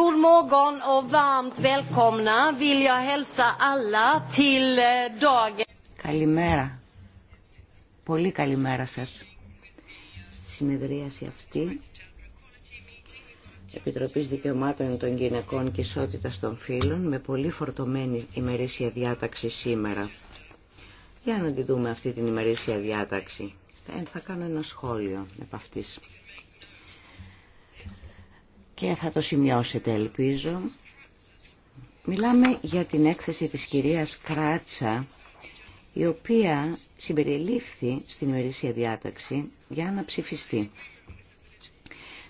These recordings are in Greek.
God morgon och varmt välkomna vill jag hälsa alla till eh, dagen. Καλημέρα. Πολύ καλημέρα σας. Συνεδρίαση αυτή Επιτροπής Δικαιωμάτων των Γυναικών και Ισότητας των φίλων με πολύ φορτωμένη ημερήσια διάταξη σήμερα. Για να τη δούμε αυτή την ημερήσια διάταξη. θα κάνω ένα σχόλιο επ' αυτής και θα το σημειώσετε ελπίζω. Μιλάμε για την έκθεση της κυρίας Κράτσα, η οποία συμπεριλήφθη στην ημερήσια διάταξη για να ψηφιστεί.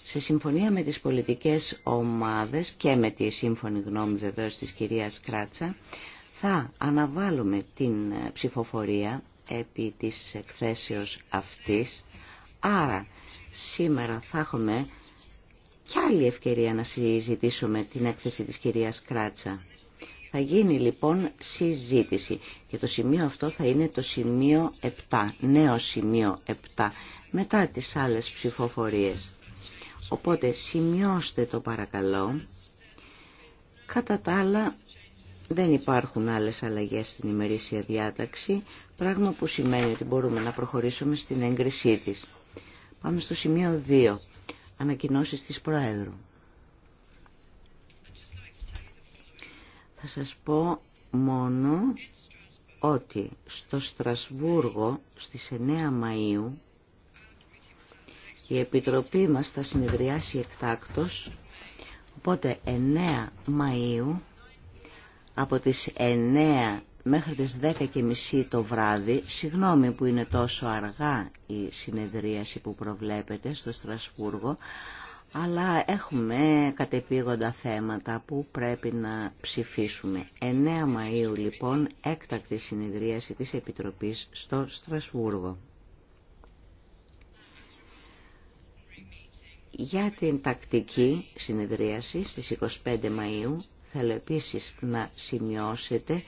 Σε συμφωνία με τις πολιτικές ομάδες και με τη σύμφωνη γνώμη βεβαίως της κυρίας Κράτσα, θα αναβάλουμε την ψηφοφορία επί της εκθέσεως αυτής. Άρα, σήμερα θα έχουμε και άλλη ευκαιρία να συζητήσουμε την έκθεση της κυρίας Κράτσα. Θα γίνει λοιπόν συζήτηση και το σημείο αυτό θα είναι το σημείο 7, νέο σημείο 7, μετά τις άλλες ψηφοφορίες. Οπότε σημειώστε το παρακαλώ. Κατά τα άλλα δεν υπάρχουν άλλες αλλαγές στην ημερήσια διάταξη, πράγμα που σημαίνει ότι μπορούμε να προχωρήσουμε στην έγκρισή της. Πάμε στο σημείο 2 ανακοινώσεις της Προέδρου. Θα σας πω μόνο ότι στο Στρασβούργο στις 9 Μαΐου η Επιτροπή μας θα συνεδριάσει εκτάκτος, οπότε 9 Μαΐου από τις 9 μέχρι τις 10.30 το βράδυ, συγγνώμη που είναι τόσο αργά η συνεδρίαση που προβλέπετε στο Στρασβούργο, αλλά έχουμε κατεπήγοντα θέματα που πρέπει να ψηφίσουμε. 9 Μαΐου λοιπόν έκτακτη συνεδρίαση της Επιτροπής στο Στρασβούργο. Για την τακτική συνεδρίαση στις 25 Μαΐου θέλω επίσης να σημειώσετε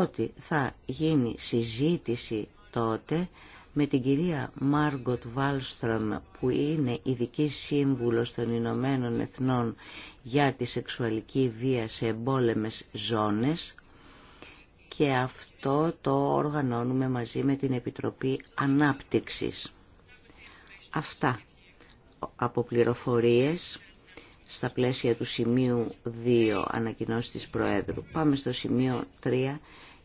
ότι θα γίνει συζήτηση τότε με την κυρία Μάργκοτ Βάλστρομ που είναι ειδική σύμβουλος των Ηνωμένων Εθνών για τη σεξουαλική βία σε εμπόλεμες ζώνες και αυτό το οργανώνουμε μαζί με την Επιτροπή Ανάπτυξης. Αυτά από πληροφορίες στα πλαίσια του σημείου 2 ανακοινώσει της Προέδρου. Πάμε στο σημείο 3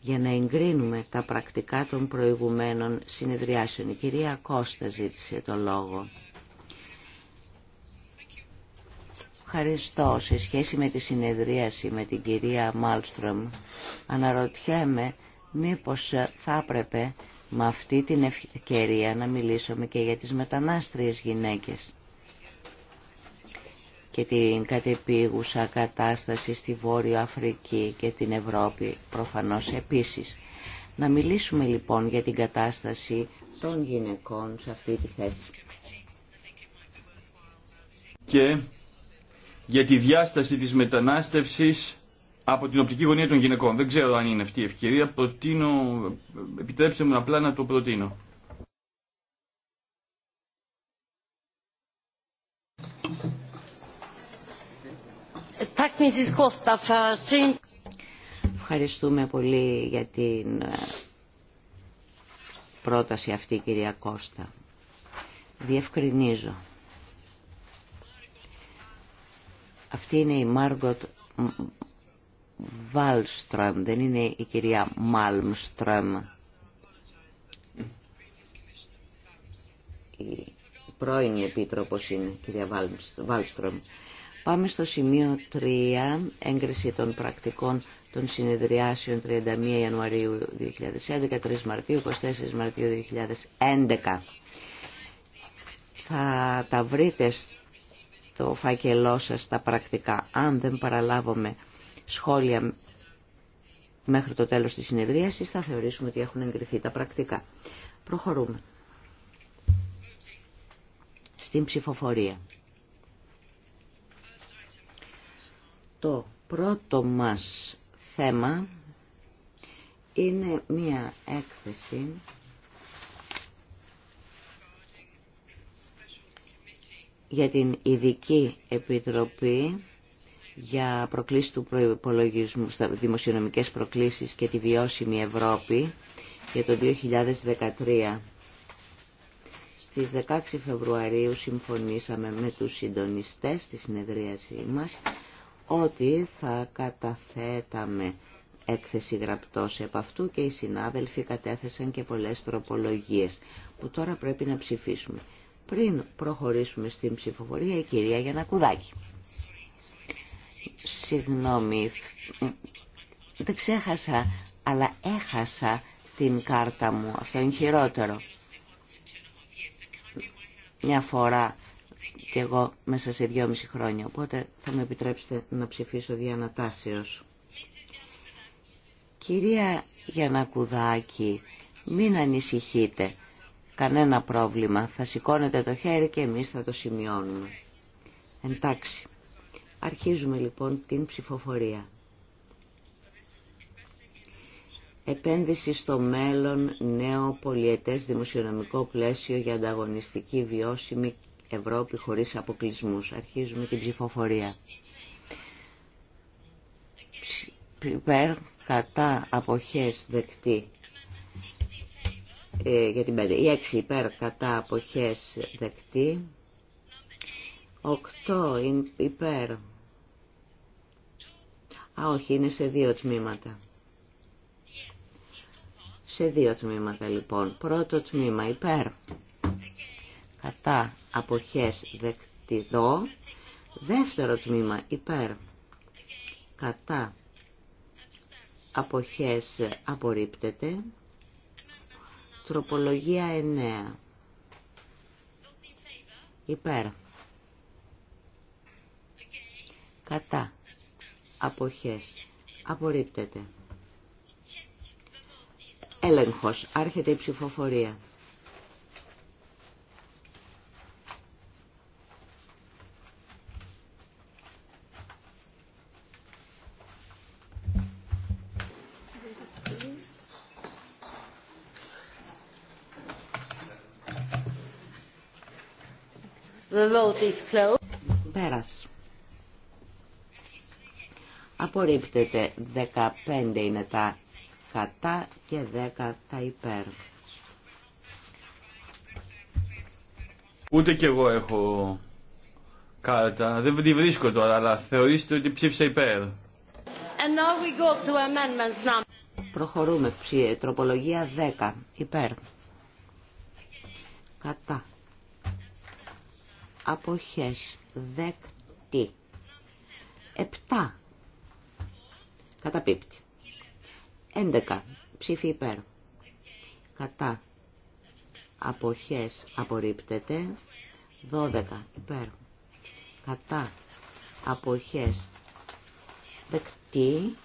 για να εγκρίνουμε τα πρακτικά των προηγουμένων συνεδριάσεων. Η κυρία Κώστα ζήτησε το λόγο. Ευχαριστώ. Σε σχέση με τη συνεδρίαση με την κυρία Μάλστρομ, αναρωτιέμαι μήπως θα έπρεπε με αυτή την ευκαιρία να μιλήσουμε και για τις μετανάστριες γυναίκες και την κατεπίγουσα κατάσταση στη Βόρεια Αφρική και την Ευρώπη προφανώς επίσης. Να μιλήσουμε λοιπόν για την κατάσταση των γυναικών σε αυτή τη θέση. Και για τη διάσταση της μετανάστευσης από την οπτική γωνία των γυναικών. Δεν ξέρω αν είναι αυτή η ευκαιρία, προτείνω, επιτρέψτε μου απλά να το προτείνω. Ευχαριστούμε πολύ για την ε, πρόταση αυτή, κυρία Κώστα. Διευκρινίζω. Αυτή είναι η Μάργκοτ Βάλστρομ, δεν είναι η κυρία Μάλμστρομ. Η πρώην επίτροπος είναι η κυρία Βάλστρομ. Πάμε στο σημείο 3, έγκριση των πρακτικών των συνεδριάσεων 31 Ιανουαρίου 2011, 3 Μαρτίου, 24 Μαρτίου 2011. Θα τα βρείτε στο φάκελό σας τα πρακτικά. Αν δεν παραλάβουμε σχόλια μέχρι το τέλος της συνεδρίασης, θα θεωρήσουμε ότι έχουν εγκριθεί τα πρακτικά. Προχωρούμε. Στην ψηφοφορία. Το πρώτο μας θέμα είναι μία έκθεση για την Ειδική Επιτροπή για προκλήσεις του προϋπολογισμού στα δημοσιονομικές προκλήσεις και τη βιώσιμη Ευρώπη για το 2013. Στις 16 Φεβρουαρίου συμφωνήσαμε με τους συντονιστές στη συνεδρίασή μας ότι θα καταθέταμε έκθεση γραπτός επ' αυτού και οι συνάδελφοι κατέθεσαν και πολλές τροπολογίες που τώρα πρέπει να ψηφίσουμε. Πριν προχωρήσουμε στην ψηφοφορία, η κυρία Γιανακουδάκη. Συγγνώμη, δεν ξέχασα, αλλά έχασα την κάρτα μου. Αυτό είναι χειρότερο. Μια φορά και εγώ μέσα σε δυόμιση χρόνια. Οπότε θα με επιτρέψετε να ψηφίσω διανατάσεως. Κυρία Γιανακουδάκη, μην ανησυχείτε. Κανένα πρόβλημα. Θα σηκώνετε το χέρι και εμείς θα το σημειώνουμε. Εντάξει. Αρχίζουμε λοιπόν την ψηφοφορία. Επένδυση στο μέλλον νέο πολιετές δημοσιονομικό πλαίσιο για ανταγωνιστική βιώσιμη Ευρώπη χωρίς αποκλεισμού. Αρχίζουμε την ψηφοφορία. Υπέρ κατά αποχές δεκτή ε, για την πέντε. Η έξι υπέρ κατά αποχές δεκτή. Οκτώ υπέρ. Α, όχι, είναι σε δύο τμήματα. Σε δύο τμήματα λοιπόν. Πρώτο τμήμα υπέρ. Κατά αποχές δεκτιδό, δεύτερο τμήμα υπέρ, κατά, αποχές απορρίπτεται, τροπολογία 9, υπέρ, κατά, αποχές απορρίπτεται. Έλεγχος. Άρχεται η ψηφοφορία. Απορρίπτεται 15 είναι τα κατά και 10 τα υπέρ. Ούτε κι εγώ έχω κάρτα. Δεν τη βρίσκω τώρα, αλλά θεωρήστε ότι ψήφισα υπέρ. Προχωρούμε. Ψή, τροπολογία 10. Υπέρ. Κατά αποχές δεκτή. 7 καταπίπτει. 11 ψήφι υπέρ. Κατά αποχές απορρίπτεται. 12 υπέρ. Κατά αποχές δεκτή.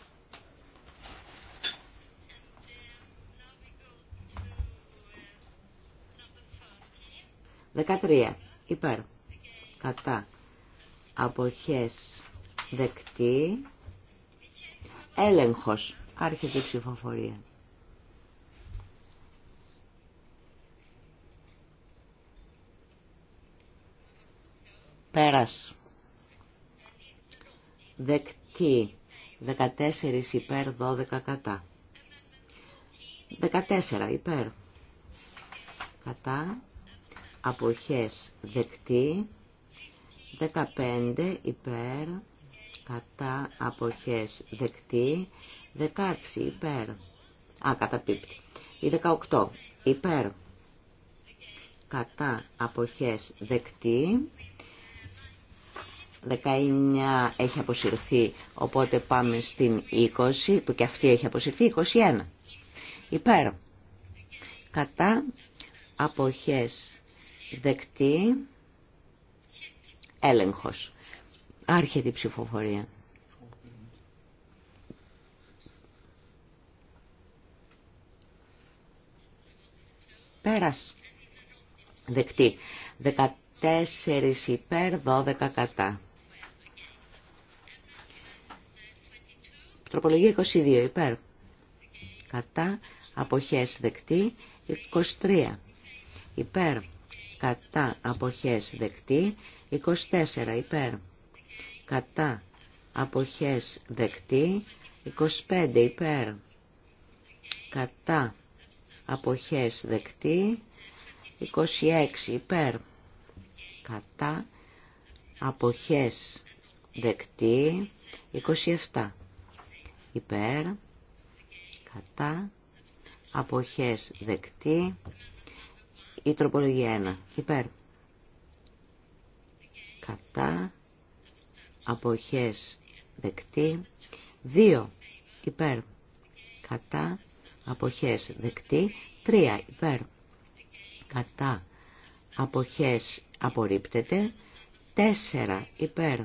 Δεκατρία. Υπέρ κατά αποχές δεκτή έλεγχος άρχεται η ψηφοφορία πέρας δεκτή 14 υπέρ 12 κατά 14 υπέρ κατά αποχές δεκτή 15 υπέρ κατά αποχές δεκτή 16 υπέρ α καταπίπτει η 18 υπέρ κατά αποχές δεκτή 19 έχει αποσυρθεί οπότε πάμε στην 20 που και αυτή έχει αποσυρθεί 21 υπέρ κατά αποχές δεκτή έλεγχος. Άρχεται η ψηφοφορία. Πέρας. Δεκτή. 14 υπέρ, 12 κατά. Τροπολογία 22 υπέρ. Κατά. Αποχές δεκτή. 23 υπέρ κατά αποχές δεκτή 24 υπέρ κατά αποχές δεκτή 25 υπέρ κατά αποχές δεκτή 26 υπέρ κατά αποχές δεκτή 27 υπέρ κατά αποχές δεκτή η τροπολογία 1. Υπέρ. Κατά. Αποχές δεκτή. 2. Υπέρ. Κατά. Αποχές δεκτή. 3. Υπέρ. Κατά. Αποχές απορρίπτεται. 4. Υπέρ.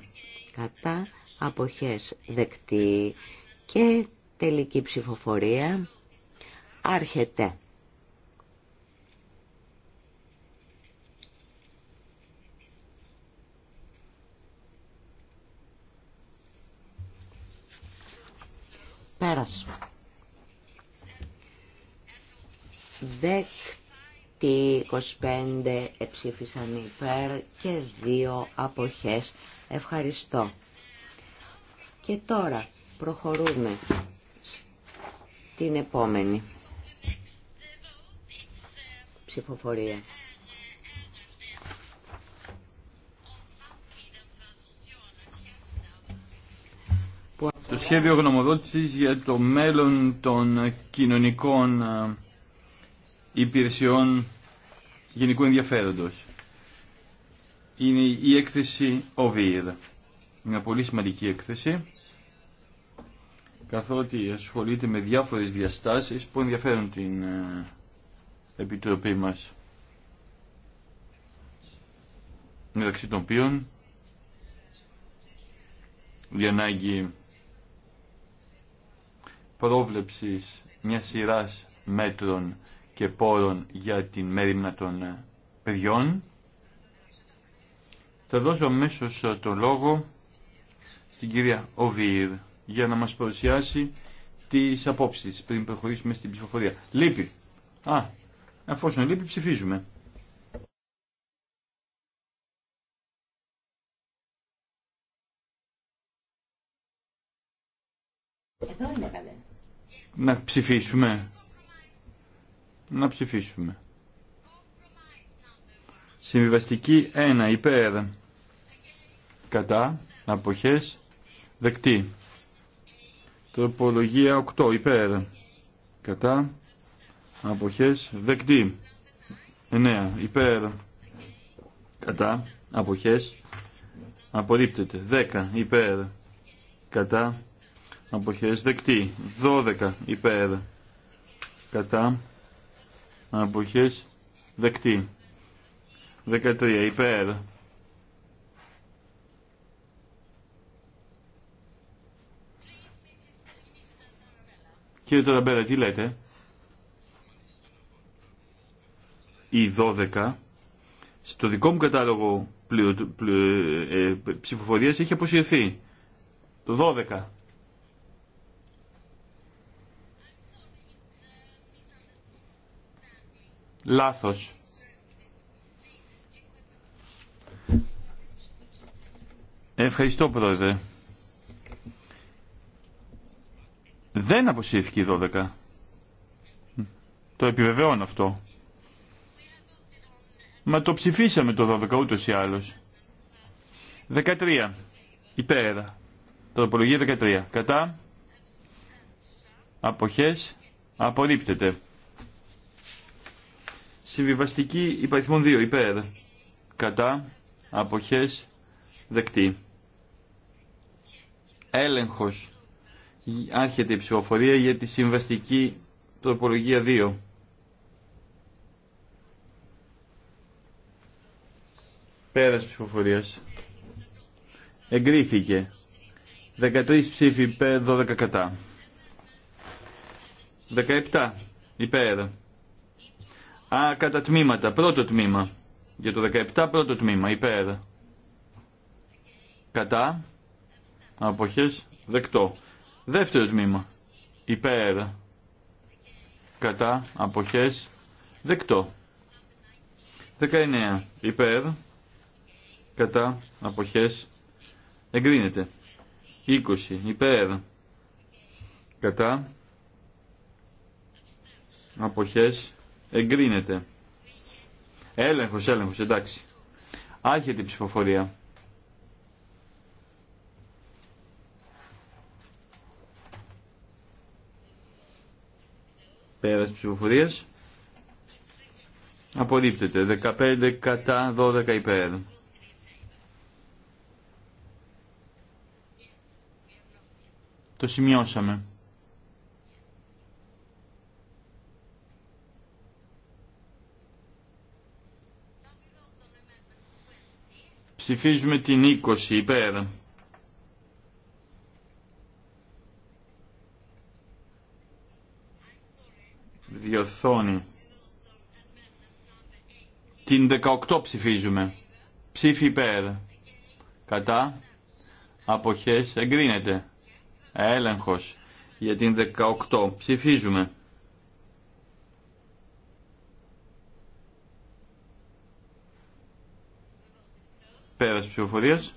Κατά. Αποχές δεκτή. Και τελική ψηφοφορία. Άρχεται. πέρασε. Δεκτή 25 εψήφισαν υπέρ και δύο αποχές. Ευχαριστώ. Και τώρα προχωρούμε στην επόμενη ψηφοφορία. Το σχέδιο γνωμοδότησης για το μέλλον των κοινωνικών ε, υπηρεσιών γενικού ενδιαφέροντος. Είναι η έκθεση OVIR. Μια πολύ σημαντική έκθεση, καθότι ασχολείται με διάφορες διαστάσεις που ενδιαφέρουν την ε, Επιτροπή μας. Μεταξύ των οποίων η ανάγκη πρόβλεψης μια σειράς μέτρων και πόρων για την μέρημνα των ε, παιδιών. Θα δώσω αμέσω ε, το λόγο στην κυρία Οβίρ για να μας παρουσιάσει τις απόψεις πριν προχωρήσουμε στην ψηφοφορία. Λείπει. Α, εφόσον λείπει ψηφίζουμε. Να ψηφίσουμε. Να ψηφίσουμε. Συμβιβαστική 1 υπέρ. Κατά. Αποχές. Δεκτή. Τροπολογία 8 υπέρ. Κατά. Αποχές. Δεκτή. 9 υπέρ. Κατά. Αποχές. Απορρίπτεται. 10 υπέρ. Κατά αποχές δεκτή 12 υπέρ κατά αποχές δεκτή 13 υπέρ Κύριε Ταραμπέρα, τι λέτε. Η 12 στο δικό μου κατάλογο πληρο... Ε, έχει αποσυρθεί. Το 12. λάθος. Ευχαριστώ πρόεδρε. Δεν αποσύρθηκε η 12. Το επιβεβαιώνω αυτό. Μα το ψηφίσαμε το 12 ούτως ή άλλως. 13. Υπέρα. Τροπολογία 13. Κατά. Αποχές. Απορρίπτεται. Συμβιβαστική υπαριθμών 2 υπέρ. Κατά αποχές δεκτή. Έλεγχος. Άρχεται η ψηφοφορία για τη συμβαστική τροπολογία 2. Πέρας ψηφοφορίας. Εγκρίθηκε. 13 ψήφοι υπέρ 12 κατά. 17 υπέρ. Α, κατά τμήματα. Πρώτο τμήμα. Για το 17 πρώτο τμήμα. Υπέρ. Κατά. Αποχές. Δεκτό. Δεύτερο τμήμα. Υπέρ. Κατά. Αποχές. Δεκτό. 19. Υπέρ. Κατά. Αποχές. Εγκρίνεται. 20. Υπέρ. Κατά. Αποχές Εγκρίνεται. Έλεγχος, έλεγχος, εντάξει. Άρχεται η ψηφοφορία. Πέρας ψηφοφορίας. Απορρίπτεται. 15 κατά 12 υπέρ. Το σημειώσαμε. Ψηφίζουμε την 20 υπέρ. Διορθώνει. Την 18 ψηφίζουμε. Ψήφι υπέρ. Κατά. Αποχές εγκρίνεται. Έλεγχος. Για την 18 ψηφίζουμε. Πέρας ψηφοφορίας.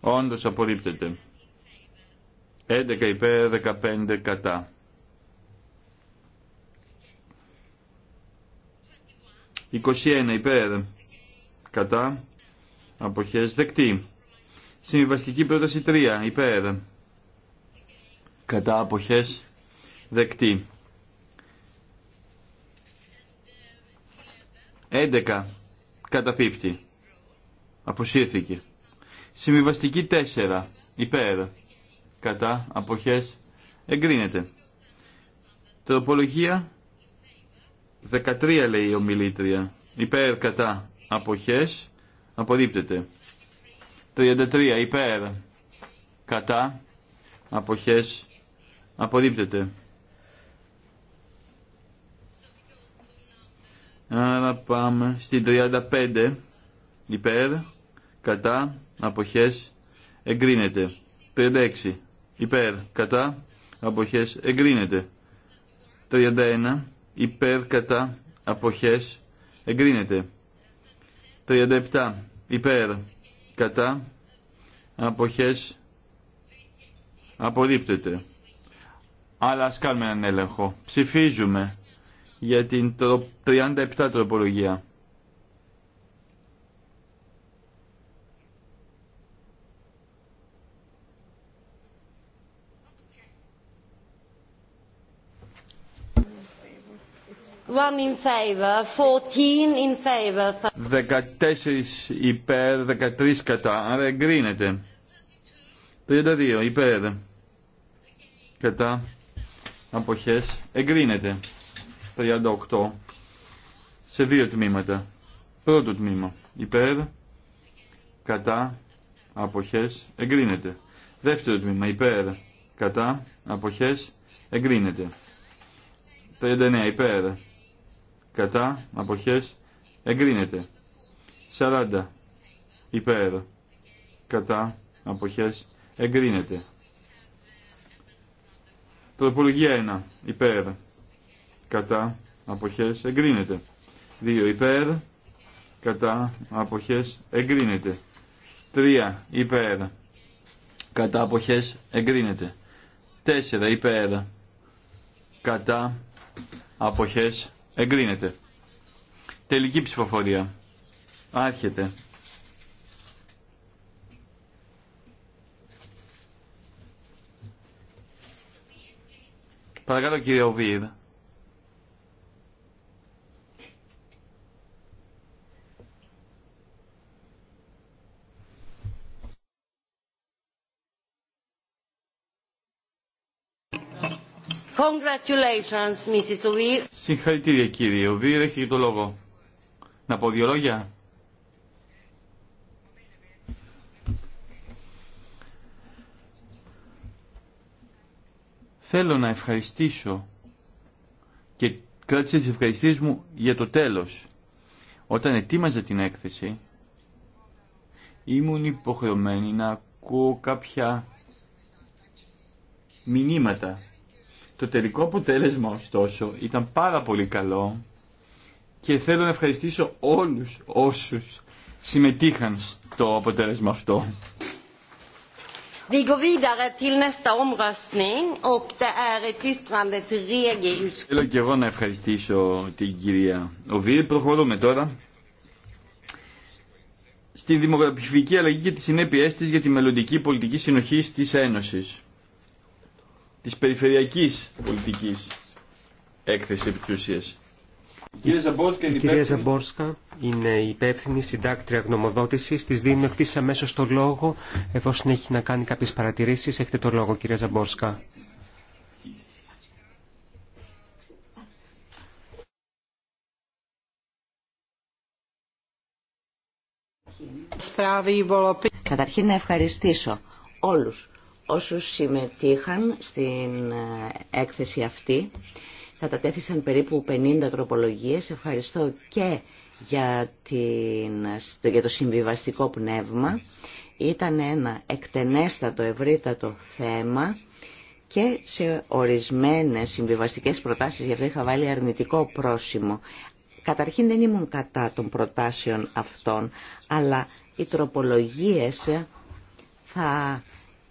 Όντως απορρίπτεται. 11 υπέρ, 15 κατά. 21 υπέρ, κατά. Αποχές δεκτή. Συμβιβαστική πρόταση 3 υπέρ. Κατά αποχές δεκτή. 11 καταπίπτει. Αποσύρθηκε. Συμβιβαστική 4. Υπέρ. Κατά. Αποχές. Εγκρίνεται. Τροπολογία 13 λέει η ομιλήτρια. Υπέρ. Κατά. Αποχές. Απορρίπτεται. 33. Υπέρ. Κατά. Αποχές. Απορρίπτεται. Άρα πάμε στην 35. Υπέρ κατά αποχές εγκρίνεται 36 υπέρ κατά αποχές εγκρίνεται 31 υπέρ κατά αποχές εγκρίνεται 37 υπέρ κατά αποχές απορρίπτεται αλλά ας κάνουμε έναν έλεγχο ψηφίζουμε για την 37 τροπολογία 14 14 υπέρ, 13 κατά, άρα εγκρίνεται. 32 υπέρ, κατά, αποχές, εγκρίνεται. 38 σε δύο τμήματα. Πρώτο τμήμα, υπέρ, κατά, αποχές, εγκρίνεται. Δεύτερο τμήμα, υπέρ, κατά, αποχές, εγκρίνεται. 39 υπέρ, κατά, αποχές, εγκρίνεται. 40 υπέρ, κατά, αποχές, εγκρίνεται. Τροπολογία 1 υπέρ, κατά, αποχές, εγκρίνεται. 2 υπέρ, κατά, αποχές, εγκρίνεται. 3 υπέρ, κατά, αποχές, εγκρίνεται. 4 υπέρ, κατά, αποχές, Εγκρίνεται. Τελική ψηφοφορία. Άρχεται. Παρακαλώ κύριε Οβίρ. Congratulations, Mrs. Ovir. Συγχαρητήρια κύριε Οβίρ, έχει το λόγο. Να πω δύο λόγια. Θέλω να ευχαριστήσω και κράτησα τις ευχαριστήσεις μου για το τέλος. Όταν ετοίμαζα την έκθεση, ήμουν υποχρεωμένη να ακούω κάποια μηνύματα το τελικό αποτέλεσμα ωστόσο ήταν πάρα πολύ καλό και θέλω να ευχαριστήσω όλους όσους συμμετείχαν στο αποτέλεσμα αυτό. Θέλω και εγώ να ευχαριστήσω την κυρία Οβίρ. Προχωρούμε τώρα στην δημογραφική αλλαγή και τις συνέπειές της για τη μελλοντική πολιτική συνοχή της Ένωσης της περιφερειακής πολιτικής έκθεση επί της ουσίας. Η κυρία Ζαμπόρσκα είναι η υπεύθυνη συντάκτρια γνωμοδότηση. Τη δίνουμε ευθύ αμέσω το λόγο. Εφόσον έχει να κάνει κάποιε παρατηρήσει, έχετε το λόγο, κυρία Ζαμπόρσκα. Καταρχήν να ευχαριστήσω όλους όσους συμμετείχαν στην ε, έκθεση αυτή. Κατατέθησαν περίπου 50 τροπολογίες. Ευχαριστώ και για, την, το συμβιβαστικό πνεύμα. Ήταν ένα εκτενέστατο, ευρύτατο θέμα και σε ορισμένες συμβιβαστικές προτάσεις, γι' αυτό είχα βάλει αρνητικό πρόσημο. Καταρχήν δεν ήμουν κατά των προτάσεων αυτών, αλλά οι τροπολογίες θα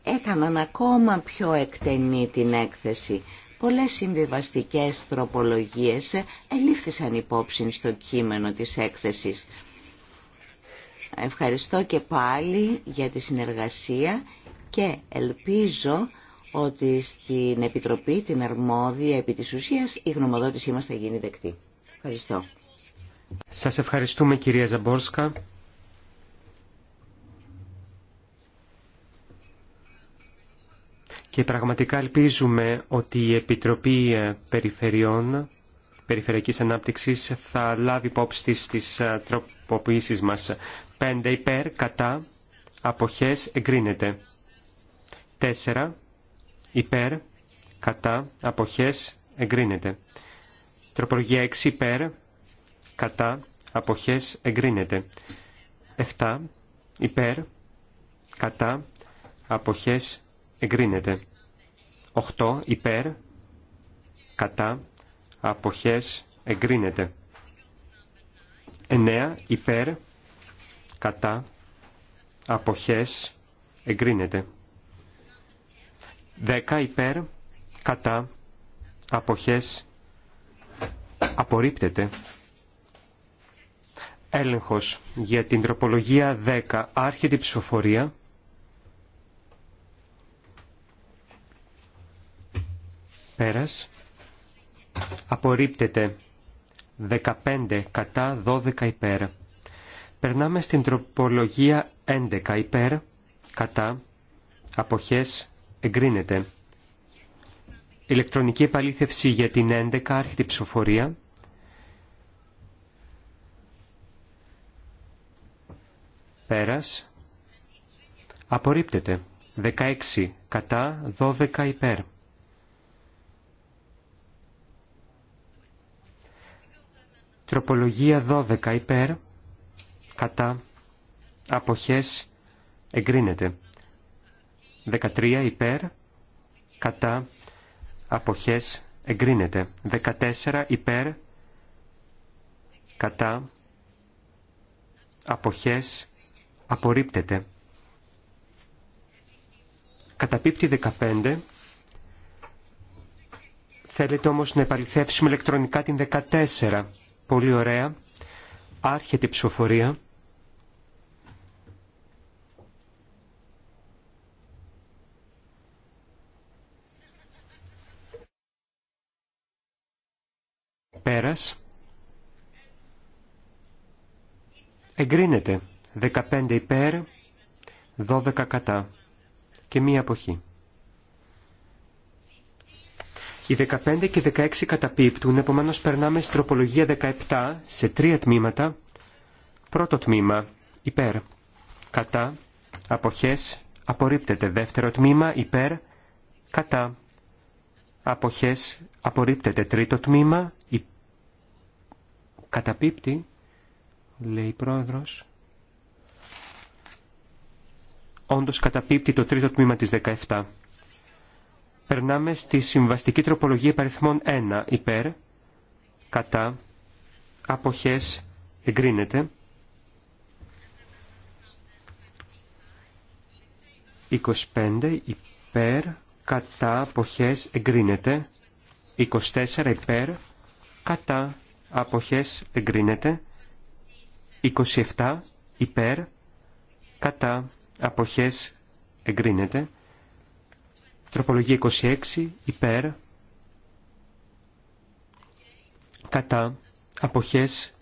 έκαναν ακόμα πιο εκτενή την έκθεση. Πολλές συμβιβαστικές τροπολογίες ελήφθησαν υπόψη στο κείμενο της έκθεσης. Ευχαριστώ και πάλι για τη συνεργασία και ελπίζω ότι στην Επιτροπή, την αρμόδια επί της ουσίας, η γνωμοδότησή μας θα γίνει δεκτή. Ευχαριστώ. Σας ευχαριστούμε κυρία Ζαμπόρσκα. και πραγματικά ελπίζουμε ότι η Επιτροπή ε, Περιφερειών Περιφερειακής Ανάπτυξης θα λάβει υπόψη της τις ε, τροποποιήσεις μας. 5 υπέρ, κατά, αποχές, εγκρίνεται. 4 υπέρ, κατά, αποχές, εγκρίνεται. Τροπολογία 6 υπέρ, κατά, αποχές, εγκρίνεται. 7 υπέρ, κατά, αποχές, εγκρίνεται. 8 υπέρ, κατά, αποχές, εγκρίνεται. 9 υπέρ, κατά, αποχές, εγκρίνεται. 10 υπέρ, κατά, αποχές, απορρίπτεται. Έλεγχος για την τροπολογία 10 άρχεται η ψηφοφορία. Πέρας. Απορρίπτεται. 15 κατά 12 υπέρ. Περνάμε στην τροπολογία 11 υπέρ. Κατά. Αποχές. Εγκρίνεται. Ηλεκτρονική επαλήθευση για την 11 άρχιτη ψηφοφορία. Πέρας. Απορρίπτεται. 16 κατά 12 υπέρ. Τροπολογία 12 υπέρ, κατά, αποχές, εγκρίνεται. 13 υπέρ, κατά, αποχές, εγκρίνεται. 14 υπέρ, κατά, αποχές, απορρίπτεται. πίπτη 15. Θέλετε όμως να επαληθεύσουμε ηλεκτρονικά την 14. Πολύ ωραία. Άρχεται η ψηφοφορία. Πέρας. Εγκρίνεται. 15 υπέρ, 12 κατά και μία αποχή. Οι 15 και 16 καταπίπτουν, επομένως περνάμε στην τροπολογία 17 σε τρία τμήματα. Πρώτο τμήμα, υπέρ, κατά, αποχές, απορρίπτεται. Δεύτερο τμήμα, υπέρ, κατά, αποχές, απορρίπτεται. Τρίτο τμήμα, η... καταπίπτει, λέει η πρόεδρος. Όντως καταπίπτει το τρίτο τμήμα της 17. Περνάμε στη συμβαστική τροπολογία υπαριθμών 1 υπέρ, κατά, αποχές, εγκρίνεται. 25 υπέρ, κατά, αποχές, εγκρίνεται. 24 υπέρ, κατά, αποχές, εγκρίνεται. 27 υπέρ, κατά, αποχές, εγκρίνεται. Τροπολογία 26 υπέρ κατά αποχές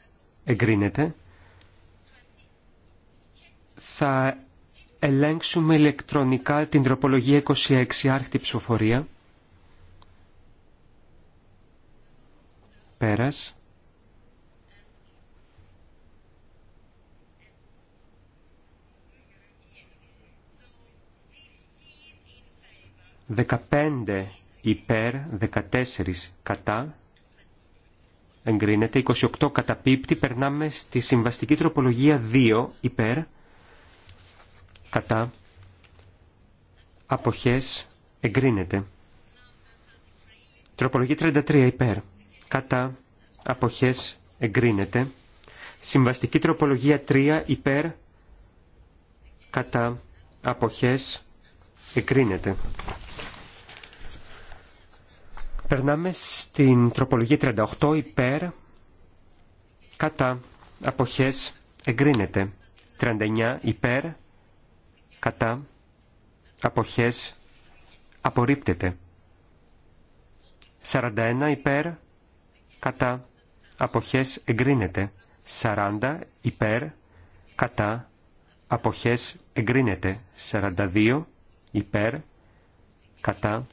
εγκρίνεται. Θα ελέγξουμε ηλεκτρονικά την τροπολογία 26 άρχτη ψηφοφορία. Πέρας. 15 υπέρ, 14 κατά, εγκρίνεται, 28 καταπίπτει, περνάμε στη συμβαστική τροπολογία 2 υπέρ, κατά, αποχές, εγκρίνεται. Τροπολογία 33 υπέρ, κατά, αποχές, εγκρίνεται. Συμβαστική τροπολογία 3 υπέρ, κατά, αποχές, εγκρίνεται. Περνάμε στην τροπολογία 38 υπέρ κατά αποχές εγκρίνεται. 39 υπέρ κατά αποχές απορρίπτεται. 41 υπέρ κατά αποχές εγκρίνεται. 40 υπέρ κατά αποχές εγκρίνεται. 42 υπέρ κατά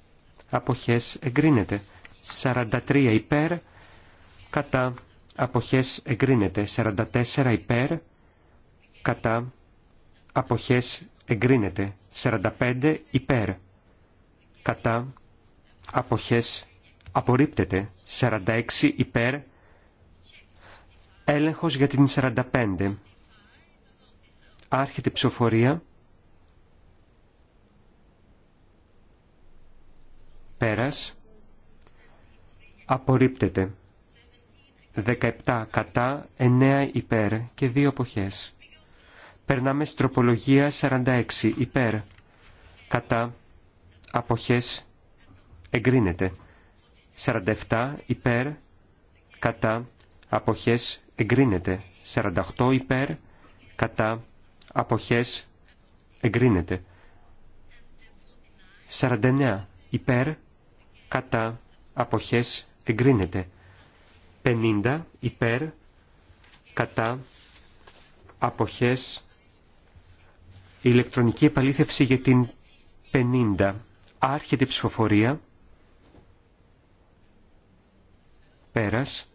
αποχές εγκρίνεται. 43 υπέρ, κατά, αποχές εγκρίνεται. 44 υπέρ, κατά, αποχές εγκρίνεται. 45 υπέρ, κατά, αποχές απορρίπτεται. 46 υπέρ, έλεγχος για την 45. Άρχεται ψηφοφορία. Πέρας. Απορρίπτεται. 17 κατά, 9 υπέρ και 2 εποχές Περνάμε στην τροπολογία 46 υπέρ. Κατά. Αποχές. Εγκρίνεται. 47 υπέρ. Κατά. Αποχές. Εγκρίνεται. 48 υπέρ. Κατά. Αποχές. Εγκρίνεται. 49 υπέρ κατά, αποχές, εγκρίνεται. 50 υπέρ, κατά, αποχές, ηλεκτρονική επαλήθευση για την 50. Άρχεται ψηφοφορία. Πέρας.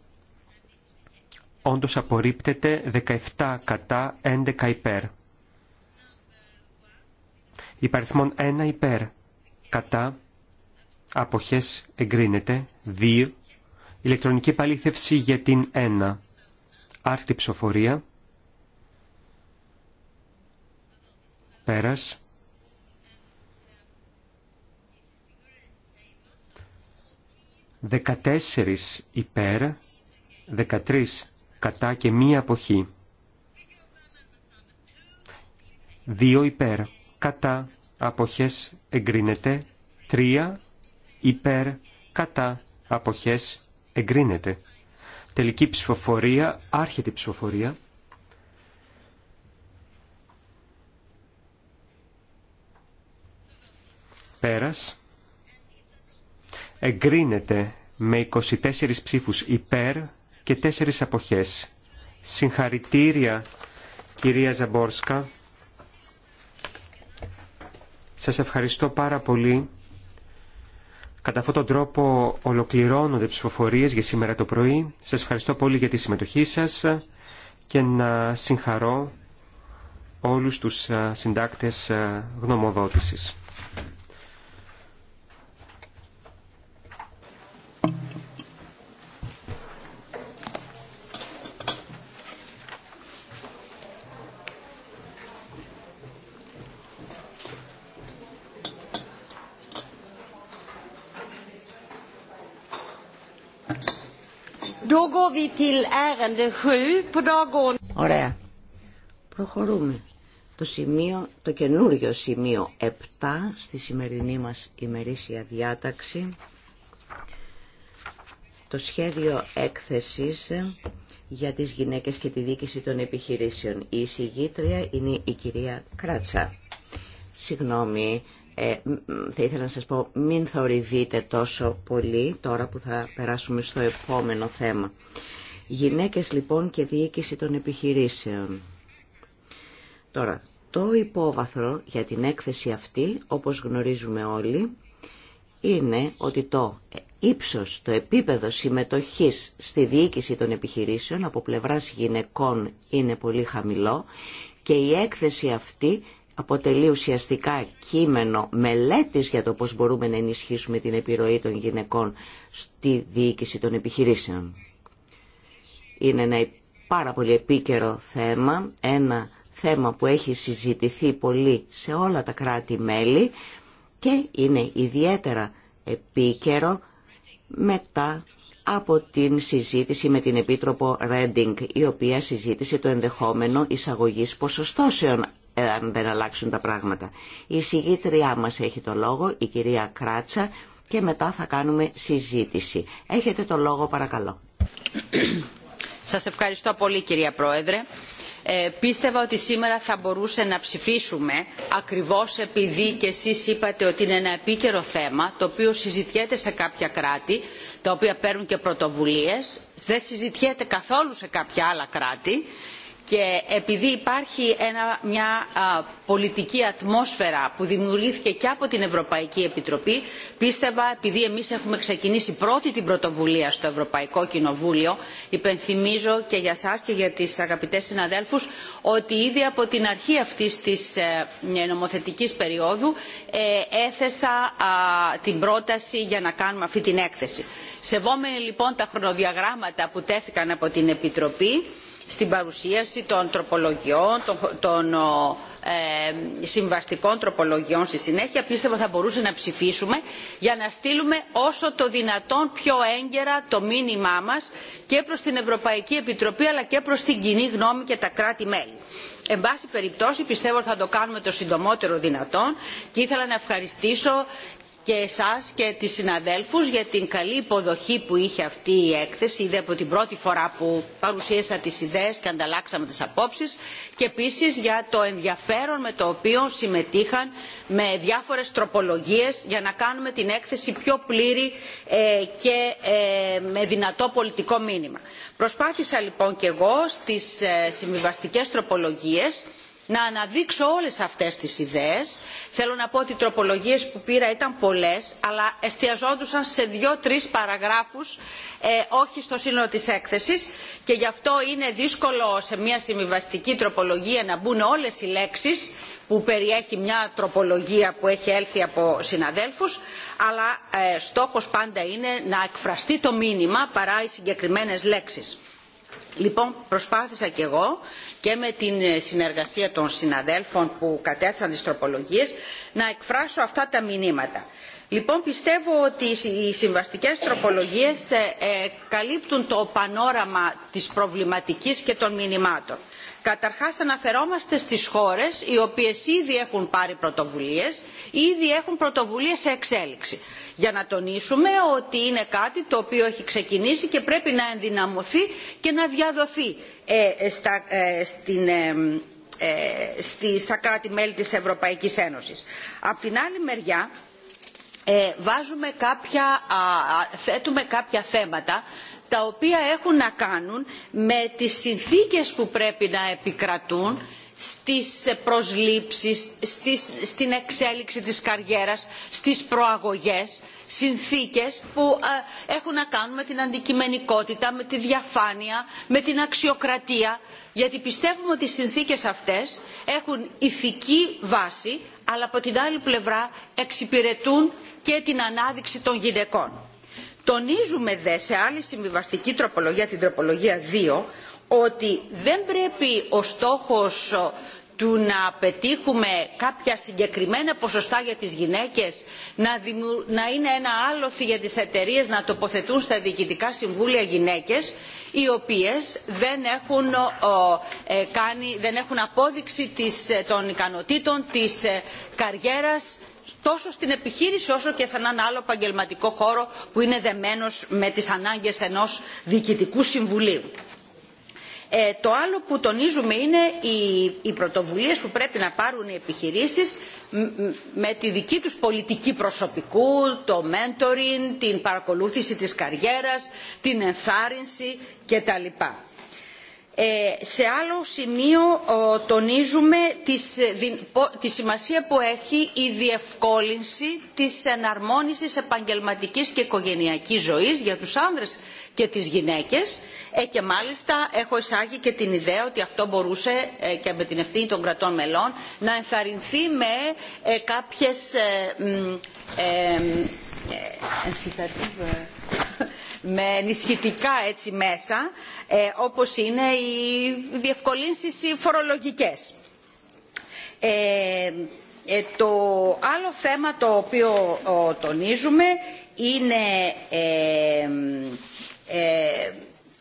Όντως απορρίπτεται 17 κατά 11 υπέρ. Υπαριθμόν 1 υπέρ κατά αποχές εγκρίνεται. 2. Ηλεκτρονική επαλήθευση για την 1. Άρτη ψηφοφορία. Πέρας. Δεκατέσσερις υπέρ, δεκατρεις κατά και μία αποχή. Δύο υπέρ, κατά, αποχές εγκρίνεται, τρία υπέρ, κατά, αποχές, εγκρίνεται. Τελική ψηφοφορία, άρχεται ψηφοφορία. Πέρας. Εγκρίνεται με 24 ψήφους υπέρ και 4 αποχές. Συγχαρητήρια κυρία Ζαμπόρσκα. Σας ευχαριστώ πάρα πολύ Κατά αυτόν τον τρόπο ολοκληρώνονται οι ψηφοφορίες για σήμερα το πρωί. Σας ευχαριστώ πολύ για τη συμμετοχή σας και να συγχαρώ όλους τους συντάκτες γνωμοδότησης. Ωραία. Προχωρούμε. Το, σημείο, το καινούριο σημείο 7 στη σημερινή μας ημερήσια διάταξη. Το σχέδιο έκθεσης για τις γυναίκες και τη διοίκηση των επιχειρήσεων. Η εισηγήτρια είναι η κυρία Κράτσα. Συγγνώμη, ε, θα ήθελα να σας πω μην θορυβείτε τόσο πολύ τώρα που θα περάσουμε στο επόμενο θέμα. Γυναίκες λοιπόν και διοίκηση των επιχειρήσεων. Τώρα, το υπόβαθρο για την έκθεση αυτή, όπως γνωρίζουμε όλοι, είναι ότι το ύψος, το επίπεδο συμμετοχής στη διοίκηση των επιχειρήσεων από πλευράς γυναικών είναι πολύ χαμηλό και η έκθεση αυτή αποτελεί ουσιαστικά κείμενο μελέτης για το πώς μπορούμε να ενισχύσουμε την επιρροή των γυναικών στη διοίκηση των επιχειρήσεων. Είναι ένα πάρα πολύ επίκαιρο θέμα, ένα θέμα που έχει συζητηθεί πολύ σε όλα τα κράτη-μέλη και είναι ιδιαίτερα επίκαιρο μετά από την συζήτηση με την Επίτροπο Ρέντινγκ, η οποία συζήτησε το ενδεχόμενο εισαγωγής ποσοστώσεων αν δεν αλλάξουν τα πράγματα. Η συγγήτριά μας έχει το λόγο, η κυρία Κράτσα, και μετά θα κάνουμε συζήτηση. Έχετε το λόγο παρακαλώ. Σας ευχαριστώ πολύ κυρία Πρόεδρε. Ε, πίστευα ότι σήμερα θα μπορούσε να ψηφίσουμε ακριβώς επειδή και εσείς είπατε ότι είναι ένα επίκαιρο θέμα το οποίο συζητιέται σε κάποια κράτη τα οποία παίρνουν και πρωτοβουλίες δεν συζητιέται καθόλου σε κάποια άλλα κράτη και επειδή υπάρχει μια πολιτική ατμόσφαιρα που δημιουργήθηκε και από την Ευρωπαϊκή Επιτροπή, πίστευα, επειδή εμείς έχουμε ξεκινήσει πρώτη την πρωτοβουλία στο Ευρωπαϊκό Κοινοβούλιο, υπενθυμίζω και για σας και για τις αγαπητές συναδέλφους, ότι ήδη από την αρχή αυτής της ε, νομοθετικής περίοδου ε, έθεσα την πρόταση για να κάνουμε αυτή την έκθεση. Σεβόμενοι λοιπόν τα χρονοδιαγράμματα που τέθηκαν από την Επιτροπή, στην παρουσίαση των τροπολογιών των ε, συμβαστικών τροπολογιών στη συνέχεια πίστευα θα μπορούσε να ψηφίσουμε για να στείλουμε όσο το δυνατόν πιο έγκαιρα το μήνυμά μας και προς την Ευρωπαϊκή Επιτροπή αλλά και προς την κοινή γνώμη και τα κράτη-μέλη. Εν πάση περιπτώσει πιστεύω θα το κάνουμε το συντομότερο δυνατόν και ήθελα να ευχαριστήσω και εσάς και τις συναδέλφους για την καλή υποδοχή που είχε αυτή η έκθεση. είδε από την πρώτη φορά που παρουσίασα τις ιδέες και ανταλλάξαμε τις απόψεις και επίσης για το ενδιαφέρον με το οποίο συμμετείχαν με διάφορες τροπολογίες για να κάνουμε την έκθεση πιο πλήρη ε, και ε, με δυνατό πολιτικό μήνυμα. Προσπάθησα λοιπόν και εγώ στις ε, συμβιβαστικές τροπολογίες να αναδείξω όλες αυτές τις ιδέες. Θέλω να πω ότι οι τροπολογίες που πήρα ήταν πολλές, αλλά εστιαζόντουσαν σε δύο-τρεις παραγράφους, ε, όχι στο σύνολο της έκθεσης και γι' αυτό είναι δύσκολο σε μια συμβιβαστική τροπολογία να μπουν όλες οι λέξεις που περιέχει μια τροπολογία που έχει έλθει από συναδέλφους, αλλά ε, στόχος πάντα είναι να εκφραστεί το μήνυμα παρά οι συγκεκριμένες λέξεις Λοιπόν, προσπάθησα κι εγώ και με την ε, συνεργασία των συναδέλφων που κατέθεσαν τις τροπολογίες να εκφράσω αυτά τα μηνύματα. Λοιπόν, πιστεύω ότι οι συμβαστικές τροπολογίες ε, ε, καλύπτουν το πανόραμα της προβληματικής και των μηνυμάτων καταρχάς αναφερόμαστε στις χώρες οι οποίες ήδη έχουν πάρει πρωτοβουλίες ή ήδη έχουν πρωτοβουλίες σε εξέλιξη για να τονίσουμε ότι είναι κάτι το οποίο έχει ξεκινήσει και πρέπει να ενδυναμωθεί και να διαδοθεί ε, ε, ε, στα, κράτη-μέλη της Ευρωπαϊκής Ένωσης. Απ' την άλλη μεριά βάζουμε κάποια, θέτουμε κάποια θέματα τα οποία έχουν να κάνουν με τις συνθήκες που πρέπει να επικρατούν στις προσλήψεις, στις, στην εξέλιξη της καριέρας, στις προαγωγές, συνθήκες που έχουν να κάνουν με την αντικειμενικότητα, με τη διαφάνεια, με την αξιοκρατία, γιατί πιστεύουμε ότι οι συνθήκες αυτές έχουν ηθική βάση, αλλά από την άλλη πλευρά εξυπηρετούν και την ανάδειξη των γυναικών τονίζουμε δε σε άλλη συμβιβαστική τροπολογία την τροπολογία 2 ότι δεν πρέπει ο στόχος ε, του να πετύχουμε κάποια συγκεκριμένα ποσοστά για τις γυναίκες να, να είναι ένα άλοθη για τις εταιρείες να τοποθετούν στα διοικητικά συμβούλια γυναίκες οι οποίες δεν έχουν, ε, ε, κάνει, δεν έχουν απόδειξη της, των ικανοτήτων της ε, καριέρας τόσο στην επιχείρηση όσο και σε έναν άλλο επαγγελματικό χώρο που είναι δεμένος με τις ανάγκες ενός διοικητικού συμβουλίου. Ε, το άλλο που τονίζουμε είναι οι, οι πρωτοβουλίες που πρέπει να πάρουν οι επιχειρήσεις με τη δική τους πολιτική προσωπικού, το mentoring, την παρακολούθηση της καριέρας, την ενθάρρυνση κτλ. Ε, σε άλλο σημείο τονίζουμε τη σημασία που έχει η διευκόλυνση της εναρμόνισης επαγγελματικής και οικογενειακής ζωής για τους άνδρες και τις γυναίκες ε, και μάλιστα έχω εισάγει και την ιδέα ότι αυτό μπορούσε ε, και με την ευθύνη των κρατών μελών να ενθαρρυνθεί με κάποιες με ενισχυτικά έτσι μέσα ε, όπως είναι οι διευκολύνσεις οι φορολογικές. Ε, ε, το άλλο θέμα το οποίο τονίζουμε είναι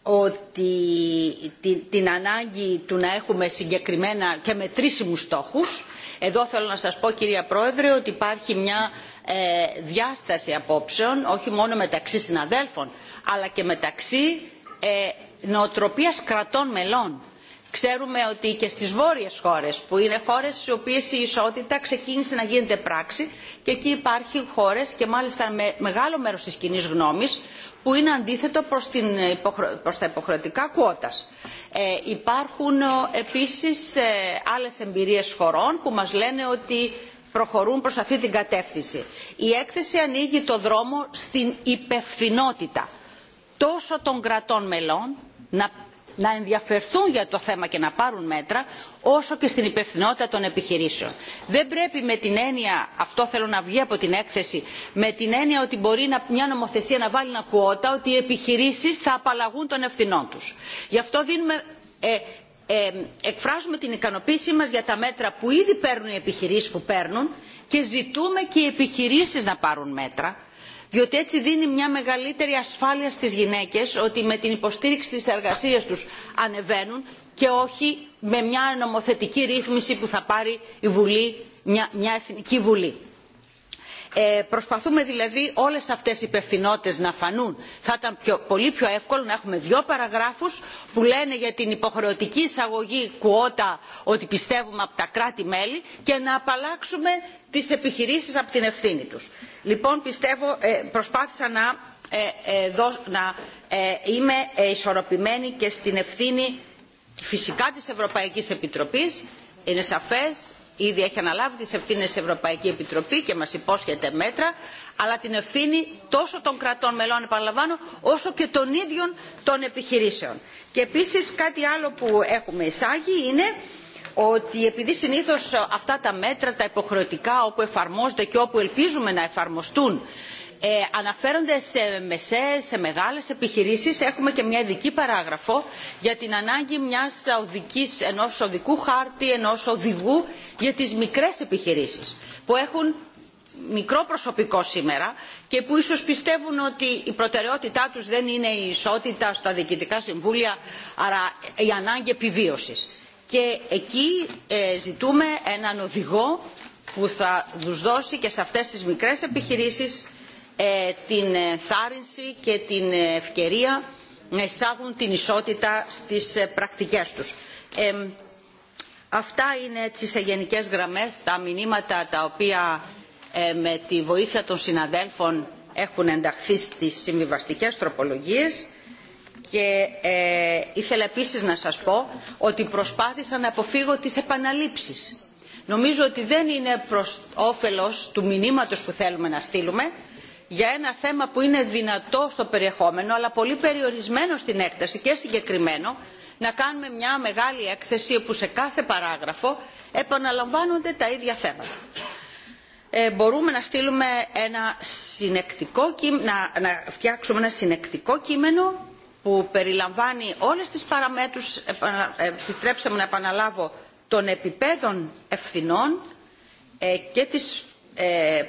ότι την ανάγκη του να έχουμε συγκεκριμένα και μετρήσιμους στόχους. Εδώ θέλω να σας πω κυρία Πρόεδρε ότι υπάρχει μια διάσταση απόψεων όχι μόνο μεταξύ συναδέλφων αλλά και μεταξύ νοοτροπίας κρατών μελών. Ξέρουμε ότι και στις βόρειες χώρες, που είναι χώρες στις οποίες η ισότητα ξεκίνησε να γίνεται πράξη και εκεί υπάρχουν χώρες και μάλιστα με μεγάλο μέρος της κοινή γνώμης που είναι αντίθετο προς, την, προς τα υποχρεωτικά κουότας. Ε, υπάρχουν ε, επίσης ε, άλλες εμπειρίες χωρών που μας λένε ότι προχωρούν προς αυτή την κατεύθυνση. Η έκθεση ανοίγει το δρόμο στην υπευθυνότητα τόσο των κρατών μελών να ενδιαφερθούν για το θέμα και να πάρουν μέτρα όσο και στην υπευθυνότητα των επιχειρήσεων. δεν πρέπει με την έννοια αυτό θέλω να βγει από την έκθεση με την έννοια ότι μπορεί να, μια νομοθεσία να βάλει ένα κουότα ότι οι επιχειρήσεις θα απαλλαγούν των ευθυνών τους. γι' αυτό δίνουμε, ε, ε, εκφράζουμε την ικανοποίησή μας για τα μέτρα που ήδη παίρνουν οι επιχειρήσεις που παίρνουν και ζητούμε και οι επιχειρήσεις να πάρουν μέτρα διότι έτσι δίνει μια μεγαλύτερη ασφάλεια στις γυναίκες ότι με την υποστήριξη της εργασίας τους ανεβαίνουν και όχι με μια νομοθετική ρύθμιση που θα πάρει η Βουλή, μια, μια Εθνική Βουλή. Ε, προσπαθούμε δηλαδή όλες αυτές οι υπευθυνότητες να φανούν. Θα ήταν πολύ πιο εύκολο να έχουμε δύο παραγράφους που λένε για την υποχρεωτική εισαγωγή κουότα ότι πιστεύουμε από τα κράτη-μέλη και να απαλλάξουμε τις επιχειρήσεις από την ευθύνη τους. Λοιπόν, πιστεύω, ε, προσπάθησα να, ε, να είμαι ισορροπημένη και στην ευθύνη φυσικά της Ευρωπαϊκής Επιτροπής. Είναι σαφές ήδη έχει αναλάβει τις ευθύνες της Ευρωπαϊκή Επιτροπή και μας υπόσχεται μέτρα, αλλά την ευθύνη τόσο των κρατών μελών, επαναλαμβάνω, όσο και των ίδιων των επιχειρήσεων. Και επίσης κάτι άλλο που έχουμε εισάγει είναι ότι επειδή συνήθως αυτά τα μέτρα, τα υποχρεωτικά, όπου εφαρμόζονται και όπου ελπίζουμε να εφαρμοστούν, ε, αναφέρονται σε μεσαίες, σε μεγάλες επιχειρήσεις. Έχουμε και μια ειδική παράγραφο για την ανάγκη μιας οδικής, ενός οδικού χάρτη, ενός οδηγού για τις μικρές επιχειρήσεις που έχουν μικρό προσωπικό σήμερα και που ίσως πιστεύουν ότι η προτεραιότητά τους δεν είναι η ισότητα στα διοικητικά συμβούλια, άρα η ανάγκη επιβίωσης. Και εκεί ε, ζητούμε έναν οδηγό που θα τους δώσει και σε αυτές τις μικρές επιχειρήσεις ε, την θάρρυνση και την ευκαιρία να εισάγουν την ισότητα στις ε, πρακτικές τους. Ε, αυτά είναι έτσι σε γενικές γραμμές τα μηνύματα τα οποία με τη βοήθεια των συναδέλφων έχουν ενταχθεί στις συμβιβαστικές τροπολογίες και ε, ήθελα επίσης να σας πω ότι προσπάθησα να αποφύγω τις επαναλήψεις. Νομίζω ότι δεν είναι προς όφελος του μηνύματος που θέλουμε να στείλουμε για ένα θέμα που είναι δυνατό στο περιεχόμενο αλλά πολύ περιορισμένο στην έκταση και συγκεκριμένο να κάνουμε μια μεγάλη έκθεση όπου σε κάθε παράγραφο επαναλαμβάνονται τα ίδια θέματα. Ε, μπορούμε να στείλουμε ένα συνεκτικό, να, να φτιάξουμε ένα συνεκτικό κείμενο που περιλαμβάνει όλες τις παραμέτρους, ε, επιστρέψαμε να επαναλάβω, των επιπέδων ευθυνών ε, και της ε,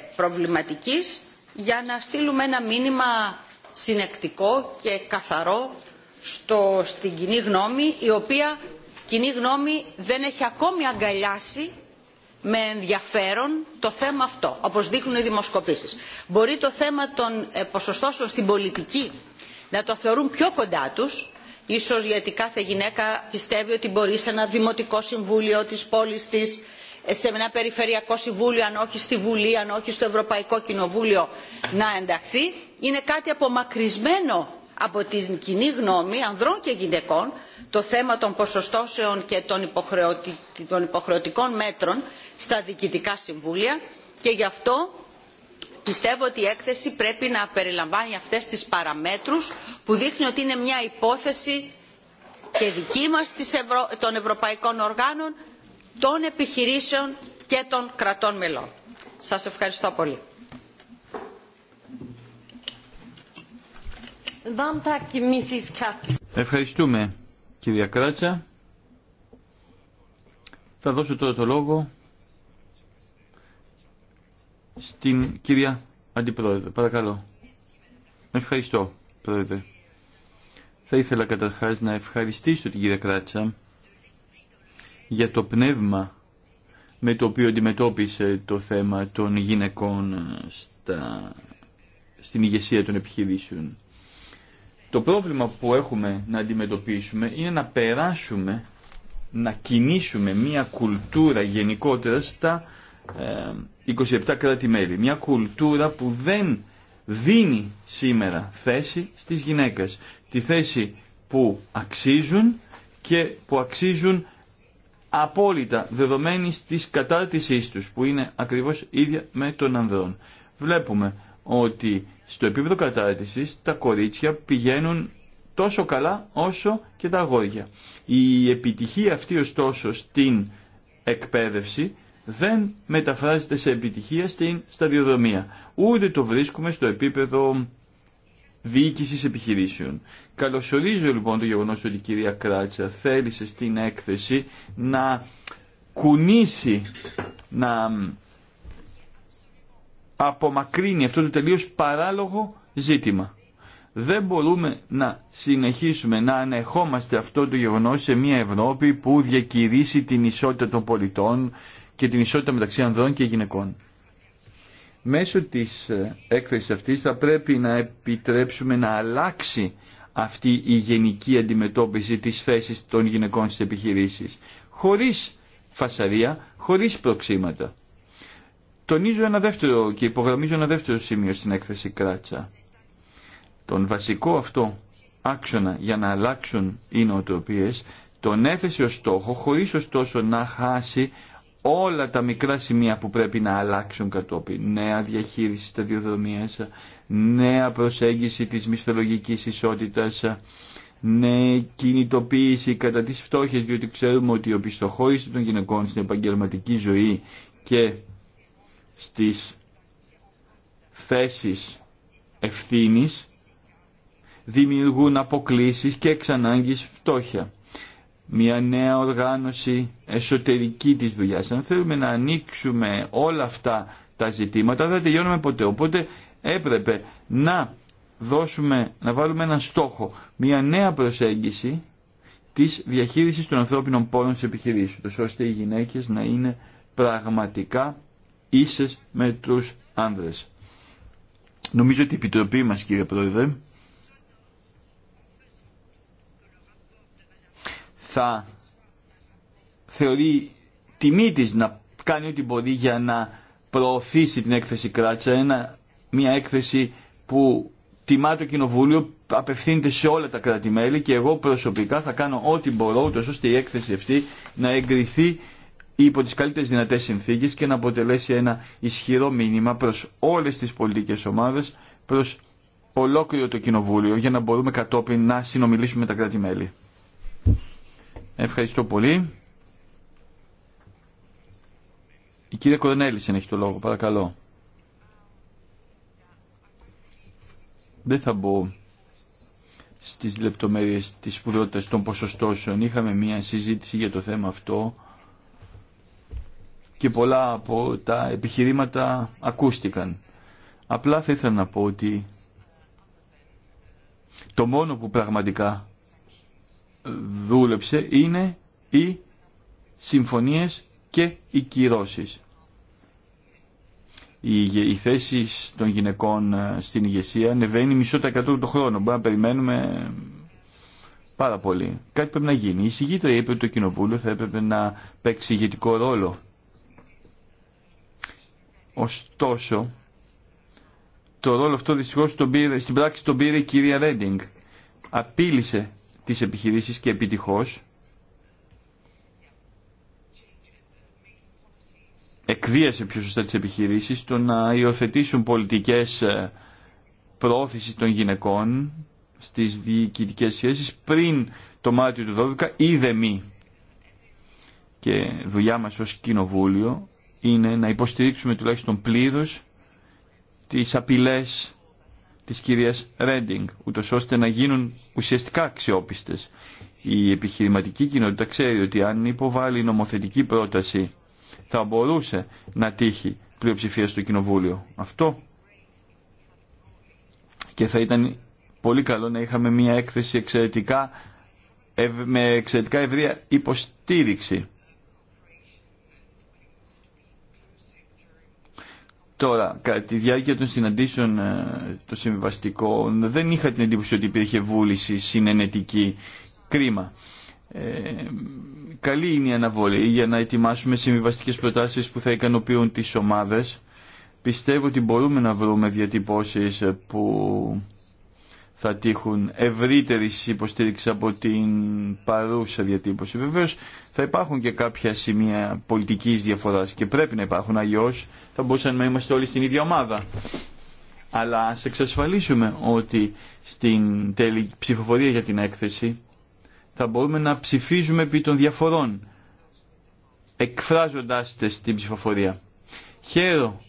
για να στείλουμε ένα μήνυμα συνεκτικό και καθαρό στο, στην κοινή γνώμη η οποία κοινή γνώμη δεν έχει ακόμη αγκαλιάσει με ενδιαφέρον το θέμα αυτό όπως δείχνουν οι δημοσκοπήσεις. Μπορεί το θέμα των ε, ποσοστώσεων στην πολιτική να το θεωρούν πιο κοντά τους ίσως γιατί κάθε γυναίκα πιστεύει ότι μπορεί σε ένα δημοτικό συμβούλιο της πόλης της σε ένα περιφερειακό συμβούλιο αν όχι στη βουλή αν όχι στο ευρωπαϊκό κοινοβούλιο να ενταχθεί είναι κάτι απομακρυσμένο από την κοινή γνώμη ανδρών και γυναικών το θέμα των ποσοστώσεων και των υποχρεωτικών μέτρων στα διοικητικά συμβούλια και γι' αυτό πιστεύω ότι η έκθεση πρέπει να περιλαμβάνει αυτές τις παραμέτρους που δείχνει ότι είναι μια υπόθεση και δική μας των ευρωπαϊκών οργάνων των επιχειρήσεων και των κρατών μελών. Σας ευχαριστώ πολύ. Ευχαριστούμε κυρία Κράτσα. Θα δώσω τώρα το λόγο στην κυρία Αντιπρόεδρε. Παρακαλώ. Ευχαριστώ, Πρόεδρε. Θα ήθελα καταρχάς να ευχαριστήσω την κυρία Κράτσα για το πνεύμα με το οποίο αντιμετώπισε το θέμα των γυναικών στα, στην ηγεσία των επιχειρήσεων. Το πρόβλημα που έχουμε να αντιμετωπίσουμε είναι να περάσουμε, να κινήσουμε μια κουλτούρα γενικότερα στα 27 ε, κράτη-μέλη. Μια κουλτούρα που δεν δίνει σήμερα θέση στις γυναίκες. Τη θέση που αξίζουν και που αξίζουν απόλυτα δεδομένης της κατάρτισής τους που είναι ακριβώς ίδια με τον ανδρών. Βλέπουμε ότι στο επίπεδο κατάρτισης τα κορίτσια πηγαίνουν τόσο καλά όσο και τα αγόρια. Η επιτυχία αυτή ωστόσο στην εκπαίδευση δεν μεταφράζεται σε επιτυχία στην σταδιοδρομία. Ούτε το βρίσκουμε στο επίπεδο διοίκηση επιχειρήσεων. Καλωσορίζω λοιπόν το γεγονός ότι η κυρία Κράτσα θέλησε στην έκθεση να κουνήσει, να απομακρύνει αυτό το τελείως παράλογο ζήτημα. Δεν μπορούμε να συνεχίσουμε να ανεχόμαστε αυτό το γεγονός σε μια Ευρώπη που διακηρύσει την ισότητα των πολιτών και την ισότητα μεταξύ ανδρών και γυναικών. Μέσω της ε, έκθεσης αυτής θα πρέπει να επιτρέψουμε να αλλάξει αυτή η γενική αντιμετώπιση της θέσης των γυναικών στις επιχειρήσεις, χωρίς φασαρία, χωρίς προξήματα. Τονίζω ένα δεύτερο και υπογραμμίζω ένα δεύτερο σημείο στην έκθεση Κράτσα. Τον βασικό αυτό άξονα για να αλλάξουν οι νοοτροπίες, τον έθεσε ως στόχο χωρίς ωστόσο να χάσει όλα τα μικρά σημεία που πρέπει να αλλάξουν κατόπιν. Νέα διαχείριση σταδιοδρομίας, νέα προσέγγιση της μισθολογικής ισότητας, νέα κινητοποίηση κατά τις φτώχειες, διότι ξέρουμε ότι η οπισθοχώρηση των γυναικών στην επαγγελματική ζωή και στις θέσεις ευθύνης δημιουργούν αποκλήσεις και εξανάγκης φτώχεια μια νέα οργάνωση εσωτερική της δουλειάς. Αν θέλουμε να ανοίξουμε όλα αυτά τα ζητήματα δεν τελειώνουμε ποτέ. Οπότε έπρεπε να δώσουμε, να βάλουμε ένα στόχο, μια νέα προσέγγιση της διαχείρισης των ανθρώπινων πόρων σε επιχειρήσεις, ώστε οι γυναίκες να είναι πραγματικά ίσες με τους άνδρες. Νομίζω ότι η Επιτροπή μας κύριε Πρόεδρε θα θεωρεί τιμή της να κάνει ό,τι μπορεί για να προωθήσει την έκθεση Κράτσα, μια έκθεση που τιμά το Κοινοβούλιο, απευθύνεται σε όλα τα κράτη-μέλη και εγώ προσωπικά θα κάνω ό,τι μπορώ, ούτως ώστε η έκθεση αυτή να εγκριθεί υπό τις καλύτερες δυνατές συνθήκες και να αποτελέσει ένα ισχυρό μήνυμα προς όλες τις πολιτικές ομάδες, προς ολόκληρο το Κοινοβούλιο, για να μπορούμε κατόπιν να συνομιλήσουμε με τα κράτη-μέλη. Ευχαριστώ πολύ. Η κυρία Κορνέλησεν έχει το λόγο, παρακαλώ. Δεν θα μπω στις λεπτομέρειες της σπουδότητας των ποσοστώσεων. Είχαμε μία συζήτηση για το θέμα αυτό και πολλά από τα επιχειρήματα ακούστηκαν. Απλά θα ήθελα να πω ότι το μόνο που πραγματικά δούλεψε είναι οι συμφωνίες και οι κυρώσεις. Οι θέσει των γυναικών ε, στην ηγεσία ανεβαίνει μισό τα εκατό το χρόνο. μπορεί να περιμένουμε πάρα πολύ. Κάτι πρέπει να γίνει. Η συγγήτρια είπε ότι το κοινοβούλιο θα έπρεπε να παίξει ηγετικό ρόλο. Ωστόσο, το ρόλο αυτό δυστυχώς τον πήρε, στην πράξη τον πήρε η κυρία Ρέντινγκ. Απείλησε τις επιχειρήσεις και επιτυχώς εκβίασε πιο σωστά τις επιχειρήσεις το να υιοθετήσουν πολιτικές ε, προώθησης των γυναικών στις διοικητικές σχέσεις πριν το Μάρτιο του 12 ή μη. Και δουλειά μας ως κοινοβούλιο είναι να υποστηρίξουμε τουλάχιστον πλήρως τις απειλές της κυρίας Ρέντινγκ, ούτως ώστε να γίνουν ουσιαστικά αξιόπιστες. Η επιχειρηματική κοινότητα ξέρει ότι αν υποβάλει νομοθετική πρόταση θα μπορούσε να τύχει πλειοψηφία στο Κοινοβούλιο. Αυτό και θα ήταν πολύ καλό να είχαμε μια έκθεση εξαιρετικά, με εξαιρετικά ευρεία υποστήριξη. Τώρα, κατά τη διάρκεια των συναντήσεων ε, των συμβιβαστικών δεν είχα την εντύπωση ότι υπήρχε βούληση συνενετική. Κρίμα. Ε, καλή είναι η αναβολή για να ετοιμάσουμε συμβιβαστικές προτάσεις που θα ικανοποιούν τις ομάδες. Πιστεύω ότι μπορούμε να βρούμε διατυπώσεις ε, που θα τύχουν ευρύτερη υποστήριξη από την παρούσα διατύπωση. Βεβαίω θα υπάρχουν και κάποια σημεία πολιτική διαφορά και πρέπει να υπάρχουν. Αλλιώ θα μπορούσαμε να είμαστε όλοι στην ίδια ομάδα. Αλλά ας εξασφαλίσουμε ότι στην τέλη ψηφοφορία για την έκθεση θα μπορούμε να ψηφίζουμε επί των διαφορών, εκφράζοντάς τες στην ψηφοφορία. Χαίρο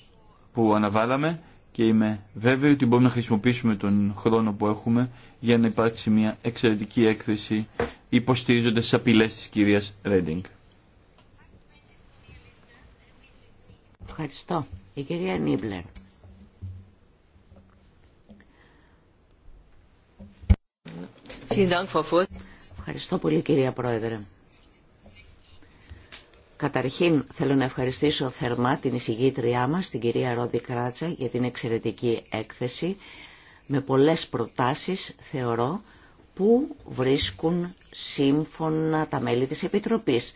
που αναβάλαμε και είμαι βέβαιο ότι μπορούμε να χρησιμοποιήσουμε τον χρόνο που έχουμε για να υπάρξει μια εξαιρετική έκθεση υποστηρίζοντας τις απειλές της κυρίας Ρέντινγκ. Ευχαριστώ. Η κυρία Νίμπλερ. Ευχαριστώ πολύ κυρία Πρόεδρε. Καταρχήν θέλω να ευχαριστήσω θερμά την εισηγήτριά μας, την κυρία Ρόδη Κράτσα, για την εξαιρετική έκθεση με πολλές προτάσεις, θεωρώ, που βρίσκουν σύμφωνα τα μέλη της Επιτροπής.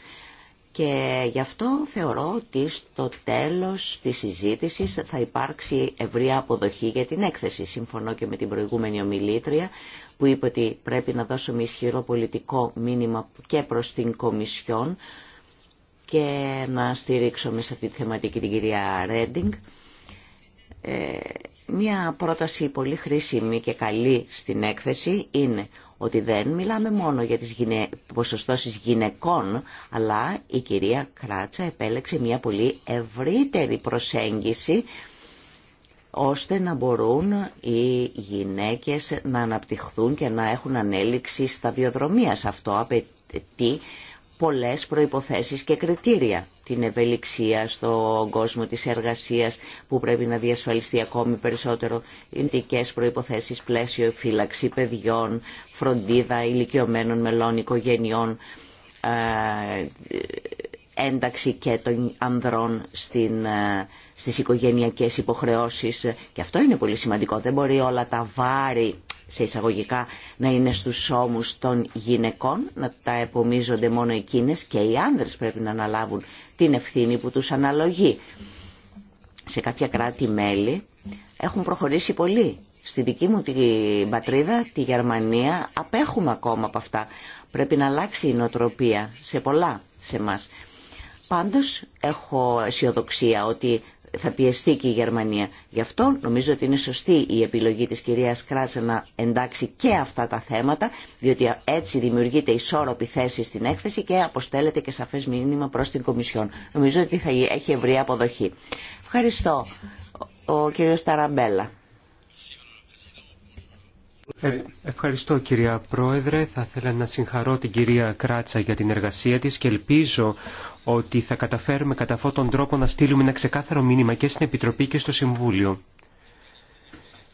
Και γι' αυτό θεωρώ ότι στο τέλος της συζήτησης θα υπάρξει ευρία αποδοχή για την έκθεση. Συμφωνώ και με την προηγούμενη ομιλήτρια που είπε ότι πρέπει να δώσουμε ισχυρό πολιτικό μήνυμα και προς την Κομισιόν και να στηρίξουμε σε αυτή τη θεματική την κυρία Ρέντινγκ. Ε, μια πρόταση πολύ χρήσιμη και καλή στην έκθεση είναι ότι δεν μιλάμε μόνο για τις γυναι... ποσοστώσεις γυναικών, αλλά η κυρία Κράτσα επέλεξε μια πολύ ευρύτερη προσέγγιση ώστε να μπορούν οι γυναίκες να αναπτυχθούν και να έχουν ανέλυξη σταδιοδρομίας. Αυτό απαιτεί πολλές προϋποθέσεις και κριτήρια. Την ευελιξία στον κόσμο της εργασίας που πρέπει να διασφαλιστεί ακόμη περισσότερο. Ιντικές προϋποθέσεις, πλαίσιο, φύλαξη παιδιών, φροντίδα ηλικιωμένων μελών οικογενειών, ε, ένταξη και των ανδρών στην, ε, στις οικογενειακές υποχρεώσεις. Και αυτό είναι πολύ σημαντικό. Δεν μπορεί όλα τα βάρη σε εισαγωγικά να είναι στους ώμους των γυναικών, να τα επομίζονται μόνο εκείνες και οι άνδρες πρέπει να αναλάβουν την ευθύνη που τους αναλογεί. Σε κάποια κράτη-μέλη έχουν προχωρήσει πολύ. Στη δική μου την πατρίδα, τη Γερμανία, απέχουμε ακόμα από αυτά. Πρέπει να αλλάξει η νοοτροπία σε πολλά σε μας. Πάντως έχω αισιοδοξία ότι θα πιεστεί και η Γερμανία. Γι' αυτό νομίζω ότι είναι σωστή η επιλογή της κυρίας Κράτσα να εντάξει και αυτά τα θέματα, διότι έτσι δημιουργείται ισόρροπη θέση στην έκθεση και αποστέλλεται και σαφές μήνυμα προς την Κομισιόν. Νομίζω ότι θα έχει ευρία αποδοχή. Ευχαριστώ. Ο κύριος Ταραμπέλα. Ε, ευχαριστώ κυρία Πρόεδρε. Θα ήθελα να συγχαρώ την κυρία Κράτσα για την εργασία της και ελπίζω ότι θα καταφέρουμε κατά αυτόν τον τρόπο να στείλουμε ένα ξεκάθαρο μήνυμα και στην Επιτροπή και στο Συμβούλιο.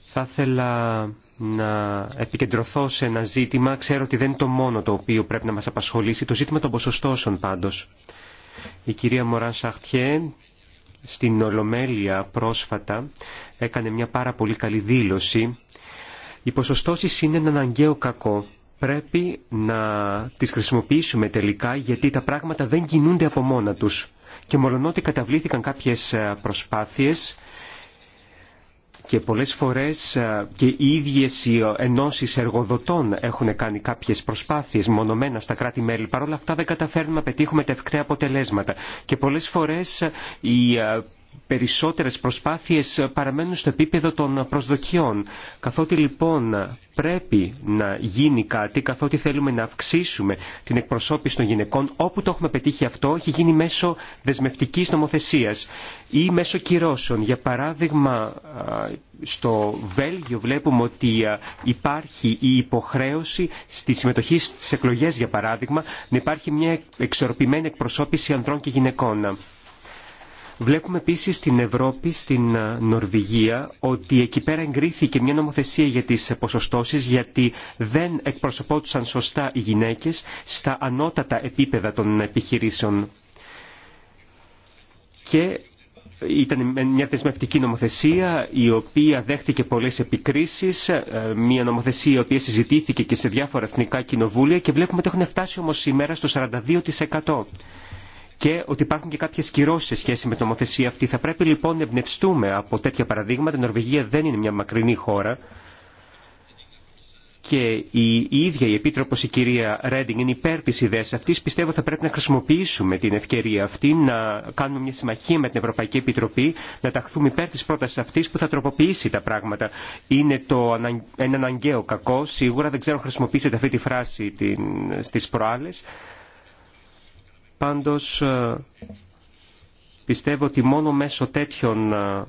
Θα ήθελα να επικεντρωθώ σε ένα ζήτημα. Ξέρω ότι δεν είναι το μόνο το οποίο πρέπει να μας απασχολήσει, το ζήτημα των ποσοστώσεων πάντως. Η κυρία Μωράν Σαχτιέ στην Ολομέλεια πρόσφατα έκανε μια πάρα πολύ καλή δήλωση οι ποσοστώσεις είναι ένα αναγκαίο κακό. Πρέπει να τις χρησιμοποιήσουμε τελικά γιατί τα πράγματα δεν κινούνται από μόνα τους. Και μολονότι καταβλήθηκαν κάποιες ε, προσπάθειες και πολλές φορές ε, και οι ίδιες οι ε, ενώσεις εργοδοτών έχουν κάνει κάποιες προσπάθειες μονομένα στα κράτη-μέλη. Παρ' όλα αυτά δεν καταφέρνουμε να πετύχουμε τα ευκραία αποτελέσματα. Και πολλές φορές οι περισσότερες προσπάθειες παραμένουν στο επίπεδο των προσδοκιών. Καθότι λοιπόν πρέπει να γίνει κάτι, καθότι θέλουμε να αυξήσουμε την εκπροσώπηση των γυναικών, όπου το έχουμε πετύχει αυτό έχει γίνει μέσω δεσμευτικής νομοθεσίας ή μέσω κυρώσεων. Για παράδειγμα, στο Βέλγιο βλέπουμε ότι υπάρχει η υποχρέωση στη συμμετοχή στις εκλογές, για παράδειγμα, να υπάρχει μια εξορροπημένη εκπροσώπηση ανδρών και γυναικών. Βλέπουμε επίση στην Ευρώπη, στην Νορβηγία, ότι εκεί πέρα εγκρίθηκε μια νομοθεσία για τις ποσοστώσει, γιατί δεν εκπροσωπόντουσαν σωστά οι γυναίκες στα ανώτατα επίπεδα των επιχειρήσεων. Και ήταν μια δεσμευτική νομοθεσία η οποία δέχτηκε πολλές επικρίσεις, ε, μια νομοθεσία η οποία συζητήθηκε και σε διάφορα εθνικά κοινοβούλια και βλέπουμε ότι έχουν φτάσει όμως σήμερα στο 42% και ότι υπάρχουν και κάποιε κυρώσει σε σχέση με την νομοθεσία αυτή. Θα πρέπει λοιπόν να εμπνευστούμε από τέτοια παραδείγματα. Η Νορβηγία δεν είναι μια μακρινή χώρα. Και η ίδια η Επίτροπο, η κυρία Ρέντινγκ, είναι υπέρ τη ιδέα αυτή. Πιστεύω θα πρέπει να χρησιμοποιήσουμε την ευκαιρία αυτή, να κάνουμε μια συμμαχία με την Ευρωπαϊκή Επιτροπή, να ταχθούμε υπέρ τη πρόταση αυτή που θα τροποποιήσει τα πράγματα. Είναι το ένα αναγκαίο κακό, σίγουρα δεν ξέρω χρησιμοποιήσετε αυτή τη φράση στι προάλλε Πάντως ε, πιστεύω ότι μόνο μέσω τέτοιων ε,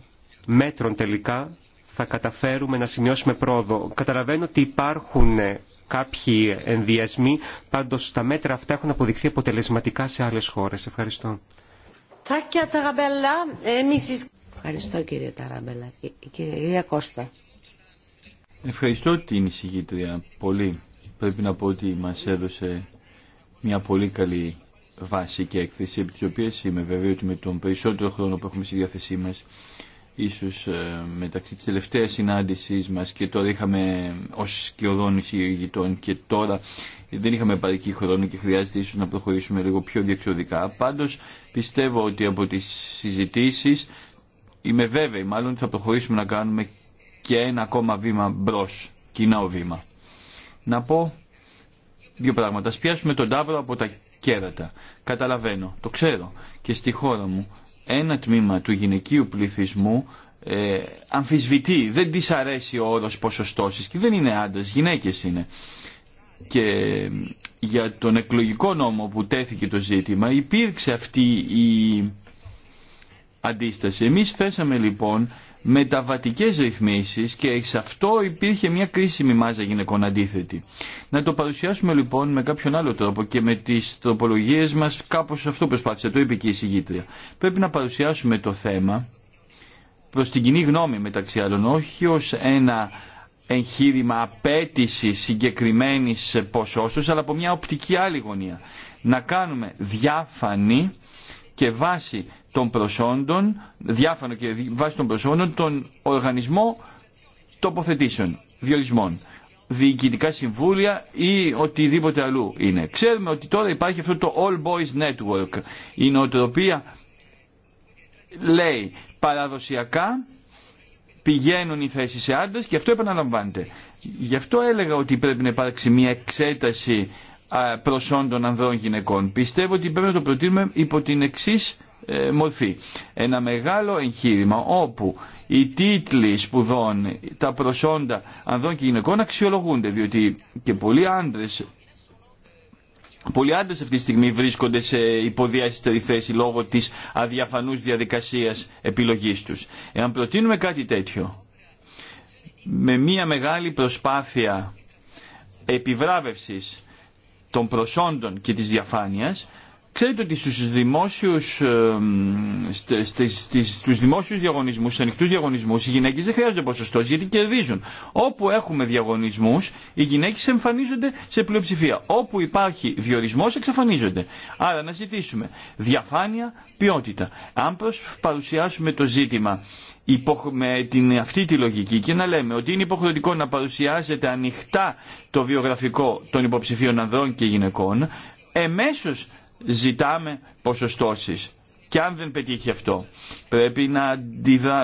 μέτρων τελικά θα καταφέρουμε να σημειώσουμε πρόοδο. Καταλαβαίνω ότι υπάρχουν ε, κάποιοι ενδιασμοί, πάντως τα μέτρα αυτά έχουν αποδειχθεί αποτελεσματικά σε άλλες χώρες. Ευχαριστώ. Ευχαριστώ κύριε Ταραμπέλα. Κύριε Κώστα. Ευχαριστώ την εισηγήτρια πολύ. Πρέπει να πω ότι μας έδωσε μια πολύ καλή βάση και έκθεση, επί της οποίας είμαι βέβαιο ότι με τον περισσότερο χρόνο που έχουμε στη διάθεσή μας, ίσως ε, μεταξύ της τελευταίας συνάντησής μας και τώρα είχαμε ως σκιωδών εισηγητών και τώρα δεν είχαμε παρική χρόνο και χρειάζεται ίσως να προχωρήσουμε λίγο πιο διεξοδικά. Πάντως πιστεύω ότι από τις συζητήσεις είμαι βέβαιη μάλλον ότι θα προχωρήσουμε να κάνουμε και ένα ακόμα βήμα μπρο, κοινό βήμα. Να πω δύο πράγματα. Ας πιάσουμε τον τάβρο από τα κέρατα. Καταλαβαίνω, το ξέρω. Και στη χώρα μου ένα τμήμα του γυναικείου πληθυσμού ε, αμφισβητεί, δεν της αρέσει ο όρος ποσοστώσεις και δεν είναι άντρες, γυναίκες είναι. Και για τον εκλογικό νόμο που τέθηκε το ζήτημα υπήρξε αυτή η αντίσταση. Εμείς θέσαμε λοιπόν μεταβατικέ ρυθμίσει και σε αυτό υπήρχε μια κρίσιμη μάζα γυναικών αντίθετη. Να το παρουσιάσουμε λοιπόν με κάποιον άλλο τρόπο και με τις τροπολογίε μας κάπω αυτό προσπάθησε, το είπε και η συγγήτρια. Πρέπει να παρουσιάσουμε το θέμα προς την κοινή γνώμη μεταξύ άλλων, όχι ω ένα εγχείρημα απέτηση συγκεκριμένη ποσόστος, αλλά από μια οπτική άλλη γωνία. Να κάνουμε διάφανη και βάση των προσόντων, διάφανο και βάση των προσόντων, τον οργανισμό τοποθετήσεων, διορισμών, διοικητικά συμβούλια ή οτιδήποτε αλλού είναι. Ξέρουμε ότι τώρα υπάρχει αυτό το All Boys Network. Η νοοτροπία λέει παραδοσιακά πηγαίνουν οι θέσει σε άντρε και αυτό επαναλαμβάνεται. Γι' αυτό έλεγα ότι πρέπει να υπάρξει μια εξέταση προσόντων ανδρών γυναικών. Πιστεύω ότι πρέπει να το προτείνουμε υπό την εξή ε, μορφή. Ένα μεγάλο εγχείρημα όπου οι τίτλοι σπουδών, τα προσόντα ανδρών και γυναικών αξιολογούνται, διότι και πολλοί άντρες Πολλοί άντρε αυτή τη στιγμή βρίσκονται σε υποδιάστερη θέση λόγω της αδιαφανούς διαδικασίας επιλογής τους. Εάν προτείνουμε κάτι τέτοιο, με μια μεγάλη προσπάθεια επιβράβευσης των προσόντων και της διαφάνειας, Ξέρετε ότι στους δημόσιους, στους δημόσιους διαγωνισμούς, στους ανοιχτούς διαγωνισμούς, οι γυναίκες δεν χρειάζονται ποσοστό γιατί κερδίζουν. Όπου έχουμε διαγωνισμούς, οι γυναίκες εμφανίζονται σε πλειοψηφία. Όπου υπάρχει διορισμός, εξαφανίζονται. Άρα να ζητήσουμε διαφάνεια, ποιότητα. Αν παρουσιάσουμε το ζήτημα με την, αυτή τη λογική και να λέμε ότι είναι υποχρεωτικό να παρουσιάζεται ανοιχτά το βιογραφικό των υποψηφίων ανδρών και γυναικών, εμέσως ζητάμε ποσοστώσεις. Και αν δεν πετύχει αυτό, πρέπει να,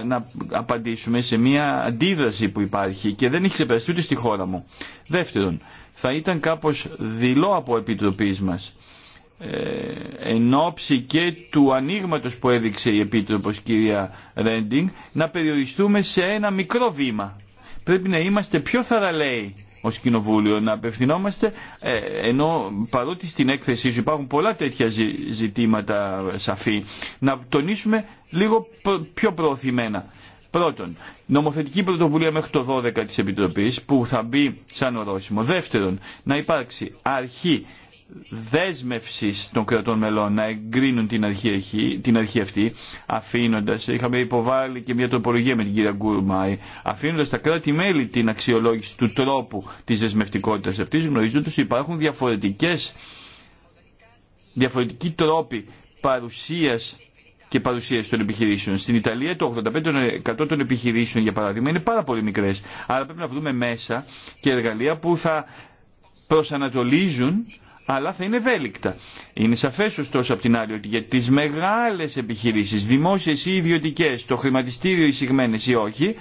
να απαντήσουμε σε μια αντίδραση που υπάρχει και δεν έχει ξεπεραστεί ούτε στη χώρα μου. Δεύτερον, θα ήταν κάπως δηλό από επιτροπής μας ε, εν ώψη και του ανοίγματο που έδειξε η Επίτροπος κυρία Ρέντινγκ να περιοριστούμε σε ένα μικρό βήμα. Πρέπει να είμαστε πιο θαραλέοι ως κοινοβούλιο να απευθυνόμαστε ε, ενώ παρότι στην έκθεσή σου υπάρχουν πολλά τέτοια ζητήματα σαφή να τονίσουμε λίγο πιο προωθημένα. Πρώτον, νομοθετική πρωτοβουλία μέχρι το 12 της Επιτροπής που θα μπει σαν ορόσημο. Δεύτερον, να υπάρξει αρχή Δέσμευση των κρατών μελών να εγκρίνουν την αρχή, την αρχή αυτή, αφήνοντα, είχαμε υποβάλει και μια τροπολογία με την κυρία Γκουρμάη, αφήνοντα τα κράτη-μέλη την αξιολόγηση του τρόπου τη δεσμευτικότητα. Αυτή, γνωρίζοντα ότι υπάρχουν διαφορετικές, διαφορετικοί τρόποι παρουσίας και παρουσίαση των επιχειρήσεων. Στην Ιταλία το 85% των επιχειρήσεων, για παράδειγμα, είναι πάρα πολύ μικρέ. Άρα πρέπει να βρούμε μέσα και εργαλεία που θα προσανατολίζουν αλλά θα είναι ευέλικτα. Είναι σαφές ωστόσο από την άλλη ότι για τις μεγάλες επιχειρήσεις, δημόσιες ή ιδιωτικές, το χρηματιστήριο εισηγμένες ή όχι,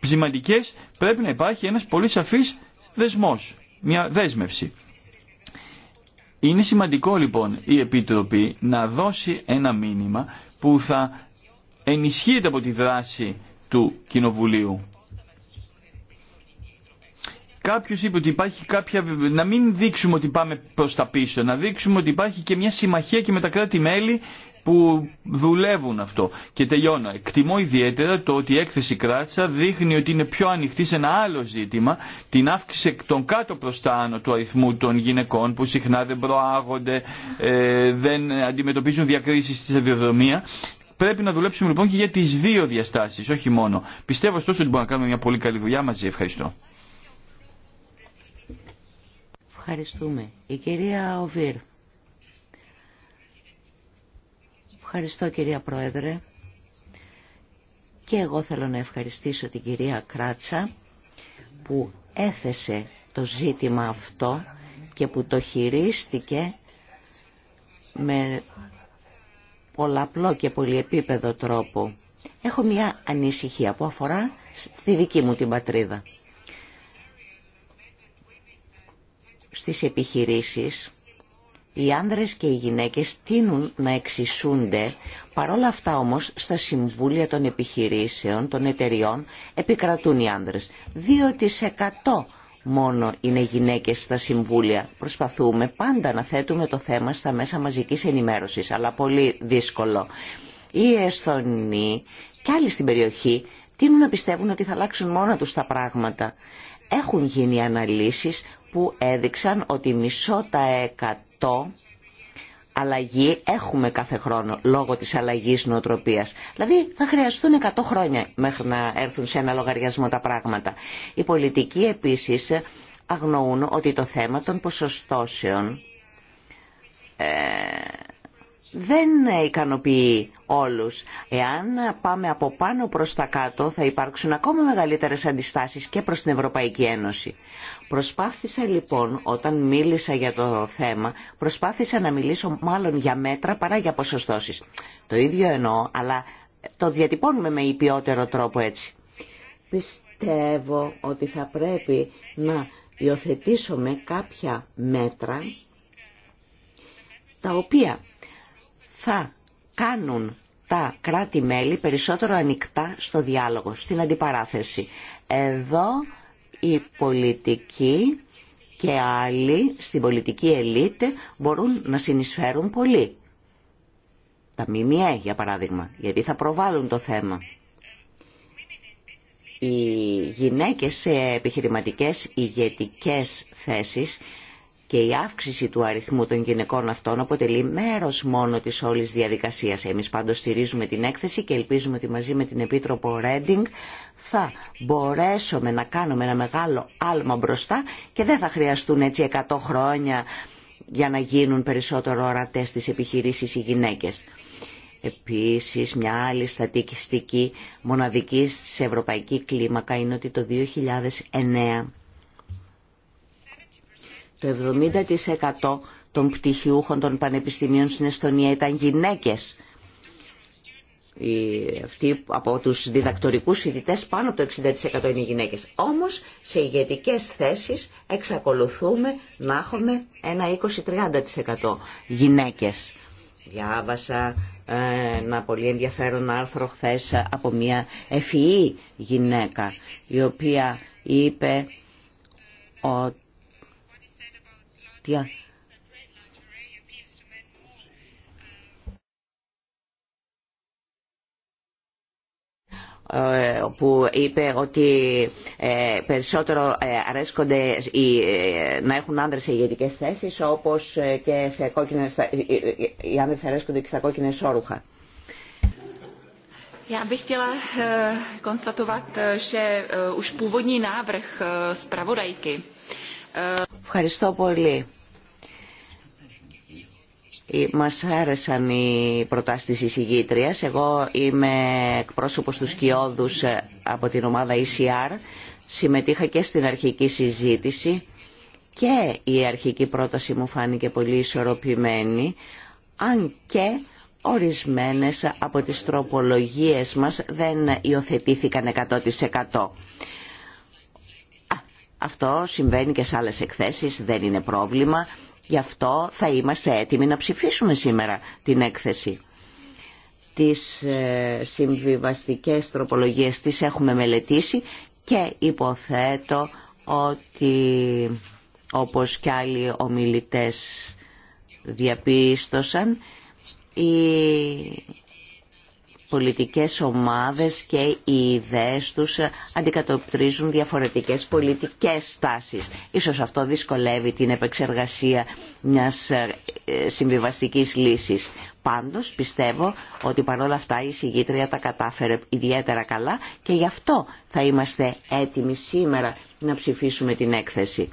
σημαντικές πρέπει να υπάρχει ένας πολύ σαφής δεσμός, μια δέσμευση. Είναι σημαντικό λοιπόν η ιδιωτικες το χρηματιστηριο εισηγμενε η οχι σημαντικες πρεπει να δώσει ένα μήνυμα που θα ενισχύεται από τη δράση του Κοινοβουλίου Κάποιος είπε ότι υπάρχει κάποια... να μην δείξουμε ότι πάμε προς τα πίσω, να δείξουμε ότι υπάρχει και μια συμμαχία και με τα κράτη-μέλη που δουλεύουν αυτό. Και τελειώνω. Εκτιμώ ιδιαίτερα το ότι η έκθεση Κράτσα δείχνει ότι είναι πιο ανοιχτή σε ένα άλλο ζήτημα, την αύξηση των κάτω προ τα άνω του αριθμού των γυναικών που συχνά δεν προάγονται, ε, δεν αντιμετωπίζουν διακρίσει στη σιδηροδρομία. Πρέπει να δουλέψουμε λοιπόν και για τι δύο διαστάσει, όχι μόνο. Πιστεύω ωστόσο ότι μπορούμε να κάνουμε μια πολύ καλή δουλειά μαζί. Ευχαριστώ. Ευχαριστούμε. Η κυρία Οβίρ. Ευχαριστώ κυρία Πρόεδρε. Και εγώ θέλω να ευχαριστήσω την κυρία Κράτσα που έθεσε το ζήτημα αυτό και που το χειρίστηκε με πολλαπλό και πολυεπίπεδο τρόπο. Έχω μια ανησυχία που αφορά στη δική μου την πατρίδα. στις επιχειρήσεις οι άνδρες και οι γυναίκες τείνουν να εξισούνται, παρόλα αυτά όμως στα συμβούλια των επιχειρήσεων, των εταιριών, επικρατούν οι άνδρες. 2% μόνο είναι γυναίκες στα συμβούλια. Προσπαθούμε πάντα να θέτουμε το θέμα στα μέσα μαζικής ενημέρωσης, αλλά πολύ δύσκολο. Οι Εσθονοί και άλλοι στην περιοχή τείνουν να πιστεύουν ότι θα αλλάξουν μόνα τους τα πράγματα. Έχουν γίνει αναλύσεις που έδειξαν ότι μισό τα εκατό αλλαγή έχουμε κάθε χρόνο λόγω της αλλαγής νοοτροπίας. Δηλαδή θα χρειαστούν 100 χρόνια μέχρι να έρθουν σε ένα λογαριασμό τα πράγματα. Οι πολιτικοί επίσης αγνοούν ότι το θέμα των ποσοστώσεων ε, δεν ικανοποιεί όλους. Εάν πάμε από πάνω προς τα κάτω θα υπάρξουν ακόμα μεγαλύτερες αντιστάσεις και προς την Ευρωπαϊκή Ένωση. Προσπάθησα λοιπόν όταν μίλησα για το θέμα, προσπάθησα να μιλήσω μάλλον για μέτρα παρά για ποσοστώσεις. Το ίδιο εννοώ, αλλά το διατυπώνουμε με υπιότερο τρόπο έτσι. Πιστεύω ότι θα πρέπει να υιοθετήσουμε κάποια μέτρα τα οποία θα κάνουν τα κράτη-μέλη περισσότερο ανοιχτά στο διάλογο, στην αντιπαράθεση. Εδώ οι πολιτικοί και άλλοι στην πολιτική ελίτ μπορούν να συνεισφέρουν πολύ. Τα ΜΜΕ, για παράδειγμα, γιατί θα προβάλλουν το θέμα. Οι γυναίκες σε επιχειρηματικές ηγετικές θέσεις και η αύξηση του αριθμού των γυναικών αυτών αποτελεί μέρος μόνο της όλης διαδικασίας. Εμείς πάντως στηρίζουμε την έκθεση και ελπίζουμε ότι μαζί με την Επίτροπο Ρέντινγκ θα μπορέσουμε να κάνουμε ένα μεγάλο άλμα μπροστά και δεν θα χρειαστούν έτσι 100 χρόνια για να γίνουν περισσότερο ορατές τις επιχειρήσεις οι γυναίκες. Επίσης, μια άλλη στατικιστική μοναδική σε ευρωπαϊκή κλίμακα είναι ότι το 2009 το 70% των πτυχιούχων των πανεπιστημίων στην Εστονία ήταν γυναίκες. αυτοί από τους διδακτορικούς φοιτητέ πάνω από το 60% είναι γυναίκες. Όμως σε ηγετικέ θέσεις εξακολουθούμε να έχουμε ένα 20-30% γυναίκες. Διάβασα ε, ένα πολύ ενδιαφέρον άρθρο χθε από μια ευφυή e e γυναίκα η οποία είπε ότι δίκτυα. Ε, που είπε ότι ε, περισσότερο ε, αρέσκονται οι, ε, να έχουν άνδρες σε ηγετικές θέσεις όπως ε, και σε κόκκινες, ε, ε, οι άνδρες αρέσκονται και στα κόκκινα σόρουχα. Já bych chtěla eh, konstatovat, eh, že eh, už původní návrh zpravodajky. Ευχαριστώ πολύ. Ε, μας άρεσαν οι προτάσεις της εισηγήτριας. Εγώ είμαι εκπρόσωπος του Σκιώδους ε, από την ομάδα ECR. Συμμετείχα και στην αρχική συζήτηση και η αρχική πρόταση μου φάνηκε πολύ ισορροπημένη, αν και ορισμένες από τις τροπολογίες μας δεν υιοθετήθηκαν 100%. Αυτό συμβαίνει και σε άλλες εκθέσεις, δεν είναι πρόβλημα. Γι' αυτό θα είμαστε έτοιμοι να ψηφίσουμε σήμερα την έκθεση. Τις ε, συμβιβαστικές τροπολογίες τις έχουμε μελετήσει και υποθέτω ότι όπως και άλλοι ομιλητές διαπίστωσαν πολιτικές ομάδες και οι ιδέες τους αντικατοπτρίζουν διαφορετικές πολιτικές στάσεις. Ίσως αυτό δυσκολεύει την επεξεργασία μιας ε, συμβιβαστικής λύσης. Πάντως πιστεύω ότι παρόλα αυτά η συγγήτρια τα κατάφερε ιδιαίτερα καλά και γι' αυτό θα είμαστε έτοιμοι σήμερα να ψηφίσουμε την έκθεση.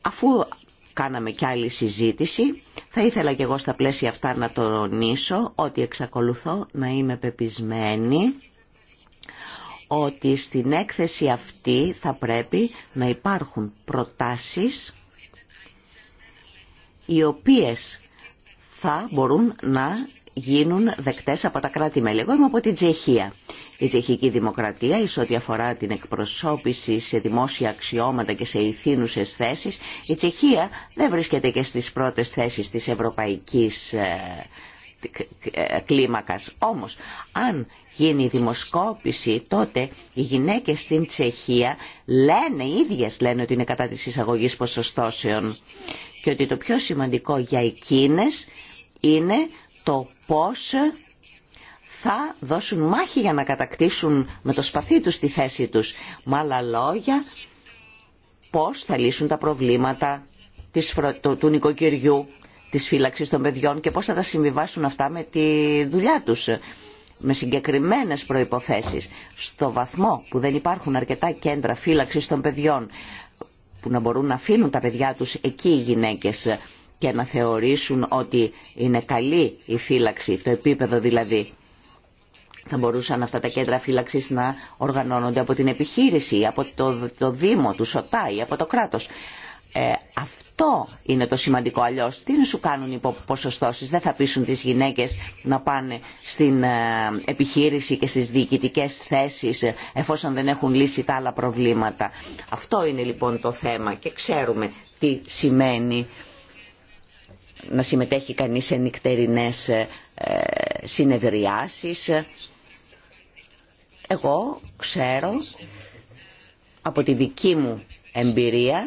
Αφού κάναμε κι άλλη συζήτηση. Θα ήθελα κι εγώ στα πλαίσια αυτά να τονίσω ότι εξακολουθώ να είμαι πεπισμένη ότι στην έκθεση αυτή θα πρέπει να υπάρχουν προτάσεις οι οποίες θα μπορούν να γίνουν δεκτές από τα κράτη-μέλη. Εγώ είμαι από την Τσεχία. Η τσεχική δημοκρατία, εις ό,τι αφορά την εκπροσώπηση σε δημόσια αξιώματα και σε ηθήνουσες θέσεις, η Τσεχία δεν βρίσκεται και στις πρώτες θέσεις της ευρωπαϊκής ε, ε, κλίμακας. Όμως, αν γίνει η δημοσκόπηση, τότε οι γυναίκες στην Τσεχία λένε, οι ίδιες λένε ότι είναι κατά της εισαγωγής ποσοστώσεων και ότι το πιο σημαντικό για εκείνες είναι το πώς θα δώσουν μάχη για να κατακτήσουν με το σπαθί τους τη θέση τους. Με άλλα λόγια, πώς θα λύσουν τα προβλήματα του νοικοκυριού, της φύλαξης των παιδιών και πώς θα τα συμβιβάσουν αυτά με τη δουλειά τους με συγκεκριμένες προϋποθέσεις στο βαθμό που δεν υπάρχουν αρκετά κέντρα φύλαξης των παιδιών που να μπορούν να αφήνουν τα παιδιά τους εκεί οι γυναίκες και να θεωρήσουν ότι είναι καλή η φύλαξη, το επίπεδο δηλαδή. Θα μπορούσαν αυτά τα κέντρα φύλαξης να οργανώνονται από την επιχείρηση, από το, το Δήμο, του ή από το κράτος. Ε, αυτό είναι το σημαντικό. Αλλιώς τι σου κάνουν οι ποσοστώσεις. Δεν θα πείσουν τις γυναίκες να πάνε στην ε, επιχείρηση και στις διοικητικές θέσεις ε, εφόσον δεν έχουν λύσει τα άλλα προβλήματα. Αυτό είναι λοιπόν το θέμα και ξέρουμε τι σημαίνει να συμμετέχει κανείς σε νυχτερινές ε, συνεδριάσεις. Εγώ ξέρω από τη δική μου εμπειρία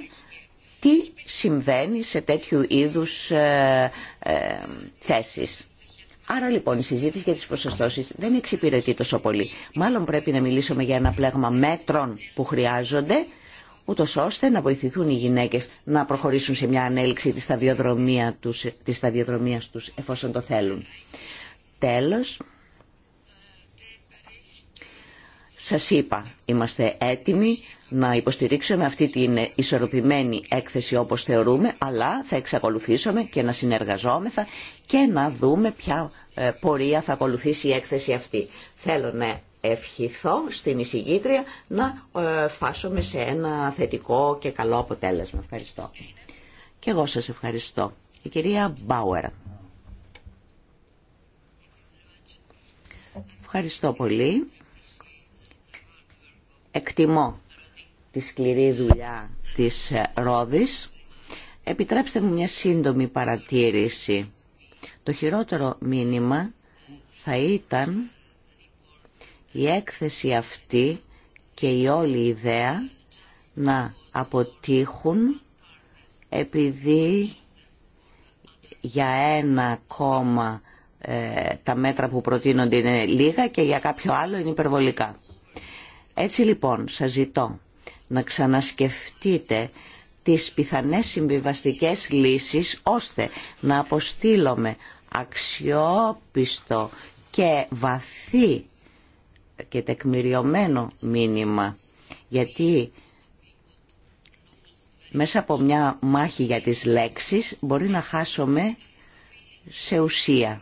τι συμβαίνει σε τέτοιου είδους ε, ε θέσεις. Άρα λοιπόν η συζήτηση για τις προσωστώσεις δεν εξυπηρετεί τόσο πολύ. Μάλλον πρέπει να μιλήσουμε για ένα πλέγμα μέτρων που χρειάζονται ούτω ώστε να βοηθηθούν οι γυναίκες να προχωρήσουν σε μια ανέλυξη της, σταδιοδρομία του της σταδιοδρομίας τους εφόσον το θέλουν. Τέλος, σα είπα, είμαστε έτοιμοι να υποστηρίξουμε αυτή την ισορροπημένη έκθεση όπως θεωρούμε, αλλά θα εξακολουθήσουμε και να συνεργαζόμεθα και να δούμε ποια ε, πορεία θα ακολουθήσει η έκθεση αυτή. Θέλω να ευχηθώ στην εισηγήτρια να ε, φάσουμε σε ένα θετικό και καλό αποτέλεσμα. Ευχαριστώ. Και εγώ σας ευχαριστώ. Η κυρία Μπάουερ. Ευχαριστώ πολύ. Εκτιμώ τη σκληρή δουλειά της ε, Ρόδης. Επιτρέψτε μου μια σύντομη παρατήρηση. Το χειρότερο μήνυμα θα ήταν η έκθεση αυτή και η όλη ιδέα να αποτύχουν επειδή για ένα κόμμα ε, τα μέτρα που προτείνονται είναι λίγα και για κάποιο άλλο είναι υπερβολικά. Έτσι λοιπόν σας ζητώ να ξανασκεφτείτε τις πιθανές συμβιβαστικές λύσεις ώστε να αποστείλουμε αξιόπιστο και βαθύ και τεκμηριωμένο μήνυμα. Γιατί μέσα από μια μάχη για τις λέξεις μπορεί να χάσουμε σε ουσία.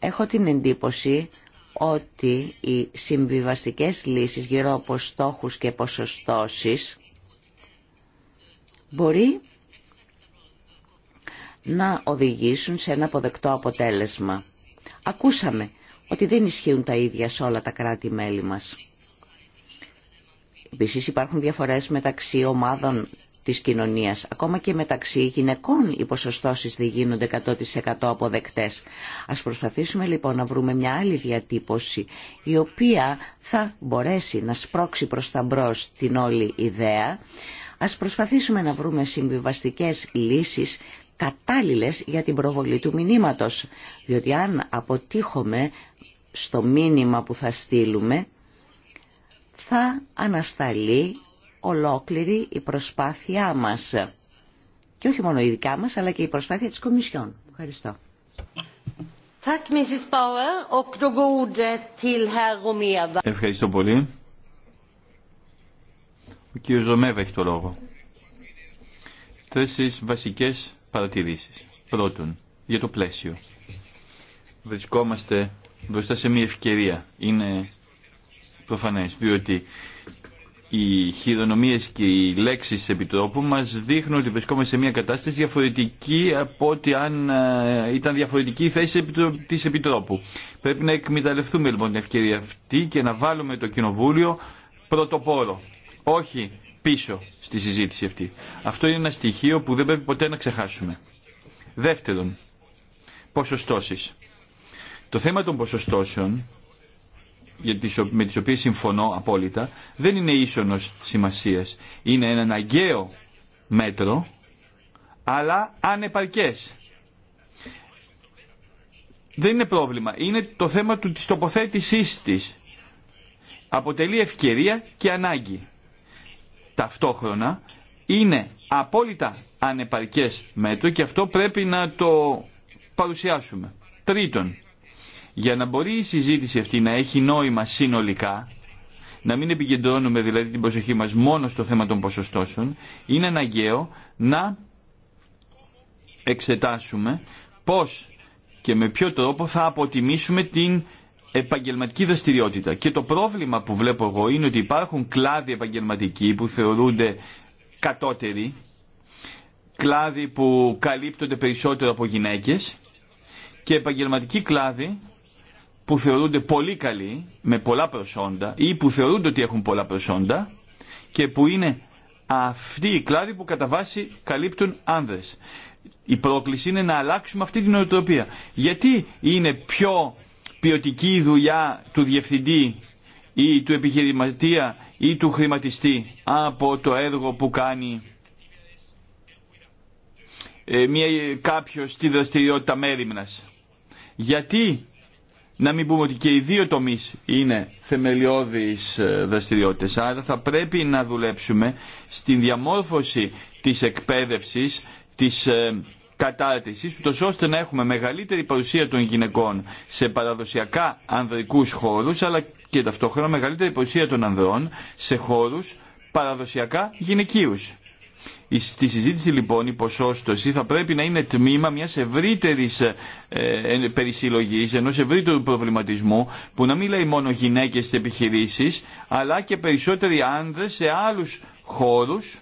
Έχω την εντύπωση ότι οι συμβιβαστικές λύσεις γύρω από στόχους και ποσοστώσεις μπορεί να οδηγήσουν σε ένα αποδεκτό αποτέλεσμα. Ακούσαμε ότι δεν ισχύουν τα ίδια σε όλα τα κράτη-μέλη μας. Επίση υπάρχουν διαφορές μεταξύ ομάδων της κοινωνίας. Ακόμα και μεταξύ γυναικών οι ποσοστώσεις δεν γίνονται 100% αποδεκτές. Ας προσπαθήσουμε λοιπόν να βρούμε μια άλλη διατύπωση η οποία θα μπορέσει να σπρώξει προς τα μπρος την όλη ιδέα. Ας προσπαθήσουμε να βρούμε συμβιβαστικές λύσεις κατάλληλες για την προβολή του μηνύματος. Διότι αν αποτύχουμε στο μήνυμα που θα στείλουμε θα ανασταλεί ολόκληρη η προσπάθειά μας. Και όχι μόνο η δικά μας, αλλά και η προσπάθεια της Κομισιόν. Ευχαριστώ. Ευχαριστώ πολύ. Ο κ. Ζωμέβα έχει το λόγο. Τέσσερις βασικές παρατηρήσεις. Πρώτον, για το πλαίσιο. Βρισκόμαστε μπροστά σε μια ευκαιρία. Είναι προφανές, διότι οι χειρονομίες και οι λέξεις Επιτρόπου μας δείχνουν ότι βρισκόμαστε σε μια κατάσταση διαφορετική από ότι αν ε, ήταν διαφορετική η θέση της Επιτρόπου. Πρέπει να εκμεταλλευτούμε λοιπόν την ευκαιρία αυτή και να βάλουμε το Κοινοβούλιο πρωτοπόρο, όχι πίσω στη συζήτηση αυτή. Αυτό είναι ένα στοιχείο που δεν πρέπει ποτέ να ξεχάσουμε. Δεύτερον, ποσοστώσεις. Το θέμα των ποσοστώσεων, με τις οποίες συμφωνώ απόλυτα, δεν είναι ίσονος σημασίας. Είναι ένα αναγκαίο μέτρο, αλλά ανεπαρκές. Δεν είναι πρόβλημα. Είναι το θέμα του, της τοποθέτησής της. Αποτελεί ευκαιρία και ανάγκη. Ταυτόχρονα είναι απόλυτα ανεπαρκές μέτρο και αυτό πρέπει να το παρουσιάσουμε. Τρίτον, για να μπορεί η συζήτηση αυτή να έχει νόημα συνολικά, να μην επικεντρώνουμε δηλαδή την προσοχή μας μόνο στο θέμα των ποσοστώσεων, είναι αναγκαίο να εξετάσουμε πώς και με ποιο τρόπο θα αποτιμήσουμε την επαγγελματική δραστηριότητα. Και το πρόβλημα που βλέπω εγώ είναι ότι υπάρχουν κλάδοι επαγγελματικοί που θεωρούνται κατώτεροι, κλάδοι που καλύπτονται περισσότερο από γυναίκες και επαγγελματικοί κλάδοι που θεωρούνται πολύ καλοί, με πολλά προσόντα ή που θεωρούνται ότι έχουν πολλά προσόντα και που είναι αυτοί οι κλάδοι που κατά βάση καλύπτουν άνδρες. Η πρόκληση είναι να αλλάξουμε αυτή την νοοτροπία. Γιατί είναι πιο ποιοτική η δουλειά του διευθυντή ή του επιχειρηματία ή του χρηματιστή από το έργο που κάνει ε, μια, κάποιος στη δραστηριότητα μέρημνας. Γιατί να μην πούμε ότι και οι δύο τομεί είναι θεμελιώδεις ε, δραστηριότητε, Άρα θα πρέπει να δουλέψουμε στην διαμόρφωση της εκπαίδευση, της ε, κατάρτιση, ούτω ώστε να έχουμε μεγαλύτερη παρουσία των γυναικών σε παραδοσιακά ανδρικούς χώρου, αλλά και ταυτόχρονα μεγαλύτερη παρουσία των ανδρών σε χώρου παραδοσιακά γυναικείους. Στη συζήτηση λοιπόν η ποσόστοση θα πρέπει να είναι τμήμα μιας ευρύτερης ε, περισυλλογής, ενός ευρύτερου προβληματισμού που να μην λέει μόνο γυναίκες στις επιχειρήσεις αλλά και περισσότεροι άνδρες σε άλλους χώρους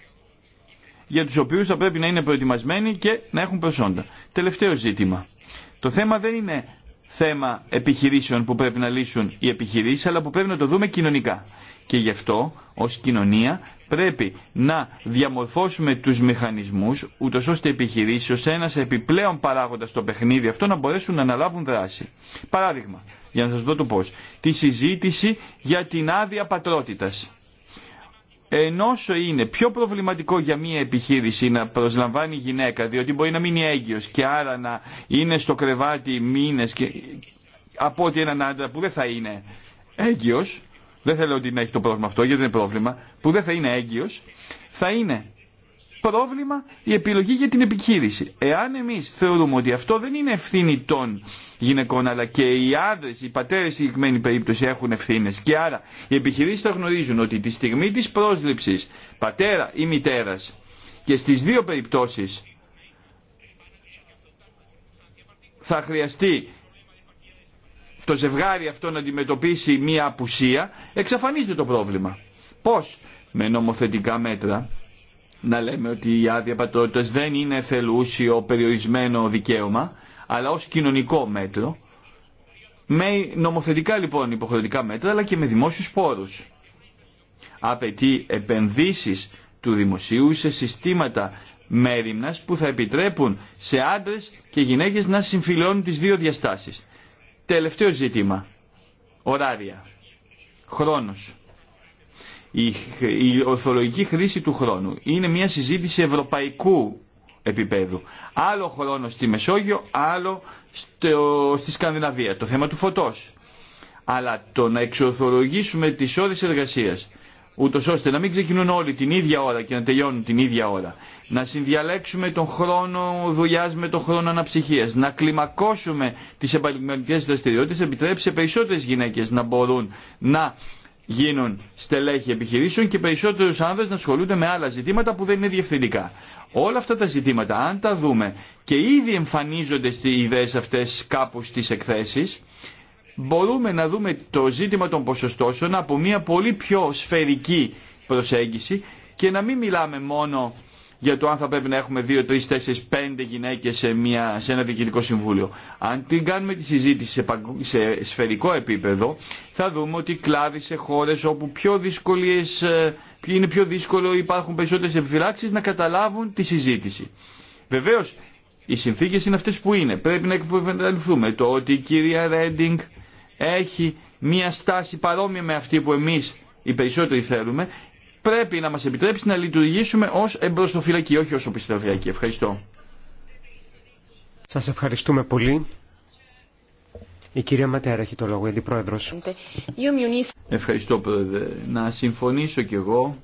για τους οποίους θα πρέπει να είναι προετοιμασμένοι και να έχουν προσόντα. Τελευταίο ζήτημα. Το θέμα δεν είναι θέμα επιχειρήσεων που πρέπει να λύσουν οι επιχειρήσεις αλλά που πρέπει να το δούμε κοινωνικά. Και γι' αυτό ως κοινωνία πρέπει να διαμορφώσουμε τους μηχανισμούς, ούτω ώστε οι επιχειρήσεις ως ένας επιπλέον παράγοντας στο παιχνίδι αυτό να μπορέσουν να αναλάβουν δράση. Παράδειγμα, για να σας δω το πώς, τη συζήτηση για την άδεια πατρότητας. Ενώ είναι πιο προβληματικό για μια επιχείρηση να προσλαμβάνει γυναίκα, διότι μπορεί να μείνει έγκυος και άρα να είναι στο κρεβάτι μήνες και... από ότι έναν άντρα που δεν θα είναι έγκυος, δεν θέλω ότι να έχει το πρόβλημα αυτό, γιατί είναι πρόβλημα, που δεν θα είναι έγκυος, θα είναι πρόβλημα η επιλογή για την επιχείρηση. Εάν εμεί θεωρούμε ότι αυτό δεν είναι ευθύνη των γυναικών, αλλά και οι άντρες, οι πατέρες η συγκεκριμένη περίπτωση έχουν ευθύνε. και άρα οι επιχειρήσει θα γνωρίζουν ότι τη στιγμή τη πρόσληψης πατέρα ή μητέρα και στι δύο περιπτώσει, θα χρειαστεί το ζευγάρι αυτό να αντιμετωπίσει μία απουσία, εξαφανίζεται το πρόβλημα. Πώς με νομοθετικά μέτρα να λέμε ότι η άδεια πατρότητας δεν είναι θελούσιο περιορισμένο δικαίωμα, αλλά ως κοινωνικό μέτρο, με νομοθετικά λοιπόν υποχρεωτικά μέτρα, αλλά και με δημόσιους πόρους. Απαιτεί επενδύσεις του δημοσίου σε συστήματα μέρημνας που θα επιτρέπουν σε άντρες και γυναίκες να συμφιλώνουν τις δύο διαστάσεις. Τελευταίο ζήτημα. Ωράρια. Χρόνος. Η, η ορθολογική χρήση του χρόνου είναι μια συζήτηση ευρωπαϊκού επίπεδου. Άλλο χρόνο στη Μεσόγειο, άλλο στο, στη Σκανδιναβία. Το θέμα του φωτός. Αλλά το να εξορθολογήσουμε τις ώρες εργασίας ούτω ώστε να μην ξεκινούν όλοι την ίδια ώρα και να τελειώνουν την ίδια ώρα. Να συνδιαλέξουμε τον χρόνο δουλειά με τον χρόνο αναψυχία. Να κλιμακώσουμε τι επαγγελματικέ δραστηριότητε, επιτρέψει σε περισσότερε γυναίκε να μπορούν να γίνουν στελέχη επιχειρήσεων και περισσότερου άνδρες να ασχολούνται με άλλα ζητήματα που δεν είναι διευθυντικά. Όλα αυτά τα ζητήματα, αν τα δούμε και ήδη εμφανίζονται στι ιδέε αυτέ κάπου στι εκθέσει μπορούμε να δούμε το ζήτημα των ποσοστώσεων από μια πολύ πιο σφαιρική προσέγγιση και να μην μιλάμε μόνο για το αν θα πρέπει να έχουμε 2, 3, 4, 5 γυναίκες σε, σε ένα διοικητικό συμβούλιο. Αν την κάνουμε τη συζήτηση σε, σε σφαιρικό επίπεδο, θα δούμε ότι κλάδοι σε χώρες όπου πιο δύσκολες, ε, είναι πιο δύσκολο, υπάρχουν περισσότερες επιφυλάξεις, να καταλάβουν τη συζήτηση. Βεβαίως, οι συνθήκες είναι αυτές που είναι. Πρέπει να εκπαιδευτούμε το ότι η κυρία Ρέντινγκ έχει μια στάση παρόμοια με αυτή που εμείς οι περισσότεροι θέλουμε, πρέπει να μας επιτρέψει να λειτουργήσουμε ως εμπροστοφυλακή, όχι ως οπισθοφυλακή. Ευχαριστώ. Σας ευχαριστούμε πολύ. Η κυρία Ματέρα έχει το λόγο, η Αντιπρόεδρος. Ευχαριστώ, Πρόεδρε. Να συμφωνήσω κι εγώ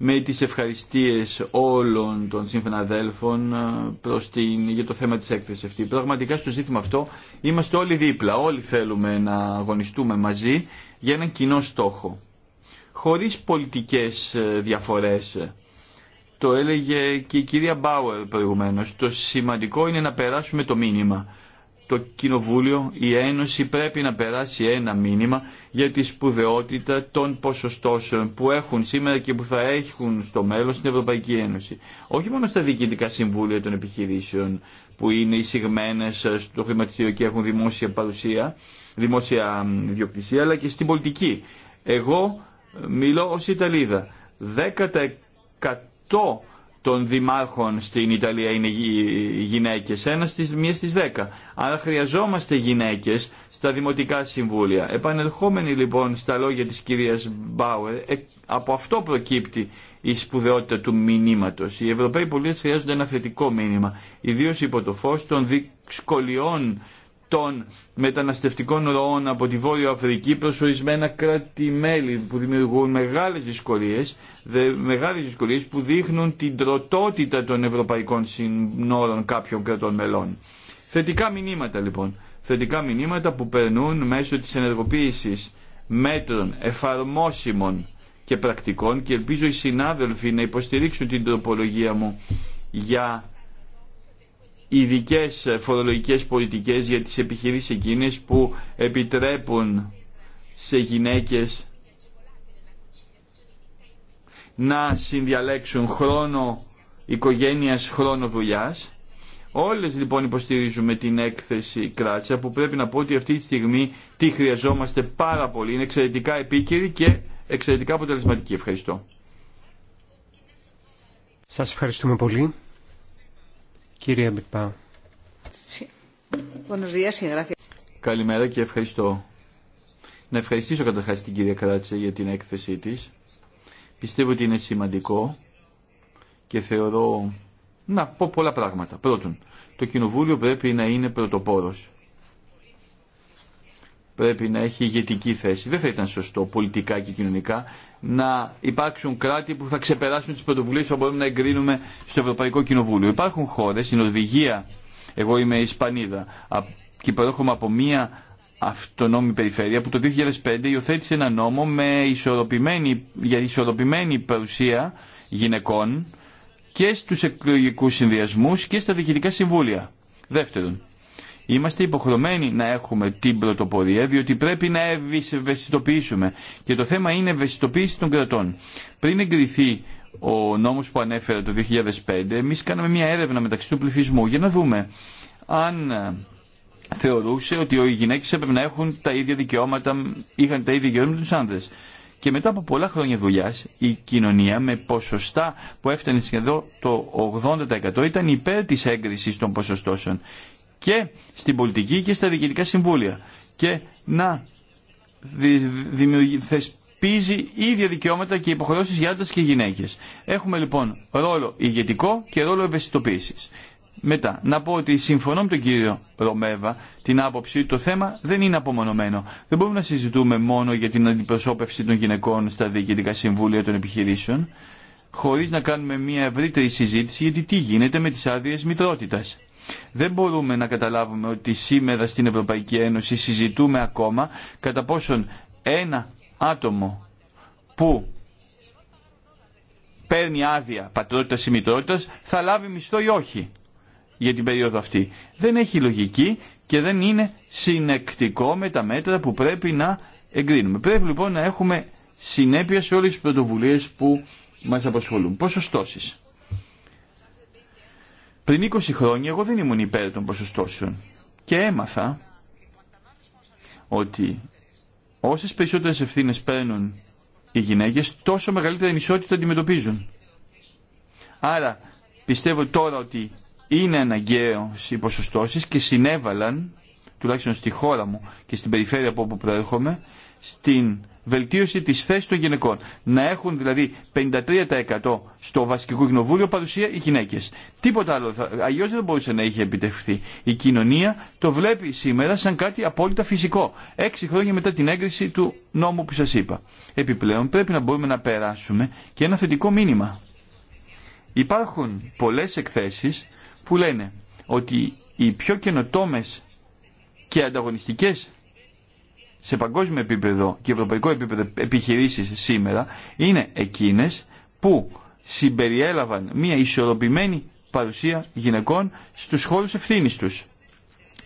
με τις ευχαριστίες όλων των συμφωναδέλφων ε, προς την, για το θέμα της έκθεσης αυτή. Πραγματικά στο ζήτημα αυτό είμαστε όλοι δίπλα, όλοι θέλουμε να αγωνιστούμε μαζί για έναν κοινό στόχο. Χωρίς πολιτικές ε, διαφορές, ε, το έλεγε και η κυρία Μπάουερ προηγουμένως, το σημαντικό είναι να περάσουμε το μήνυμα το Κοινοβούλιο, η Ένωση πρέπει να περάσει ένα μήνυμα για τη σπουδαιότητα των ποσοστώσεων που έχουν σήμερα και που θα έχουν στο μέλλον στην Ευρωπαϊκή Ένωση. Όχι μόνο στα διοικητικά συμβούλια των επιχειρήσεων που είναι εισηγμένε στο χρηματιστήριο και έχουν δημόσια παρουσία, δημόσια ιδιοκτησία, αλλά και στην πολιτική. Εγώ ε, μιλώ ως Ιταλίδα. 10% των δημάρχων στην Ιταλία είναι γυναίκες, ένα στις, μία στις δέκα. Άρα χρειαζόμαστε γυναίκες στα δημοτικά συμβούλια. Επανερχόμενοι λοιπόν στα λόγια της κυρίας Μπάουερ, ε, από αυτό προκύπτει η σπουδαιότητα του μηνύματος. Οι Ευρωπαίοι πολίτες χρειάζονται ένα θετικό μήνυμα, ιδίως υπό το φως των δυσκολιών των μεταναστευτικών ροών από τη Βόρεια Αφρική προς ορισμένα κράτη-μέλη που δημιουργούν μεγάλες δυσκολίες, δε, μεγάλες που δείχνουν την τροτότητα των ευρωπαϊκών συνόρων κάποιων κρατών μελών. Θετικά μηνύματα λοιπόν. Θετικά μηνύματα που περνούν μέσω της ενεργοποίησης μέτρων εφαρμόσιμων και πρακτικών και ελπίζω οι συνάδελφοι να υποστηρίξουν την τροπολογία μου για ειδικέ φορολογικές πολιτικές για τις επιχειρήσεις εκείνε που επιτρέπουν σε γυναίκε να συνδιαλέξουν χρόνο οικογένειας, χρόνο δουλειάς. Όλες λοιπόν υποστηρίζουμε την έκθεση Κράτσα που πρέπει να πω ότι αυτή τη στιγμή τη χρειαζόμαστε πάρα πολύ. Είναι εξαιρετικά επίκαιρη και εξαιρετικά αποτελεσματική. Ευχαριστώ. Σας ευχαριστούμε πολύ. Κυρία Καλημέρα και ευχαριστώ. Να ευχαριστήσω καταρχά την κυρία Κράτσε για την έκθεσή της. Πιστεύω ότι είναι σημαντικό και θεωρώ να πω πολλά πράγματα. Πρώτον, το Κοινοβούλιο πρέπει να είναι πρωτοπόρο πρέπει να έχει ηγετική θέση. Δεν θα ήταν σωστό πολιτικά και κοινωνικά να υπάρξουν κράτη που θα ξεπεράσουν τι πρωτοβουλίε που θα μπορούμε να εγκρίνουμε στο Ευρωπαϊκό Κοινοβούλιο. Υπάρχουν χώρε, η Νορβηγία, εγώ είμαι Ισπανίδα και προέρχομαι από μία αυτονόμη περιφέρεια που το 2005 υιοθέτησε ένα νόμο με ισορροπημένη, για ισορροπημένη παρουσία γυναικών και στους εκλογικούς συνδυασμούς και στα διοικητικά συμβούλια. Δεύτερον, Είμαστε υποχρεωμένοι να έχουμε την πρωτοπορία, διότι πρέπει να ευαισθητοποιήσουμε. Και το θέμα είναι ευαισθητοποίηση των κρατών. Πριν εγκριθεί ο νόμος που ανέφερα το 2005, εμείς κάναμε μια έρευνα μεταξύ του πληθυσμού για να δούμε αν ε, θεωρούσε ότι οι γυναίκες έπρεπε να έχουν τα ίδια δικαιώματα, είχαν τα ίδια δικαιώματα με τους άνδρες. Και μετά από πολλά χρόνια δουλειά, η κοινωνία με ποσοστά που έφτανε σχεδόν το 80% ήταν υπέρ τη έγκριση των ποσοστώσεων και στην πολιτική και στα διοικητικά συμβούλια και να θεσπίζει ίδια δικαιώματα και υποχρεώσεις για άντρες και γυναίκε. Έχουμε λοιπόν ρόλο ηγετικό και ρόλο ευαισθητοποίηση. Μετά, να πω ότι συμφωνώ με τον κύριο Ρομέβα την άποψη ότι το θέμα δεν είναι απομονωμένο. Δεν μπορούμε να συζητούμε μόνο για την αντιπροσώπευση των γυναικών στα διοικητικά συμβούλια των επιχειρήσεων, χωρί να κάνουμε μια ευρύτερη συζήτηση γιατί τι γίνεται με τι άδειε μητρότητα. Δεν μπορούμε να καταλάβουμε ότι σήμερα στην Ευρωπαϊκή Ένωση συζητούμε ακόμα κατά πόσον ένα άτομο που παίρνει άδεια πατρότητας ή μητρότητας θα λάβει μισθό ή όχι για την περίοδο αυτή. Δεν έχει λογική και δεν είναι συνεκτικό με τα μέτρα που πρέπει να εγκρίνουμε. Πρέπει λοιπόν να έχουμε συνέπεια σε όλες τις πρωτοβουλίες που μας απασχολούν. στόσεις. Πριν 20 χρόνια εγώ δεν ήμουν υπέρ των ποσοστώσεων και έμαθα ότι όσες περισσότερες ευθύνες παίρνουν οι γυναίκες τόσο μεγαλύτερη ανισότητα αντιμετωπίζουν. Άρα πιστεύω τώρα ότι είναι αναγκαίο οι ποσοστώσεις και συνέβαλαν τουλάχιστον στη χώρα μου και στην περιφέρεια από όπου προέρχομαι στην βελτίωση της θέσης των γυναικών. Να έχουν δηλαδή 53% στο βασικό κοινοβούλιο παρουσία οι γυναίκες. Τίποτα άλλο, αλλιώ δεν μπορούσε να είχε επιτευχθεί. Η κοινωνία το βλέπει σήμερα σαν κάτι απόλυτα φυσικό. Έξι χρόνια μετά την έγκριση του νόμου που σας είπα. Επιπλέον πρέπει να μπορούμε να περάσουμε και ένα θετικό μήνυμα. Υπάρχουν πολλές εκθέσεις που λένε ότι οι πιο καινοτόμες και ανταγωνιστικές σε παγκόσμιο επίπεδο και ευρωπαϊκό επίπεδο επιχειρήσεις σήμερα είναι εκείνες που συμπεριέλαβαν μια ισορροπημένη παρουσία γυναικών στους χώρους ευθύνης τους.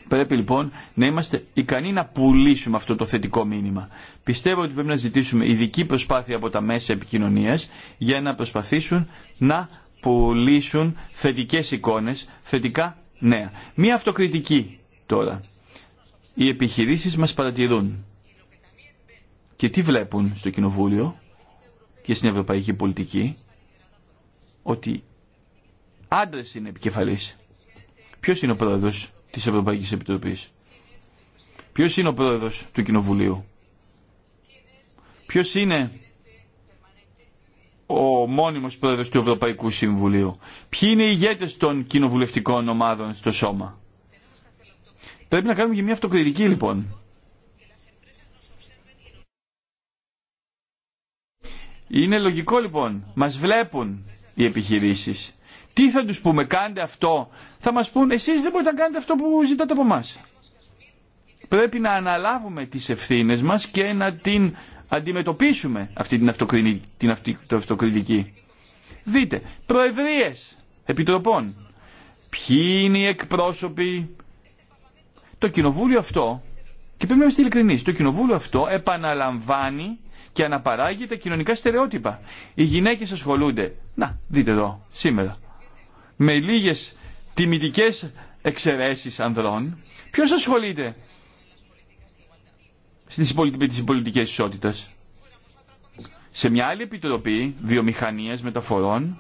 Πρέπει λοιπόν να είμαστε ικανοί να πουλήσουμε αυτό το θετικό μήνυμα. Πιστεύω ότι πρέπει να ζητήσουμε ειδική προσπάθεια από τα μέσα επικοινωνίας για να προσπαθήσουν να πουλήσουν θετικές εικόνες, θετικά νέα. Μία αυτοκριτική τώρα οι επιχειρήσεις μας παρατηρούν. Και τι βλέπουν στο Κοινοβούλιο και στην ευρωπαϊκή πολιτική, ότι άντρες είναι επικεφαλής. Ποιος είναι ο πρόεδρος της Ευρωπαϊκής Επιτροπής. Ποιος είναι ο πρόεδρος του Κοινοβουλίου. Ποιος είναι ο μόνιμος πρόεδρος του Ευρωπαϊκού Συμβουλίου. Ποιοι είναι οι ηγέτες των κοινοβουλευτικών ομάδων στο σώμα. Πρέπει να κάνουμε και μια αυτοκριτική λοιπόν. Είναι λογικό λοιπόν, μας βλέπουν οι επιχειρήσεις. Τι θα τους πούμε, κάντε αυτό. Θα μας πούν, εσείς δεν μπορείτε να κάνετε αυτό που ζητάτε από μας; Πρέπει να αναλάβουμε τις ευθύνες μας και να την αντιμετωπίσουμε αυτή την, αυτοκριτική. Την αυτοκριτική. Δείτε, προεδρίες επιτροπών. Ποιοι είναι οι εκπρόσωποι το κοινοβούλιο αυτό, και πρέπει να είμαστε ειλικρινεί, το κοινοβούλιο αυτό επαναλαμβάνει και αναπαράγει τα κοινωνικά στερεότυπα. Οι γυναίκε ασχολούνται, να δείτε εδώ, σήμερα, με λίγε τιμητικέ εξαιρέσει ανδρών. Ποιο ασχολείται στις πολιτικές ισότητε. Σε μια άλλη επιτροπή βιομηχανίας μεταφορών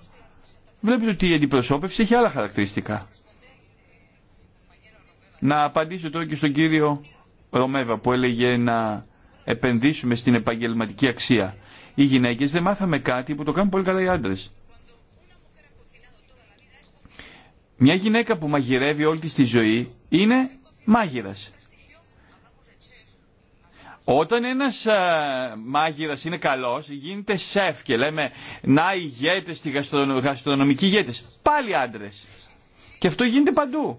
βλέπετε ότι η αντιπροσώπευση έχει άλλα χαρακτηριστικά. Να απαντήσω τώρα και στον κύριο Ρωμέβα που έλεγε να επενδύσουμε στην επαγγελματική αξία. Οι γυναίκες δεν μάθαμε κάτι που το κάνουν πολύ καλά οι άντρες. Μια γυναίκα που μαγειρεύει όλη της τη ζωή είναι μάγειρας. Όταν ένας μάγειρας είναι καλός γίνεται σεφ και λέμε να ηγέτες, γαστρονομική, ηγέτες. Πάλι άντρες. Και αυτό γίνεται παντού.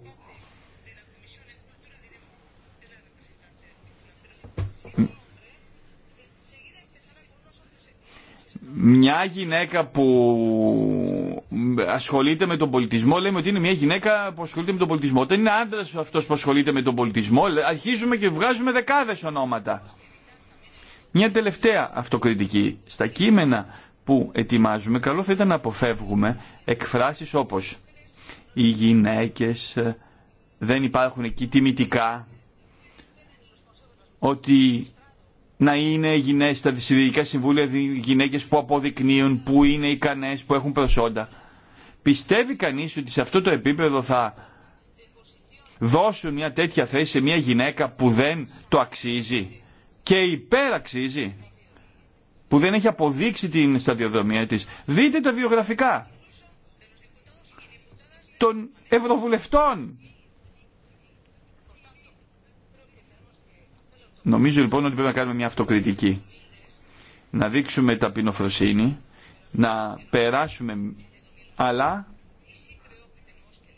μια γυναίκα που ασχολείται με τον πολιτισμό, λέμε ότι είναι μια γυναίκα που ασχολείται με τον πολιτισμό. Όταν είναι άντρα αυτός που ασχολείται με τον πολιτισμό, αρχίζουμε και βγάζουμε δεκάδες ονόματα. Μια τελευταία αυτοκριτική. Στα κείμενα που ετοιμάζουμε, καλό θα ήταν να αποφεύγουμε εκφράσεις όπως οι γυναίκες ε, δεν υπάρχουν εκεί τιμητικά, ότι να είναι γυναίκες στα δυσυδικά συμβούλια γυναίκες που αποδεικνύουν, που είναι ικανές, που έχουν προσόντα. Πιστεύει κανείς ότι σε αυτό το επίπεδο θα δώσουν μια τέτοια θέση σε μια γυναίκα που δεν το αξίζει και υπεραξίζει, που δεν έχει αποδείξει την σταδιοδρομία της. Δείτε τα βιογραφικά των ευρωβουλευτών Νομίζω λοιπόν ότι πρέπει να κάνουμε μια αυτοκριτική. Να δείξουμε ταπεινοφροσύνη, να περάσουμε, αλλά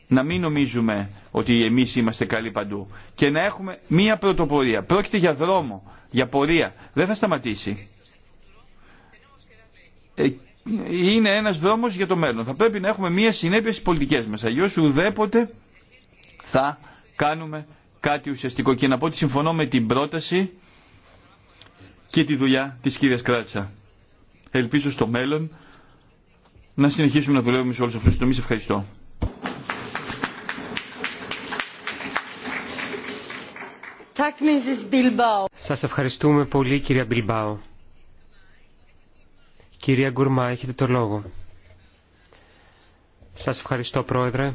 να μην νομίζουμε ότι εμείς είμαστε καλοί παντού και να έχουμε μία πρωτοπορία. Πρόκειται για δρόμο, για πορεία. Δεν θα σταματήσει. Ε, είναι ένας δρόμος για το μέλλον. Θα πρέπει να έχουμε μία συνέπεια στις πολιτικές μας. Αλλιώς ουδέποτε θα κάνουμε κάτι ουσιαστικό και να πω ότι συμφωνώ με την πρόταση και τη δουλειά της κυρίας Κράτσα. Ελπίζω στο μέλλον να συνεχίσουμε να δουλεύουμε σε όλους αυτούς τους τομείς. Ευχαριστώ. Σας ευχαριστούμε πολύ κυρία Μπιλμπάου. Κυρία Γκουρμά, έχετε το λόγο. Σας ευχαριστώ πρόεδρε.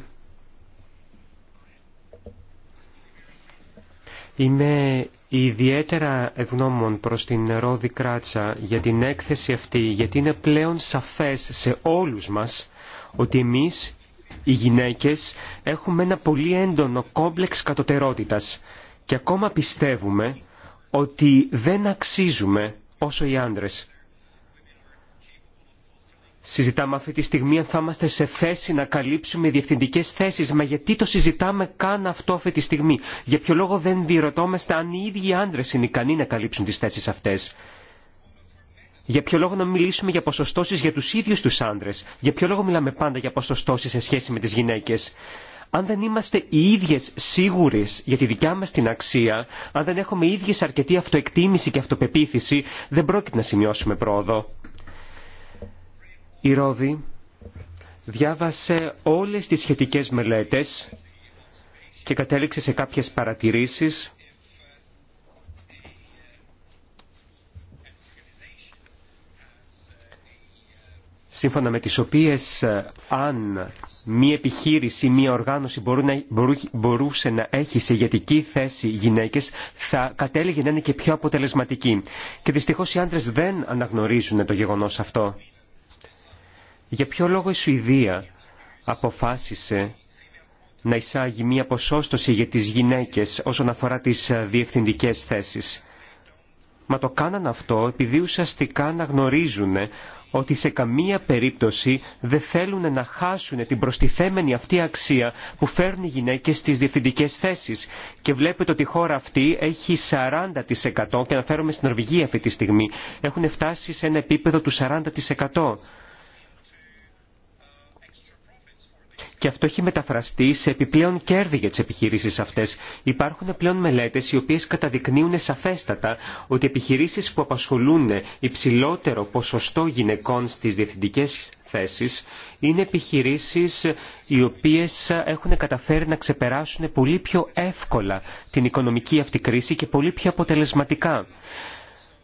Είμαι ιδιαίτερα ευγνώμων προς την Ρόδη Κράτσα για την έκθεση αυτή, γιατί είναι πλέον σαφές σε όλους μας ότι εμείς, οι γυναίκες, έχουμε ένα πολύ έντονο κόμπλεξ κατωτερότητας και ακόμα πιστεύουμε ότι δεν αξίζουμε όσο οι άντρες. Συζητάμε αυτή τη στιγμή αν θα είμαστε σε θέση να καλύψουμε διευθυντικέ θέσει, Μα γιατί το συζητάμε καν αυτό αυτή τη στιγμή. Για ποιο λόγο δεν διερωτώμαστε αν οι ίδιοι άντρε είναι ικανοί να καλύψουν τι θέσει αυτέ. Για ποιο λόγο να μιλήσουμε για ποσοστώσει για του ίδιου του άντρε. Για ποιο λόγο μιλάμε πάντα για ποσοστώσει σε σχέση με τι γυναίκε. Αν δεν είμαστε οι ίδιε σίγουρε για τη δικιά μα την αξία, αν δεν έχουμε ίδιε αρκετή αυτοεκτίμηση και αυτοπεποίθηση, δεν πρόκειται να σημειώσουμε πρόοδο. Η Ρόδη διάβασε όλες τις σχετικές μελέτες και κατέληξε σε κάποιες παρατηρήσεις σύμφωνα με τις οποίες ε, αν μία επιχείρηση, μία οργάνωση μπορούσε να έχει σε ηγετική θέση γυναίκες, θα κατέληγε να είναι και πιο αποτελεσματική. Και δυστυχώς οι άντρες δεν αναγνωρίζουν το γεγονός αυτό. Για ποιο λόγο η Σουηδία αποφάσισε να εισάγει μία ποσόστοση για τις γυναίκες όσον αφορά τις ε, διευθυντικές θέσεις. Μα το κάναν αυτό επειδή ουσιαστικά να γνωρίζουν ότι σε καμία περίπτωση δεν θέλουν να χάσουν την προστιθέμενη αυτή αξία που φέρνουν οι γυναίκες στις διευθυντικές θέσεις. Και βλέπετε ότι η χώρα αυτή έχει 40% και αναφέρομαι στην Νορβηγία αυτή τη στιγμή. Έχουν φτάσει σε ένα επίπεδο του 40%. και αυτό έχει μεταφραστεί σε επιπλέον κέρδη για τις επιχειρήσεις αυτές. Υπάρχουν πλέον μελέτες οι οποίες καταδεικνύουν σαφέστατα ότι επιχειρήσεις που απασχολούν υψηλότερο ποσοστό γυναικών στις διευθυντικές θέσεις είναι επιχειρήσεις οι οποίες έχουν καταφέρει να ξεπεράσουν πολύ πιο εύκολα την οικονομική αυτή κρίση και πολύ πιο αποτελεσματικά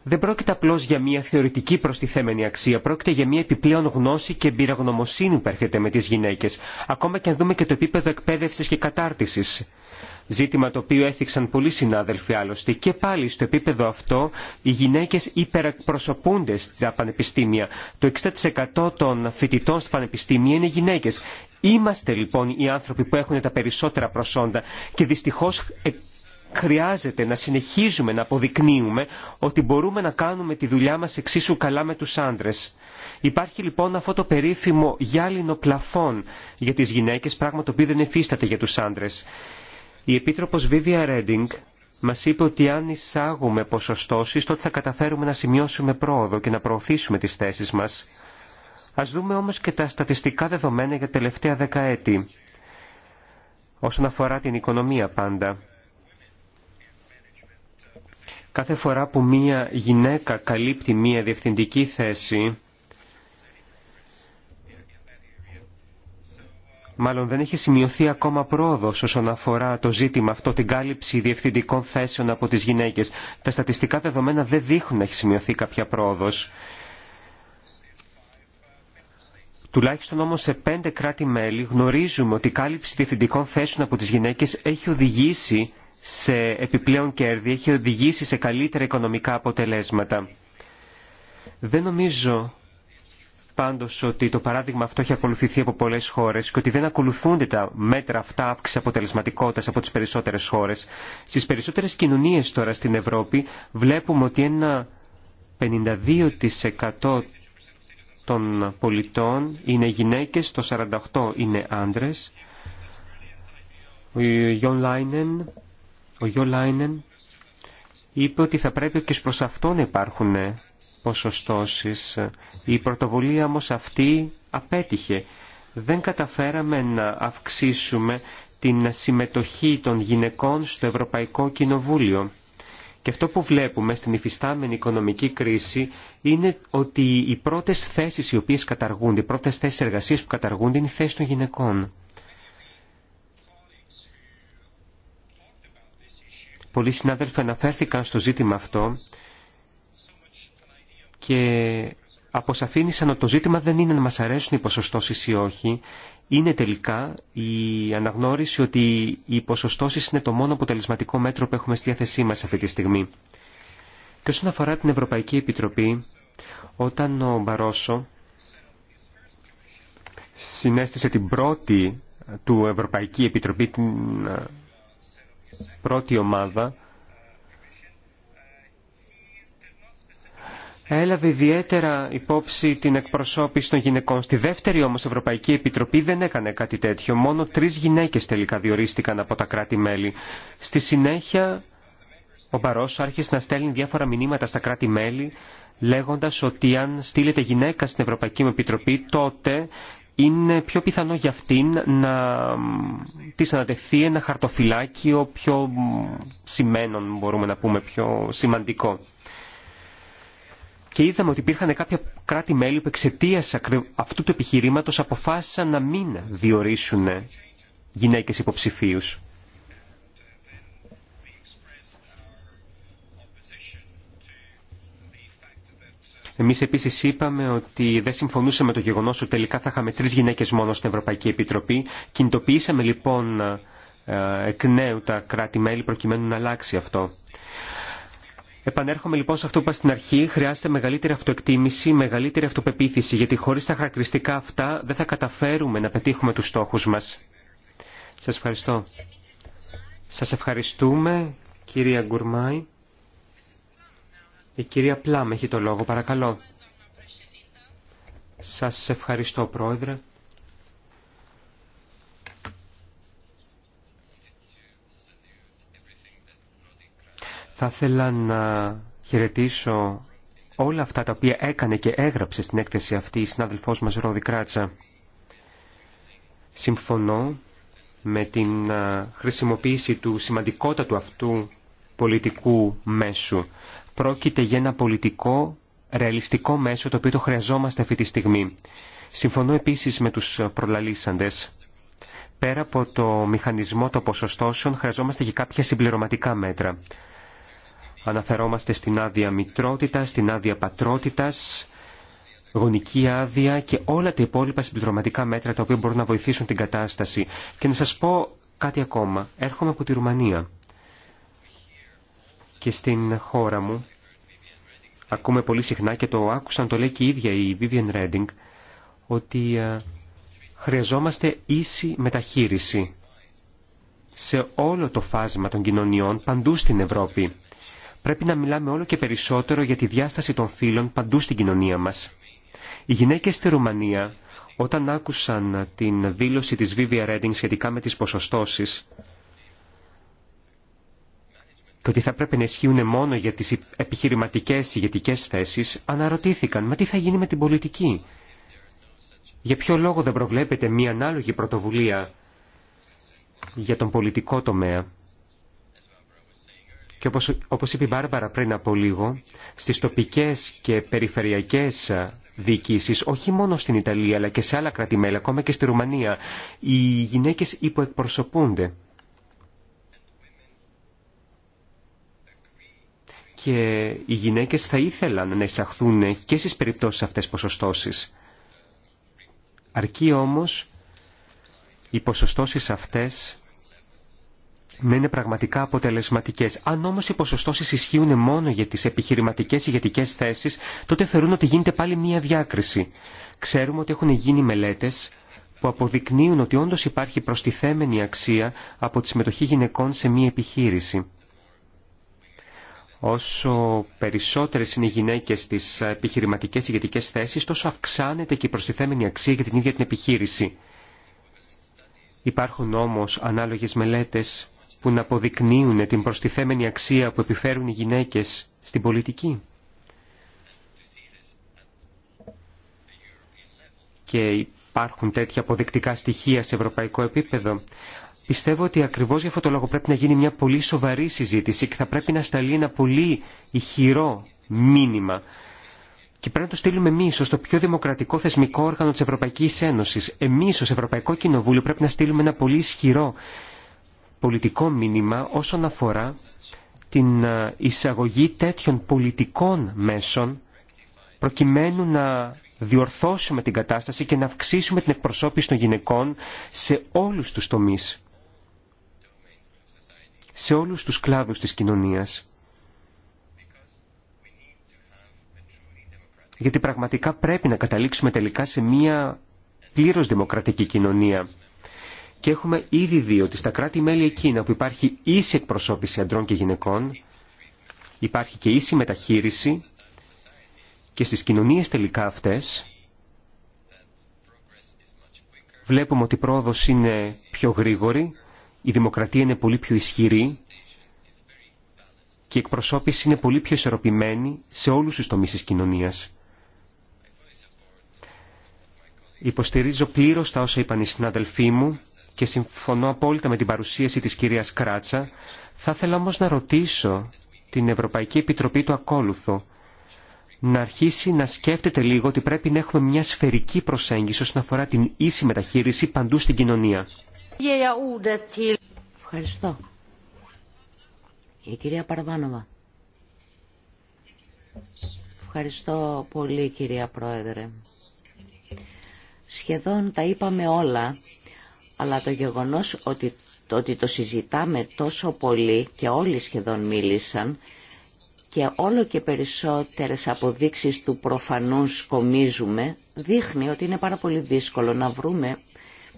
δεν πρόκειται απλώ για μια θεωρητική προστιθέμενη αξία, πρόκειται για μια επιπλέον γνώση και εμπειρογνωμοσύνη που έρχεται με τι γυναίκε. ακόμα και αν δούμε και το επίπεδο εκπαίδευση και κατάρτιση. Ζήτημα το οποίο έθιξαν πολλοί συνάδελφοι άλλωστε και πάλι στο επίπεδο αυτό οι γυναίκες υπερεκπροσωπούνται στα πανεπιστήμια. Το 60% των φοιτητών στα πανεπιστήμια είναι γυναίκες. Είμαστε λοιπόν οι άνθρωποι που έχουν τα περισσότερα προσόντα και δυστυχώς χρειάζεται να συνεχίζουμε να αποδεικνύουμε ότι μπορούμε να κάνουμε τη δουλειά μας εξίσου καλά με τους άντρες. Υπάρχει λοιπόν αυτό το περίφημο γυάλινο πλαφόν για τις γυναίκες, πράγμα το οποίο δεν εφίσταται για τους άντρες. Η Επίτροπος Βίβια Ρέντινγκ μας είπε ότι αν εισάγουμε ποσοστώσεις τότε θα καταφέρουμε να σημειώσουμε πρόοδο και να προωθήσουμε τις θέσεις μας. Ας δούμε όμως και τα στατιστικά δεδομένα για τελευταία δεκαέτη. Όσον αφορά την οικονομία πάντα. Κάθε φορά που μία γυναίκα καλύπτει μία διευθυντική θέση, μάλλον δεν έχει σημειωθεί ακόμα πρόοδος όσον αφορά το ζήτημα αυτό, την κάλυψη διευθυντικών θέσεων από τις γυναίκες. Τα στατιστικά δεδομένα δεν δείχνουν να έχει σημειωθεί κάποια πρόοδος. Τουλάχιστον όμως σε πέντε κράτη-μέλη γνωρίζουμε ότι η κάλυψη διευθυντικών θέσεων από τις γυναίκες έχει οδηγήσει σε επιπλέον κέρδη, έχει οδηγήσει σε καλύτερα οικονομικά αποτελέσματα. Δεν νομίζω πάντως ότι το παράδειγμα αυτό έχει ακολουθηθεί από πολλές χώρες και ότι δεν ακολουθούνται τα μέτρα αυτά αύξηση αποτελεσματικότητας από τις περισσότερες χώρες. Στις περισσότερες κοινωνίες τώρα στην Ευρώπη βλέπουμε ότι ένα 52% των πολιτών είναι γυναίκες, το 48% είναι άντρες. Ο ο Γιώ Λάινεν είπε ότι θα πρέπει και προς αυτό να υπάρχουν ποσοστώσεις. Η πρωτοβουλία όμως αυτή απέτυχε. Δεν καταφέραμε να αυξήσουμε την συμμετοχή των γυναικών στο Ευρωπαϊκό Κοινοβούλιο. Και αυτό που βλέπουμε στην υφιστάμενη οικονομική κρίση είναι ότι οι πρώτες θέσεις οι οποίες καταργούνται, οι πρώτες θέσεις εργασίας που καταργούνται είναι οι θέσεις των γυναικών. Πολλοί συνάδελφοι αναφέρθηκαν στο ζήτημα αυτό και αποσαφήνισαν ότι το ζήτημα δεν είναι να μας αρέσουν οι ποσοστώσεις ή όχι, είναι τελικά η αναγνώριση ότι οι ποσοστώσεις είναι το μόνο αποτελεσματικό μέτρο που έχουμε στη θέση μας αυτή τη στιγμή. Και όσον αφορά την Ευρωπαϊκή Επιτροπή, όταν ο Μπαρόσο συνέστησε την πρώτη του Ευρωπαϊκή Επιτροπή, την πρώτη ομάδα έλαβε ιδιαίτερα υπόψη την εκπροσώπηση των γυναικών. Στη δεύτερη όμως Ευρωπαϊκή Επιτροπή δεν έκανε κάτι τέτοιο. Μόνο τρεις γυναίκες τελικά διορίστηκαν από τα κράτη-μέλη. Στη συνέχεια ο Μπαρός άρχισε να στέλνει διάφορα μηνύματα στα κράτη-μέλη λέγοντας ότι αν στείλετε γυναίκα στην Ευρωπαϊκή Επιτροπή τότε είναι πιο πιθανό για αυτήν να τη ανατεθεί ένα χαρτοφυλάκιο πιο σημαίνον, μπορούμε να πούμε, πιο σημαντικό. Και είδαμε ότι υπήρχαν κάποια κράτη-μέλη που εξαιτία αυτού του επιχειρήματο αποφάσισαν να μην διορίσουν γυναίκες υποψηφίους. Εμείς επίσης είπαμε ότι δεν συμφωνούσαμε το γεγονός ότι τελικά θα είχαμε τρεις γυναίκες μόνο στην Ευρωπαϊκή Επιτροπή. Κινητοποιήσαμε λοιπόν ε, εκ νέου τα κράτη-μέλη προκειμένου να αλλάξει αυτό. Επανέρχομαι λοιπόν σε αυτό που είπα στην αρχή. Χρειάζεται μεγαλύτερη αυτοεκτίμηση, μεγαλύτερη αυτοπεποίθηση, γιατί χωρί τα χαρακτηριστικά αυτά δεν θα καταφέρουμε να πετύχουμε του στόχου μα. Σα ευχαριστώ. Σα ευχαριστούμε, κυρία Γκουρμάη. Η κυρία Πλάμ έχει το λόγο, παρακαλώ. Σας ευχαριστώ, Πρόεδρε. Θα ήθελα να χαιρετήσω όλα αυτά τα οποία έκανε και έγραψε στην έκθεση αυτή η συνάδελφός μας Ρόδη Κράτσα. Συμφωνώ με την χρησιμοποίηση του σημαντικότατου αυτού πολιτικού μέσου. Πρόκειται για ένα πολιτικό, ρεαλιστικό μέσο το οποίο το χρειαζόμαστε αυτή τη στιγμή. Συμφωνώ επίσης με τους προλαλήσαντες. Πέρα από το μηχανισμό των ποσοστώσεων χρειαζόμαστε και κάποια συμπληρωματικά μέτρα. Αναφερόμαστε στην άδεια μητρότητα, στην άδεια πατρότητας, γονική άδεια και όλα τα υπόλοιπα συμπληρωματικά μέτρα τα οποία μπορούν να βοηθήσουν την κατάσταση. Και να σα πω κάτι ακόμα. Έρχομαι από τη Ρουμανία και στην χώρα μου ακούμε πολύ συχνά και το άκουσαν το λέει και η ίδια η Vivian Redding ότι ε, χρειαζόμαστε ίση μεταχείριση σε όλο το φάσμα των κοινωνιών παντού στην Ευρώπη. Πρέπει να μιλάμε όλο και περισσότερο για τη διάσταση των φύλων παντού στην κοινωνία μας. Οι γυναίκες στη Ρουμανία όταν άκουσαν την δήλωση της Vivian Redding σχετικά με τις ποσοστώσεις και ότι θα πρέπει να ισχύουν μόνο για τις επιχειρηματικές ηγετικέ θέσεις, αναρωτήθηκαν «Μα τι θα γίνει με την πολιτική» Για ποιο λόγο δεν προβλέπεται μία ανάλογη πρωτοβουλία για τον πολιτικό τομέα. Και όπως, όπως είπε η Μπάρμπαρα πριν από λίγο, στις τοπικές και περιφερειακές διοικήσεις, όχι μόνο στην Ιταλία αλλά και σε άλλα κρατημέλα, ακόμα και στη Ρουμανία, οι γυναίκες υποεκπροσωπούνται. και οι γυναίκες θα ήθελαν να εισαχθούν και στις περιπτώσεις αυτές ποσοστώσεις. Αρκεί όμως οι ποσοστώσεις αυτές να είναι πραγματικά αποτελεσματικές. Αν όμως οι ποσοστώσεις ισχύουν μόνο για τις επιχειρηματικές ηγετικές θέσεις, τότε θεωρούν ότι γίνεται πάλι μία διάκριση. Ξέρουμε ότι έχουν γίνει μελέτες που αποδεικνύουν ότι όντως υπάρχει προστιθέμενη αξία από τη συμμετοχή γυναικών σε μία επιχείρηση. Όσο περισσότερες είναι οι γυναίκες στις επιχειρηματικές ηγετικές θέσεις, τόσο αυξάνεται και η προστιθέμενη αξία για την ίδια την επιχείρηση. Υπάρχουν όμως ανάλογες μελέτες που να αποδεικνύουν την προστιθέμενη αξία που επιφέρουν οι γυναίκες στην πολιτική. Και υπάρχουν τέτοια αποδεικτικά στοιχεία σε ευρωπαϊκό επίπεδο. Πιστεύω ότι ακριβώς για αυτό το λόγο πρέπει να γίνει μια πολύ σοβαρή συζήτηση και θα πρέπει να σταλεί ένα πολύ ηχηρό μήνυμα και πρέπει να το στείλουμε εμεί ω το πιο δημοκρατικό θεσμικό όργανο τη Ευρωπαϊκή Ένωση. Εμεί ω Ευρωπαϊκό Κοινοβούλιο πρέπει να στείλουμε ένα πολύ ισχυρό πολιτικό μήνυμα όσον αφορά την ε, εισαγωγή τέτοιων πολιτικών μέσων προκειμένου να διορθώσουμε την κατάσταση και να αυξήσουμε την εκπροσώπηση των γυναικών σε όλους τους τομείς σε όλους τους κλάδους της κοινωνίας. Γιατί πραγματικά πρέπει να καταλήξουμε τελικά σε μια πλήρως δημοκρατική κοινωνία. Και έχουμε ήδη δει ότι στα κράτη-μέλη εκείνα που υπάρχει ίση εκπροσώπηση αντρών και γυναικών, υπάρχει και ίση μεταχείριση και στις κοινωνίες τελικά αυτές βλέπουμε ότι η πρόοδος είναι πιο γρήγορη, η δημοκρατία είναι πολύ πιο ισχυρή και η εκπροσώπηση είναι πολύ πιο ισορροπημένη σε όλους τους τομείς της κοινωνίας. Υποστηρίζω πλήρως τα όσα είπαν οι συναδελφοί μου και συμφωνώ απόλυτα με την παρουσίαση της κυρίας Κράτσα. Θα ήθελα όμως να ρωτήσω την Ευρωπαϊκή Επιτροπή του Ακόλουθο να αρχίσει να σκέφτεται λίγο ότι πρέπει να έχουμε μια σφαιρική προσέγγιση όσον αφορά την ίση μεταχείριση παντού στην κοινωνία. Ευχαριστώ. η κυρία Παρβάνοβα. Ευχαριστώ πολύ κυρία Πρόεδρε. Σχεδόν τα είπαμε όλα, αλλά το γεγονός ότι το, ότι το συζητάμε τόσο πολύ και όλοι σχεδόν μίλησαν και όλο και περισσότερες αποδείξεις του προφανούς κομίζουμε, δείχνει ότι είναι πάρα πολύ δύσκολο να βρούμε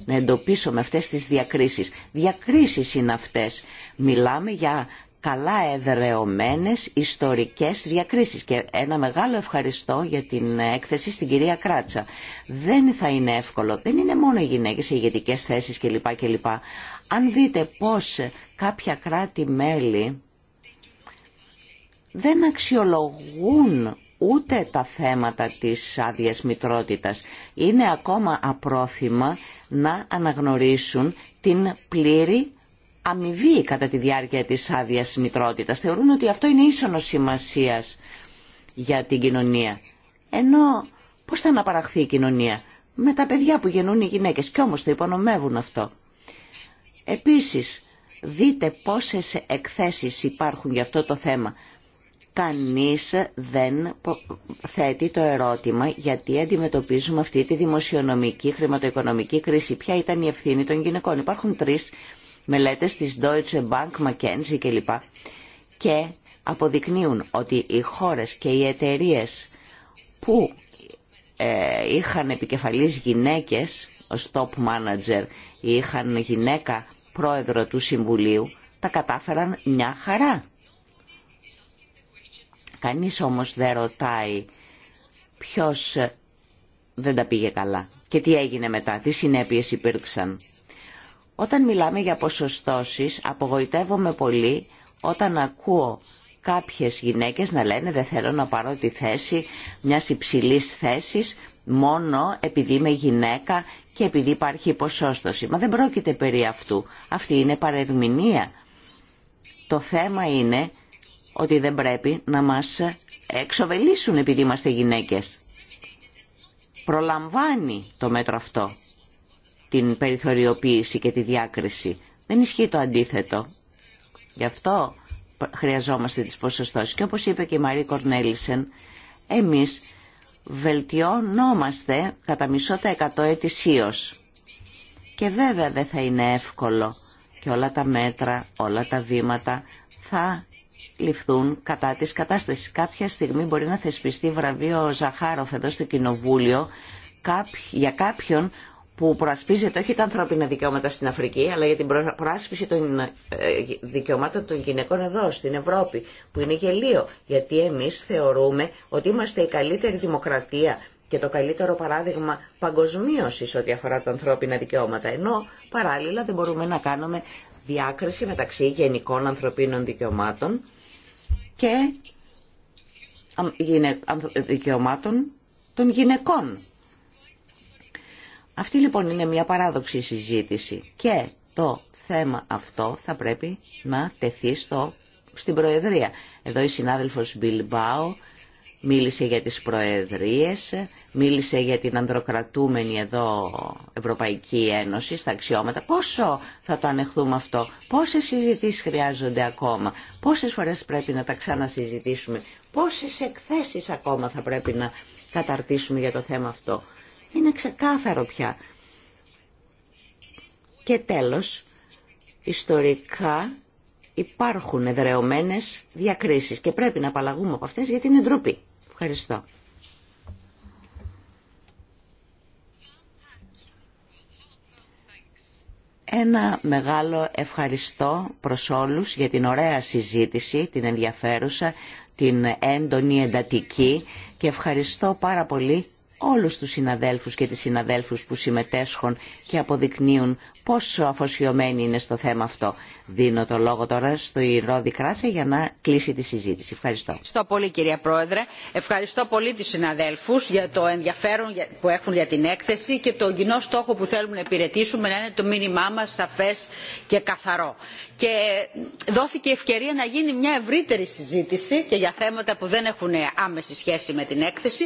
να εντοπίσουμε αυτές τις διακρίσεις. Διακρίσεις είναι αυτές. Μιλάμε για καλά εδρεωμένες ιστορικές διακρίσεις και ένα μεγάλο ευχαριστώ για την έκθεση στην κυρία Κράτσα. Δεν θα είναι εύκολο, δεν είναι μόνο οι γυναίκες σε ηγετικές θέσεις κλπ. κλπ. Αν δείτε πώς κάποια κράτη-μέλη δεν αξιολογούν ούτε τα θέματα της άδεια μητρότητα. Είναι ακόμα απρόθυμα να αναγνωρίσουν την πλήρη αμοιβή κατά τη διάρκεια της άδεια μητρότητα. Θεωρούν ότι αυτό είναι ίσονο σημασία για την κοινωνία. Ενώ πώς θα αναπαραχθεί η κοινωνία με τα παιδιά που γεννούν οι γυναίκες και όμως το υπονομεύουν αυτό. Επίσης, δείτε πόσες εκθέσεις υπάρχουν για αυτό το θέμα κανείς δεν θέτει το ερώτημα γιατί αντιμετωπίζουμε αυτή τη δημοσιονομική χρηματοοικονομική κρίση. Ποια ήταν η ευθύνη των γυναικών. Υπάρχουν τρεις μελέτες της Deutsche Bank, McKenzie κλπ. Και αποδεικνύουν ότι οι χώρες και οι εταιρείε που ε, είχαν επικεφαλής γυναίκες ως top manager ή είχαν γυναίκα πρόεδρο του Συμβουλίου, τα κατάφεραν μια χαρά. Κανείς όμως δεν ρωτάει ποιος δεν τα πήγε καλά και τι έγινε μετά, τι συνέπειες υπήρξαν. Όταν μιλάμε για ποσοστώσεις, απογοητεύομαι πολύ όταν ακούω κάποιες γυναίκες να λένε δεν θέλω να πάρω τη θέση μιας υψηλής θέσης μόνο επειδή είμαι γυναίκα και επειδή υπάρχει ποσόστοση. Μα δεν πρόκειται περί αυτού. Αυτή είναι παρερμηνία. Το θέμα είναι ότι δεν πρέπει να μας εξοβελήσουν επειδή είμαστε γυναίκες. Προλαμβάνει το μέτρο αυτό την περιθωριοποίηση και τη διάκριση. Δεν ισχύει το αντίθετο. Γι' αυτό χρειαζόμαστε τις ποσοστώσεις. Και όπως είπε και η Μαρή Κορνέλισεν, εμείς βελτιώνόμαστε κατά μισό τα εκατό ετησίως. Και βέβαια δεν θα είναι εύκολο. Και όλα τα μέτρα, όλα τα βήματα θα ληφθούν κατά της κατάστασης. Κάποια στιγμή μπορεί να θεσπιστεί βραβείο Ζαχάροφ εδώ στο Κοινοβούλιο για κάποιον που προασπίζεται όχι τα ανθρώπινα δικαιώματα στην Αφρική, αλλά για την προάσπιση των ε, δικαιωμάτων των γυναικών εδώ, στην Ευρώπη, που είναι γελίο, γιατί εμείς θεωρούμε ότι είμαστε η καλύτερη δημοκρατία και το καλύτερο παράδειγμα παγκοσμίωση ό,τι αφορά τα ανθρώπινα δικαιώματα, ενώ παράλληλα δεν μπορούμε να κάνουμε διάκριση μεταξύ γενικών ανθρωπίνων δικαιωμάτων και δικαιωμάτων των γυναικών. Αυτή λοιπόν είναι μια παράδοξη συζήτηση και το θέμα αυτό θα πρέπει να τεθεί στο, στην Προεδρία. Εδώ η συνάδελφος Μπιλμπάου μίλησε για τις προεδρίες, μίλησε για την ανδροκρατούμενη εδώ Ευρωπαϊκή Ένωση στα αξιώματα. Πόσο θα το ανεχθούμε αυτό, πόσες συζητήσεις χρειάζονται ακόμα, πόσες φορές πρέπει να τα ξανασυζητήσουμε, πόσες εκθέσεις ακόμα θα πρέπει να καταρτήσουμε για το θέμα αυτό. Είναι ξεκάθαρο πια. Και τέλος, ιστορικά υπάρχουν εδρεωμένες διακρίσεις και πρέπει να απαλλαγούμε από αυτές γιατί είναι ντροπή. Ευχαριστώ. Ένα μεγάλο ευχαριστώ προς όλους για την ωραία συζήτηση, την ενδιαφέρουσα, την έντονη εντατική και ευχαριστώ πάρα πολύ όλους τους συναδέλφους και τις συναδέλφους που συμμετέσχουν και αποδεικνύουν πόσο αφοσιωμένοι είναι στο θέμα αυτό. Δίνω το λόγο τώρα στο Ιρώδη Κράσα για να κλείσει τη συζήτηση. Ευχαριστώ. Ευχαριστώ πολύ κυρία Πρόεδρε. Ευχαριστώ πολύ τους συναδέλφους για το ενδιαφέρον που έχουν για την έκθεση και τον κοινό στόχο που θέλουμε να υπηρετήσουμε να είναι το μήνυμά μας σαφές και καθαρό. Και ε, δόθηκε ευκαιρία να γίνει μια ευρύτερη συζήτηση και για θέματα που δεν έχουν άμεση σχέση με την έκθεση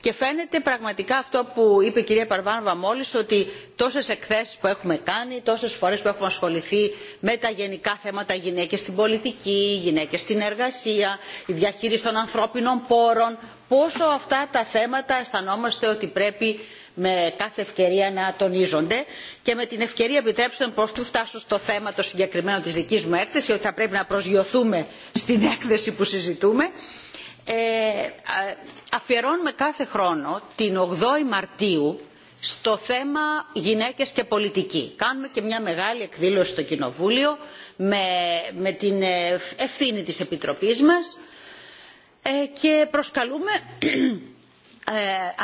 και φαίνεται πραγματικά αυτό που είπε η κυρία Παρβάνοβα μόλις ότι τόσες εκθέσεις που έχουμε κάνει, τόσες φορές που έχουμε ασχοληθεί με τα γενικά θέματα γυναίκες στην πολιτική, γυναίκες στην εργασία, η διαχείριση των ανθρώπινων πόρων, πόσο αυτά τα θέματα αισθανόμαστε ότι πρέπει με κάθε ευκαιρία να τονίζονται και με την ευκαιρία επιτρέψτε μου προτού φτάσω στο θέμα το συγκεκριμένο της δικής μου έκθεση ότι θα πρέπει να προσγειωθούμε στην έκθεση που συζητούμε ε, αφιερώνουμε κάθε χρόνο την 8η Μαρτίου στο θέμα γυναίκες και πολιτική. Κάνουμε και μια μεγάλη εκδήλωση στο Κοινοβούλιο με, την ε, ευθύνη της Επιτροπής μας ε, και προσκαλούμε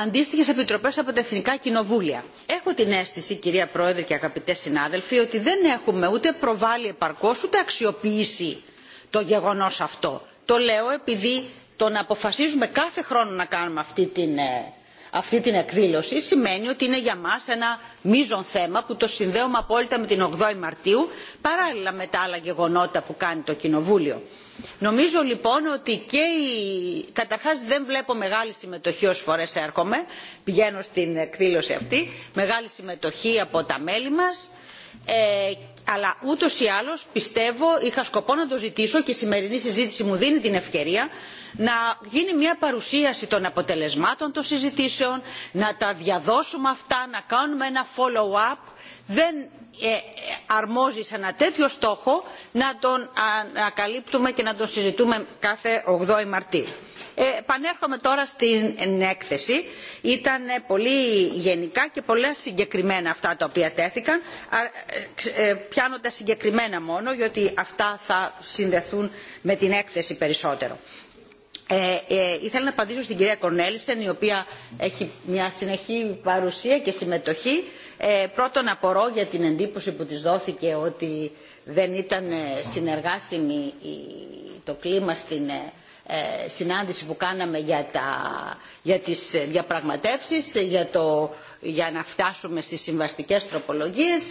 αντίστοιχες επιτροπές από τα εθνικά κοινοβούλια. Έχω την αίσθηση, κυρία Πρόεδρε και αγαπητέ συνάδελφοι, ότι δεν έχουμε ούτε προβάλλει επαρκώς ούτε αξιοποιήσει το γεγονός αυτό. Το λέω επειδή το να αποφασίζουμε κάθε χρόνο να κάνουμε αυτή την, ε, αυτή την εκδήλωση σημαίνει ότι είναι για μας ένα μείζον θέμα που το συνδέουμε απόλυτα με την 8η Μαρτίου παράλληλα με τα άλλα γεγονότα που κάνει το Κοινοβούλιο. Νομίζω λοιπόν ότι και η... καταρχάς δεν βλέπω μεγάλη συμμετοχή ως φορές έρχομαι, πηγαίνω στην εκδήλωση αυτή, μεγάλη συμμετοχή από τα μέλη μας ε, αλλά ούτω ή άλλω πιστεύω είχα σκοπό να το ζητήσω και η σημερινή συζήτηση μου δίνει την ευκαιρία να γίνει μια παρουσίαση των αποτελεσμάτων των συζητήσεων να τα διαδώσουμε αυτά να κάνουμε ένα follow up. δεν ε, ε, αρμόζει σε ένα τέτοιο στόχο να τον ανακαλύπτουμε και να τον συζητούμε κάθε 8η Μαρτίου. Ε, πανέρχομαι τώρα στην έκθεση. Ήταν πολύ γενικά και πολλά συγκεκριμένα αυτά τα οποία τέθηκαν. Ε, Πιάνω τα συγκεκριμένα μόνο, γιατί αυτά θα συνδεθούν με την έκθεση περισσότερο. Ε, ήθελα να απαντήσω στην κυρία Κορνέλισεν, η οποία έχει μια συνεχή παρουσία και συμμετοχή ε, πρώτον απορώ για την εντύπωση που της δόθηκε ότι δεν ήταν ε, συνεργάσιμη το κλίμα στην ε, ε, συνάντηση που κάναμε για, τα, για τις διαπραγματεύσεις, για, το, για να φτάσουμε στις συμβαστικές τροπολογίες.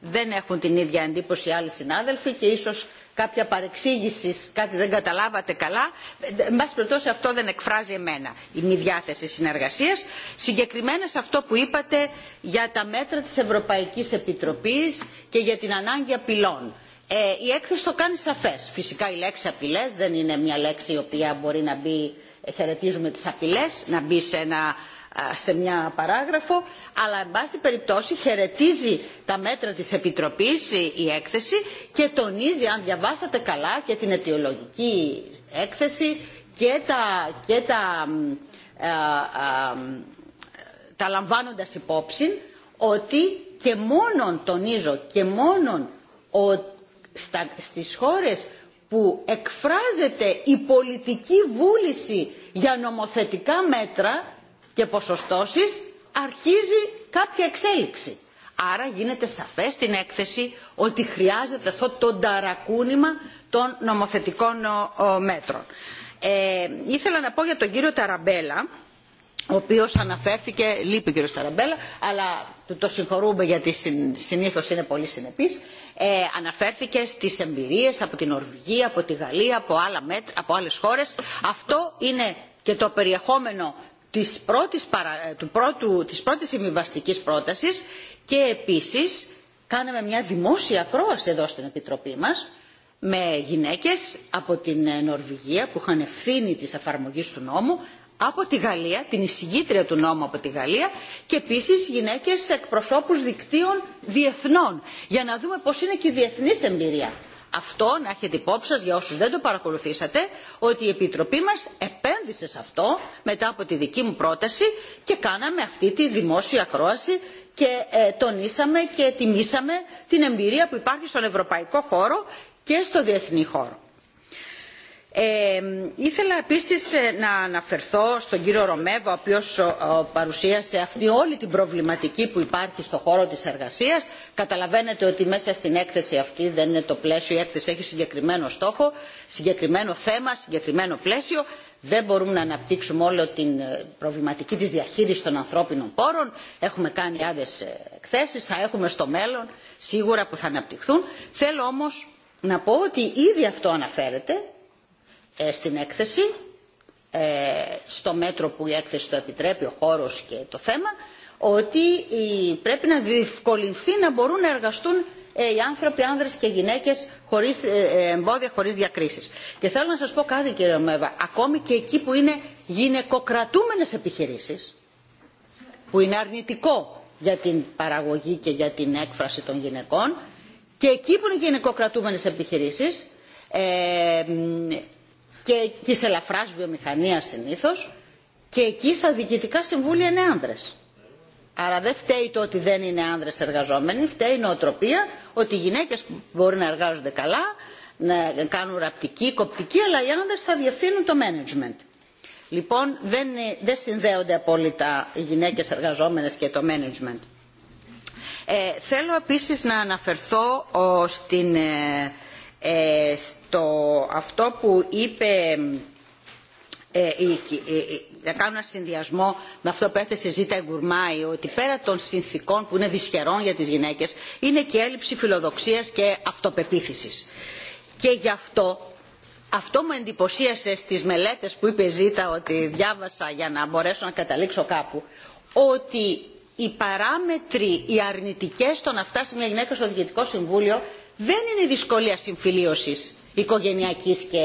δεν έχουν την ίδια εντύπωση άλλοι συνάδελφοι και ίσως κάποια παρεξήγηση, κάτι δεν καταλάβατε καλά. Εν πάση περιπτώσει αυτό δεν εκφράζει εμένα η μη διάθεση συνεργασία. Συγκεκριμένα σε αυτό που είπατε για τα μέτρα της Ευρωπαϊκής Επιτροπής και για την ανάγκη απειλών. Ε, η έκθεση το κάνει σαφές. Φυσικά η λέξη απειλέ, δεν είναι μια λέξη η οποία μπορεί να μπει, ε, χαιρετίζουμε τι απειλέ, να μπει σε ένα σε μια παράγραφο αλλά εν πάση περιπτώσει χαιρετίζει τα μέτρα της επιτροπής η έκθεση και τονίζει αν διαβάσατε καλά και την αιτιολογική έκθεση και τα, και τα, α, λαμβάνοντας υπόψη ότι και μόνον τονίζω και μόνον ο, στα, στις χώρες που εκφράζεται η πολιτική βούληση για νομοθετικά μέτρα και ποσοστώσεις αρχίζει κάποια εξέλιξη. Άρα γίνεται σαφές στην έκθεση ότι χρειάζεται αυτό το ταρακούνημα των νομοθετικών μέτρων. Ε, ήθελα να πω για τον κύριο Ταραμπέλα, ο οποίος αναφέρθηκε, λείπει ο κύριος Ταραμπέλα, αλλά το συγχωρούμε γιατί συνήθως είναι πολύ συνεπής, ε, αναφέρθηκε στις εμπειρίες από την Ορβηγία, από τη Γαλλία, από, μέτρα, από άλλες χώρες. Αυτό είναι και το περιεχόμενο της πρώτης, συμβιβαστική ε, του της πρώτης πρότασης και επίσης κάναμε μια δημόσια ακρόαση εδώ στην Επιτροπή μας με γυναίκες από την ε, Νορβηγία που είχαν ευθύνη της εφαρμογής του νόμου από τη Γαλλία, την εισηγήτρια του νόμου από τη Γαλλία και επίσης γυναίκες εκπροσώπους δικτύων διεθνών για να δούμε πώς είναι και η διεθνής εμπειρία αυτό να έχετε υπόψη σας για όσους δεν το παρακολουθήσατε ότι η Επιτροπή μας επένδυσε σε αυτό μετά από τη δική μου πρόταση και κάναμε αυτή τη δημόσια ακρόαση και ε, τονίσαμε και τιμήσαμε την εμπειρία που υπάρχει στον ευρωπαϊκό χώρο και στο διεθνή χώρο ήθελα επίσης ε, να αναφερθώ στον κύριο Ρωμέβα, ο οποίος παρουσίασε αυτή όλη την προβληματική που υπάρχει στον χώρο της εργασίας. Καταλαβαίνετε ότι μέσα στην έκθεση αυτή δεν είναι το πλαίσιο, η έκθεση έχει συγκεκριμένο στόχο, συγκεκριμένο θέμα, συγκεκριμένο πλαίσιο. Δεν μπορούμε να αναπτύξουμε όλη την ε, προβληματική της διαχείρισης των ανθρώπινων πόρων. Έχουμε κάνει άδειες ε, εκθέσεις, θα έχουμε στο μέλλον σίγουρα που θα αναπτυχθούν. Θέλω όμως να πω ότι ήδη αυτό αναφέρεται ε, στην έκθεση, ε, στο μέτρο που η έκθεση το επιτρέπει, ο χώρος και το θέμα, ότι πρέπει να διευκολυνθεί να μπορούν να εργαστούν ε, οι άνθρωποι, άνδρες και γυναίκες, χωρίς εμπόδια, χωρίς διακρίσεις. Και θέλω να σας πω κάτι κύριε Μέβα, ακόμη και εκεί που είναι γυναικοκρατούμενες επιχειρήσεις, που είναι αρνητικό για την παραγωγή και για την έκφραση των γυναικών, και εκεί που είναι γυναικοκρατούμενες επιχειρήσεις, ε, και τη ελαφρά βιομηχανία συνήθως και εκεί στα διοικητικά συμβούλια είναι άνδρες. Άρα δεν φταίει το ότι δεν είναι άνδρες εργαζόμενοι, φταίει η νοοτροπία ότι οι γυναίκες μπορεί να εργάζονται καλά, να κάνουν ραπτική, κοπτική, αλλά οι άνδρες θα διευθύνουν το management. Λοιπόν, δεν, συνδέονται απόλυτα οι γυναίκες εργαζόμενες και το management. Ε, θέλω επίσης να αναφερθώ στην... Ε, ε, στο αυτό που είπε ε, να κάνω ένα συνδυασμό με αυτό που έθεσε Ζήτα Γκουρμάη, ότι πέρα των συνθήκων που είναι δυσχερών για τις γυναίκες, είναι και έλλειψη φιλοδοξίας και αυτοπεποίθησης. Και γι' αυτό, αυτό μου εντυπωσίασε στις μελέτες που είπε Ζήτα ότι διάβασα για να μπορέσω να καταλήξω κάπου, ότι οι παράμετροι, οι αρνητικές στο να φτάσει μια γυναίκα στο Διοικητικό Συμβούλιο δεν είναι δυσκολία συμφιλίωσης οικογενειακής και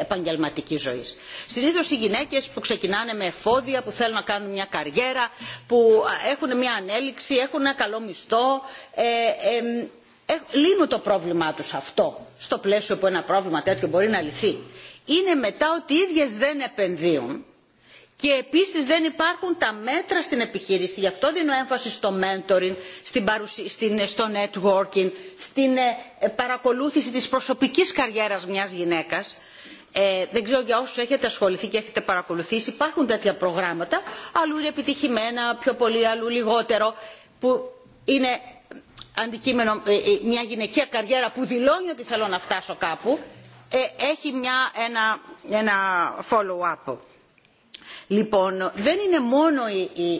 επαγγελματικής ζωής. Συνήθως οι γυναίκες που ξεκινάνε με εφόδια, που θέλουν να κάνουν μια καριέρα, που έχουν μια ανέλυξη, έχουν ένα καλό μισθό, ε, ε λύνουν το πρόβλημά τους αυτό, στο πλαίσιο που ένα πρόβλημα τέτοιο μπορεί να λυθεί. Είναι μετά ότι οι ίδιες δεν επενδύουν και επίσης δεν υπάρχουν τα μέτρα στην επιχείρηση. Γι' αυτό δίνω έμφαση στο mentoring, στο networking, στην ε, ε, παρακολούθηση της προσωπικής καριέρας μιας γυναίκας. Ε, δεν ξέρω για όσους έχετε ασχοληθεί και έχετε παρακολουθήσει, υπάρχουν τέτοια προγράμματα, αλλού είναι επιτυχημένα, πιο πολύ, αλλού λιγότερο, που είναι αντικείμενο μια γυναικεία καριέρα που δηλώνει ότι θέλω να φτάσω κάπου, έχει μια, ενα ένα follow-up. Λοιπόν, δεν είναι μόνο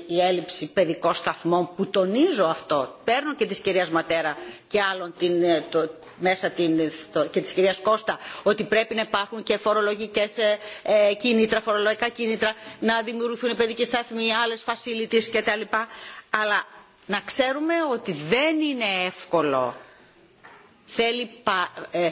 η, έλλειψη παιδικών σταθμών που τονίζω αυτό. Παίρνω και τη κυρία Ματέρα και άλλων την, ε, μέσα την, ε, και τη κυρία Κώστα ότι πρέπει να υπάρχουν και φορολογικέ ε, κίνητρα, φορολογικά κίνητρα, να δημιουργηθούν παιδικοί σταθμοί, άλλες facilities κτλ. Αλλά να ξέρουμε ότι δεν είναι εύκολο. Θέλει πα, ε,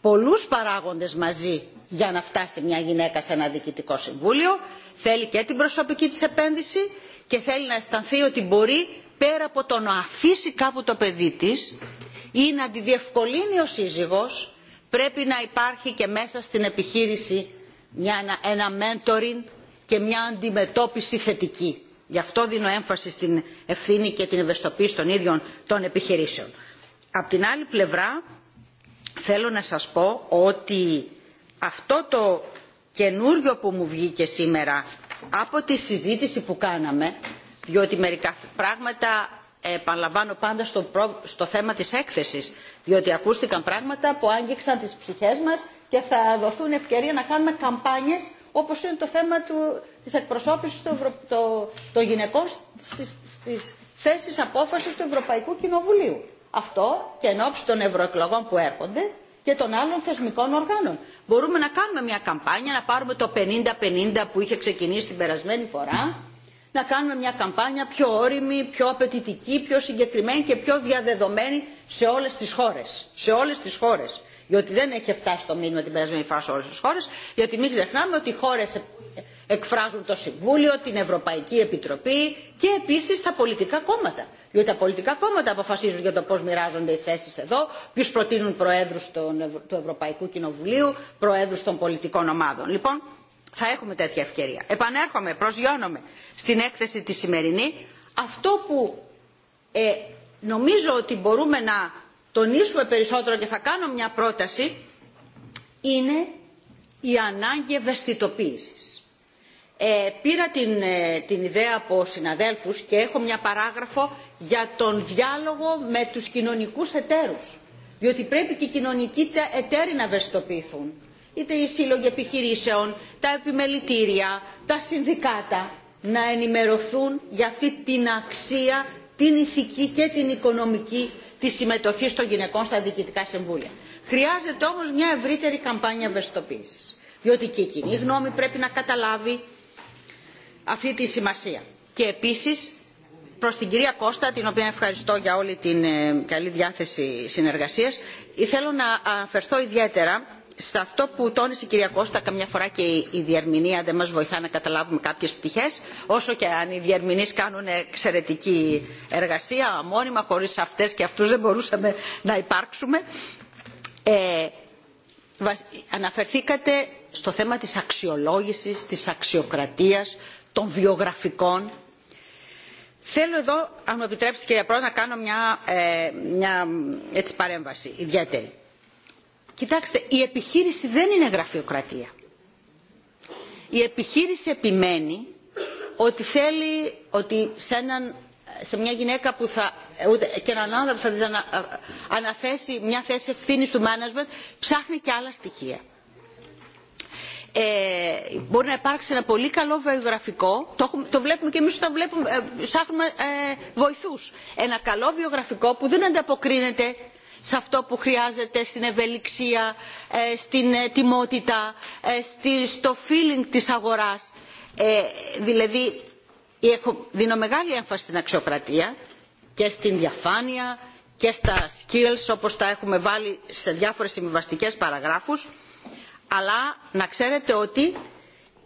πολλούς παράγοντες μαζί για να φτάσει μια γυναίκα σε ένα διοικητικό συμβούλιο θέλει και την προσωπική της επένδυση και θέλει να αισθανθεί ότι μπορεί πέρα από το να αφήσει κάπου το παιδί της ή να τη διευκολύνει ο σύζυγος πρέπει να υπάρχει και μέσα στην επιχείρηση μια, ένα mentoring και μια αντιμετώπιση θετική. Γι' αυτό δίνω έμφαση στην ευθύνη και την ευαισθητοποίηση των ίδιων των επιχειρήσεων. Απ' την άλλη πλευρά θέλω να σας πω ότι αυτό το καινούριο που μου βγήκε σήμερα από τη συζήτηση που κάναμε διότι μερικά πράγματα επαναλαμβάνω πάντα στο, θέμα της έκθεσης διότι ακούστηκαν πράγματα που άγγιξαν τις ψυχές μας και θα δοθούν ευκαιρία να κάνουμε καμπάνιες όπως είναι το θέμα του, της εκπροσώπησης των το... το γυναικών στις... στις θέσεις απόφασης του Ευρωπαϊκού Κοινοβουλίου. Αυτό και εν ώψη των ευρωεκλογών που έρχονται και των άλλων θεσμικών οργάνων. Μπορούμε να κάνουμε μια καμπάνια, να πάρουμε το 50-50 που είχε ξεκινήσει την περασμένη φορά, να κάνουμε μια καμπάνια πιο όρημη, πιο απαιτητική, πιο συγκεκριμένη και πιο διαδεδομένη σε όλες τις χώρες. Σε όλες τις χώρες. Γιατί δεν έχει φτάσει το μήνυμα την περασμένη φορά σε όλες τις χώρες, γιατί μην ξεχνάμε ότι οι χώρες εκφράζουν το Συμβούλιο, την Ευρωπαϊκή Επιτροπή και επίσης τα πολιτικά κόμματα. Διότι τα πολιτικά κόμματα αποφασίζουν για το πώς μοιράζονται οι θέσεις εδώ, ποιους προτείνουν προέδρους του Ευρωπαϊκού Κοινοβουλίου, προέδρους των πολιτικών ομάδων. Λοιπόν, θα έχουμε τέτοια ευκαιρία. Επανέρχομαι, προσγειώνομαι στην έκθεση τη σημερινή. Αυτό που ε, νομίζω ότι μπορούμε να τονίσουμε περισσότερο και θα κάνω μια πρόταση είναι η ανάγκη ευαισθητοποίησης. Ε, πήρα την, ε, την ιδέα από συναδέλφους και έχω μια παράγραφο για τον διάλογο με τους κοινωνικούς εταίρους. Διότι πρέπει και οι κοινωνικοί εταίροι να ευαισθητοποιηθούν. Είτε οι σύλλογοι επιχειρήσεων, τα επιμελητήρια, τα συνδικάτα να ενημερωθούν για αυτή την αξία, την ηθική και την οικονομική της συμμετοχής των γυναικών στα διοικητικά συμβούλια. Χρειάζεται όμως μια ευρύτερη καμπάνια ευαισθητοποίησης. Διότι και η κοινή γνώμη πρέπει να καταλάβει αυτή τη σημασία. Και επίσης προς την κυρία Κώστα, την οποία ευχαριστώ για όλη την ε, καλή διάθεση συνεργασίας, θέλω να αναφερθώ ιδιαίτερα σε αυτό που τόνισε η κυρία Κώστα, καμιά φορά και η διερμηνία δεν μας βοηθά να καταλάβουμε κάποιες πτυχές, όσο και αν οι διερμηνείς κάνουν εξαιρετική εργασία, μόνιμα, χωρίς αυτές και αυτούς δεν μπορούσαμε να υπάρξουμε. Ε, αναφερθήκατε στο θέμα της αξιολόγησης, της αξιοκρατίας, των βιογραφικών θέλω εδώ αν μου επιτρέψετε κυρία πρόεδρε να κάνω μια, ε, μια ε, έτσι, παρέμβαση ιδιαίτερη. κοιτάξτε η επιχείρηση δεν είναι γραφειοκρατία. η επιχείρηση επιμένει ότι θέλει ότι σε, έναν, σε μια γυναίκα που θα, και έναν άνθρωπο που θα της ε, αναθέσει μια θέση ευθύνη του management ψάχνει και άλλα στοιχεία. Ε, μπορεί να υπάρξει ένα πολύ καλό βιογραφικό το βλέπουμε και εμείς όταν βλέπουμε, ε, ψάχνουμε ε, βοηθούς ένα καλό βιογραφικό που δεν ανταποκρίνεται σε αυτό που χρειάζεται στην ευελιξία στην ετοιμότητα στο feeling της αγοράς δηλαδή δίνω μεγάλη έμφαση στην αξιοκρατία και στην διαφάνεια και στα skills όπως τα έχουμε βάλει σε διάφορες συμβιβαστικές παραγράφους αλλά να ξέρετε ότι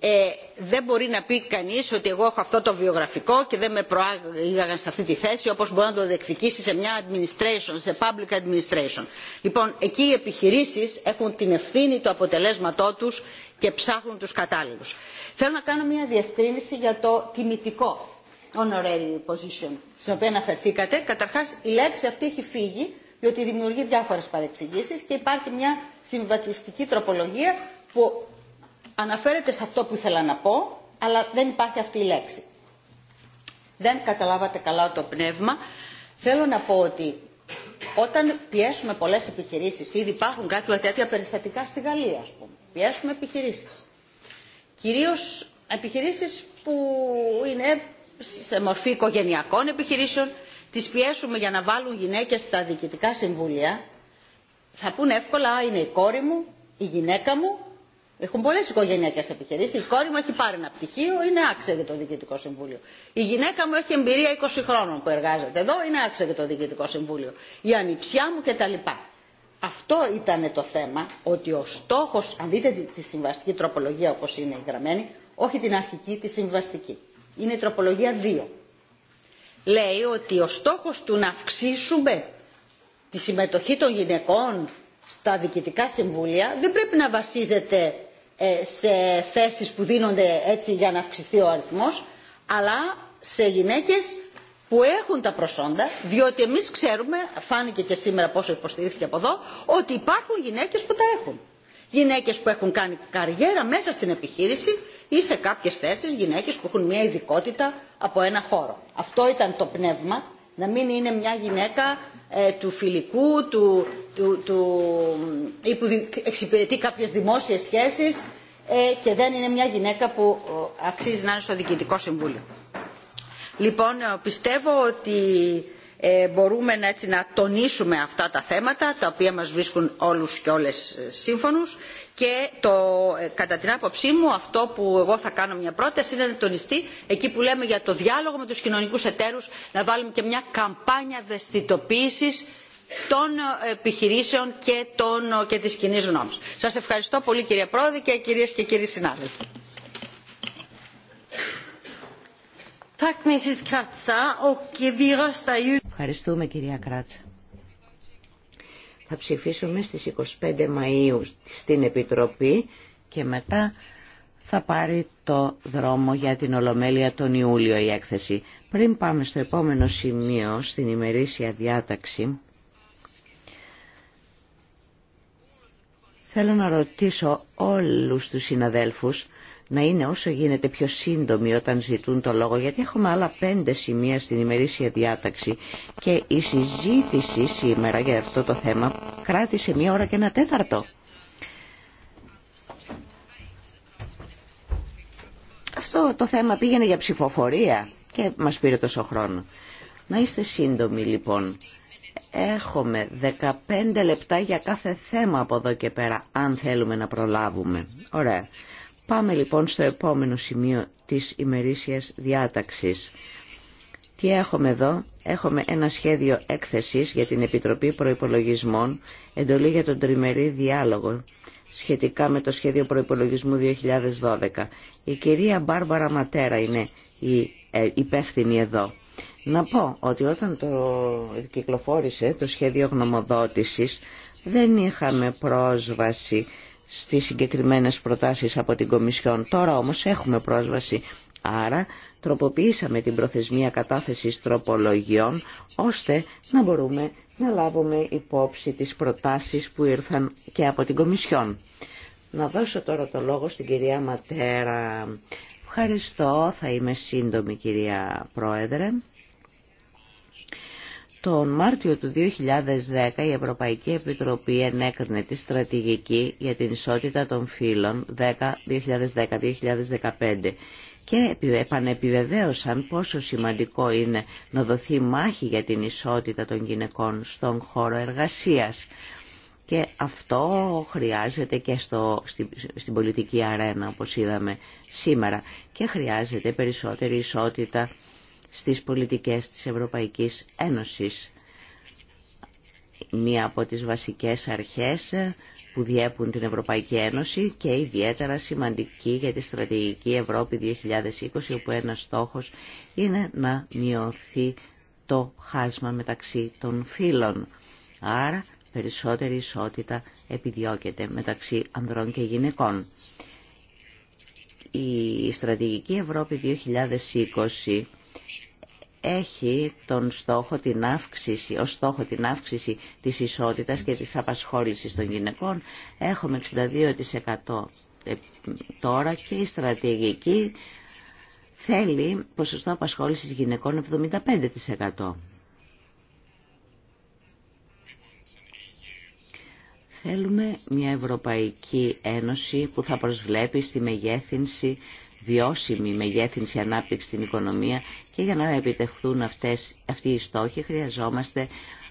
ε, δεν μπορεί να πει κανείς ότι εγώ έχω αυτό το βιογραφικό και δεν με προάγαγαν σε αυτή τη θέση όπως μπορεί να το διεκδικήσει σε μια administration, σε public administration. Λοιπόν, εκεί οι επιχειρήσεις έχουν την ευθύνη του αποτελέσματό τους και ψάχνουν τους κατάλληλους. Θέλω να κάνω μια διευκρίνηση για το κινητικό honorary position στην οποία αναφερθήκατε. Καταρχάς η λέξη αυτή έχει φύγει διότι δημιουργεί διάφορες παρεξηγήσεις και υπάρχει μια συμβατιστική τροπολογία που αναφέρεται σε αυτό που ήθελα να πω, αλλά δεν υπάρχει αυτή η λέξη. Δεν καταλάβατε καλά το πνεύμα. Θέλω να πω ότι όταν πιέσουμε πολλές επιχειρήσεις, ήδη υπάρχουν κάποια τέτοια περιστατικά στη Γαλλία, ας πούμε, πιέσουμε επιχειρήσεις. Κυρίως επιχειρήσεις που είναι σε μορφή οικογενειακών επιχειρήσεων, τις πιέσουμε για να βάλουν γυναίκες στα διοικητικά συμβούλια, θα πούνε εύκολα είναι η κόρη μου, η γυναίκα μου, έχουν πολλές οικογενειακές επιχειρήσεις, η κόρη μου έχει πάρει ένα πτυχίο, είναι άξια για το διοικητικό συμβούλιο. Η γυναίκα μου έχει εμπειρία 20 χρόνων που εργάζεται εδώ, είναι άξια για το διοικητικό συμβούλιο. Η ανιψιά μου κτλ. Αυτό ήταν το θέμα, ότι ο στόχος, αν δείτε τη συμβαστική τροπολογία όπως είναι γραμμένη, όχι την αρχική, τη συμβαστική. Είναι η τροπολογία 2 λέει ότι ο στόχος του να αυξήσουμε τη συμμετοχή των γυναικών στα διοικητικά συμβούλια δεν πρέπει να βασίζεται ε, σε θέσεις που δίνονται έτσι για να αυξηθεί ο αριθμός αλλά σε γυναίκες που έχουν τα προσόντα διότι εμείς ξέρουμε, φάνηκε και σήμερα πόσο υποστηρίχθηκε από εδώ ότι υπάρχουν γυναίκες που τα έχουν γυναίκες που έχουν κάνει καριέρα μέσα στην επιχείρηση ή σε κάποιες θέσεις γυναίκες που έχουν μια ειδικότητα από ένα χώρο. Αυτό ήταν το πνεύμα, να μην είναι μια γυναίκα ε, του φιλικού, του, του, του, ή ε, που εξυπηρετεί κάποιες δημόσιες σχέσεις ε, και δεν είναι μια γυναίκα που αξίζει να είναι στο Διοικητικό Συμβούλιο. Λοιπόν, πιστεύω ότι ε, μπορούμε να, έτσι, να τονίσουμε αυτά τα θέματα τα οποία μας βρίσκουν όλους και όλες ε, σύμφωνους και το, ε, κατά την άποψή μου αυτό που εγώ θα κάνω μια πρόταση είναι να τονιστεί εκεί που λέμε για το διάλογο με τους κοινωνικούς εταίρους να βάλουμε και μια καμπάνια ευαισθητοποίησης των επιχειρήσεων και, των, και της κοινή γνώμης. Σας ευχαριστώ πολύ κυρία Πρόεδρε και κυρίες και κύριοι συνάδελφοι. Ευχαριστούμε κυρία Κράτσα. Θα ψηφίσουμε στις 25 Μαΐου στην Επιτροπή και μετά θα πάρει το δρόμο για την Ολομέλεια τον Ιούλιο η έκθεση. Πριν πάμε στο επόμενο σημείο, στην ημερήσια διάταξη, θέλω να ρωτήσω όλους τους συναδέλφους να είναι όσο γίνεται πιο σύντομοι όταν ζητούν το λόγο, γιατί έχουμε άλλα πέντε σημεία στην ημερήσια διάταξη και η συζήτηση σήμερα για αυτό το θέμα κράτησε μία ώρα και ένα τέταρτο. Αυτό το θέμα πήγαινε για ψηφοφορία και μας πήρε τόσο χρόνο. Να είστε σύντομοι λοιπόν. Έχουμε 15 λεπτά για κάθε θέμα από εδώ και πέρα, αν θέλουμε να προλάβουμε. Ωραία. Πάμε λοιπόν στο επόμενο σημείο της ημερήσιας διάταξης. Τι έχουμε εδώ, έχουμε ένα σχέδιο έκθεσης για την Επιτροπή Προϋπολογισμών, εντολή για τον τριμερή διάλογο σχετικά με το σχέδιο προϋπολογισμού 2012. Η κυρία Μπάρμπαρα Ματέρα είναι η ε, υπεύθυνη εδώ. Να πω ότι όταν το κυκλοφόρησε το σχέδιο γνωμοδότησης δεν είχαμε πρόσβαση στις συγκεκριμένες προτάσεις από την Κομισιόν. Τώρα όμως έχουμε πρόσβαση. Άρα τροποποιήσαμε την προθεσμία κατάθεσης τροπολογιών ώστε να μπορούμε να λάβουμε υπόψη τις προτάσεις που ήρθαν και από την Κομισιόν. Να δώσω τώρα το λόγο στην κυρία Ματέρα. Ευχαριστώ, θα είμαι σύντομη κυρία Πρόεδρε. Τον Μάρτιο του 2010 η Ευρωπαϊκή Επιτροπή ενέκρινε τη στρατηγική για την ισότητα των φύλων 2010-2015 και επανεπιβεβαίωσαν πόσο σημαντικό είναι να δοθεί μάχη για την ισότητα των γυναικών στον χώρο εργασίας. Και αυτό χρειάζεται και στο, στην, στην πολιτική αρένα, όπως είδαμε σήμερα, και χρειάζεται περισσότερη ισότητα στις πολιτικές της Ευρωπαϊκής Ένωσης. Μία από τις βασικές αρχές που διέπουν την Ευρωπαϊκή Ένωση και ιδιαίτερα σημαντική για τη στρατηγική Ευρώπη 2020, όπου ένας στόχος είναι να μειωθεί το χάσμα μεταξύ των φύλων. Άρα περισσότερη ισότητα επιδιώκεται μεταξύ ανδρών και γυναικών. Η στρατηγική Ευρώπη 2020 έχει τον στόχο την αύξηση, ως στόχο την αύξηση της ισότητας και της απασχόλησης των γυναικών. Έχουμε 62% ε, τώρα και η στρατηγική θέλει ποσοστό απασχόλησης γυναικών 75%. Θέλουμε μια Ευρωπαϊκή Ένωση που θα προσβλέπει στη μεγέθυνση βιώσιμη μεγέθυνση ανάπτυξη στην οικονομία και για να επιτευχθούν αυτές, αυτοί οι στόχοι χρειαζόμαστε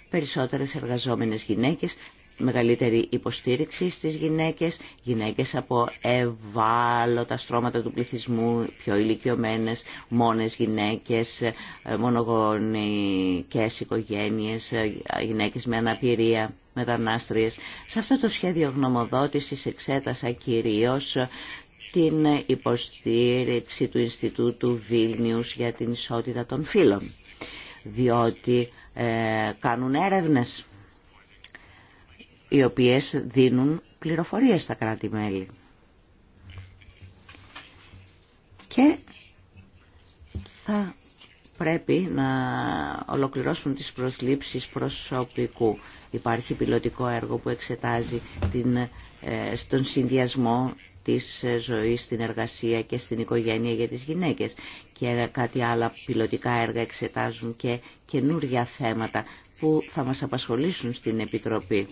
περισσότερες εργαζόμενες γυναίκες, μεγαλύτερη υποστήριξη στις γυναίκες, γυναίκες από ευάλωτα στρώματα του πληθυσμού, πιο ηλικιωμένες, μόνες γυναίκες, μονογονικές οικογένειες, γυναίκες με αναπηρία, μετανάστριες. Σε αυτό το σχέδιο γνωμοδότησης εξέτασα κυρίως την υποστήριξη του Ινστιτούτου Βίλνιους για την ισότητα των φύλων, διότι ε, κάνουν έρευνες οι οποίες δίνουν πληροφορίες στα κράτη-μέλη. Και θα πρέπει να ολοκληρώσουν τις προσλήψεις προσωπικού. Υπάρχει πιλωτικό έργο που εξετάζει την, ε, στον συνδυασμό της ε, ζωής στην εργασία και στην οικογένεια για τις γυναίκες. Και κάτι άλλα πιλωτικά έργα εξετάζουν και καινούργια θέματα που θα μας απασχολήσουν στην Επιτροπή.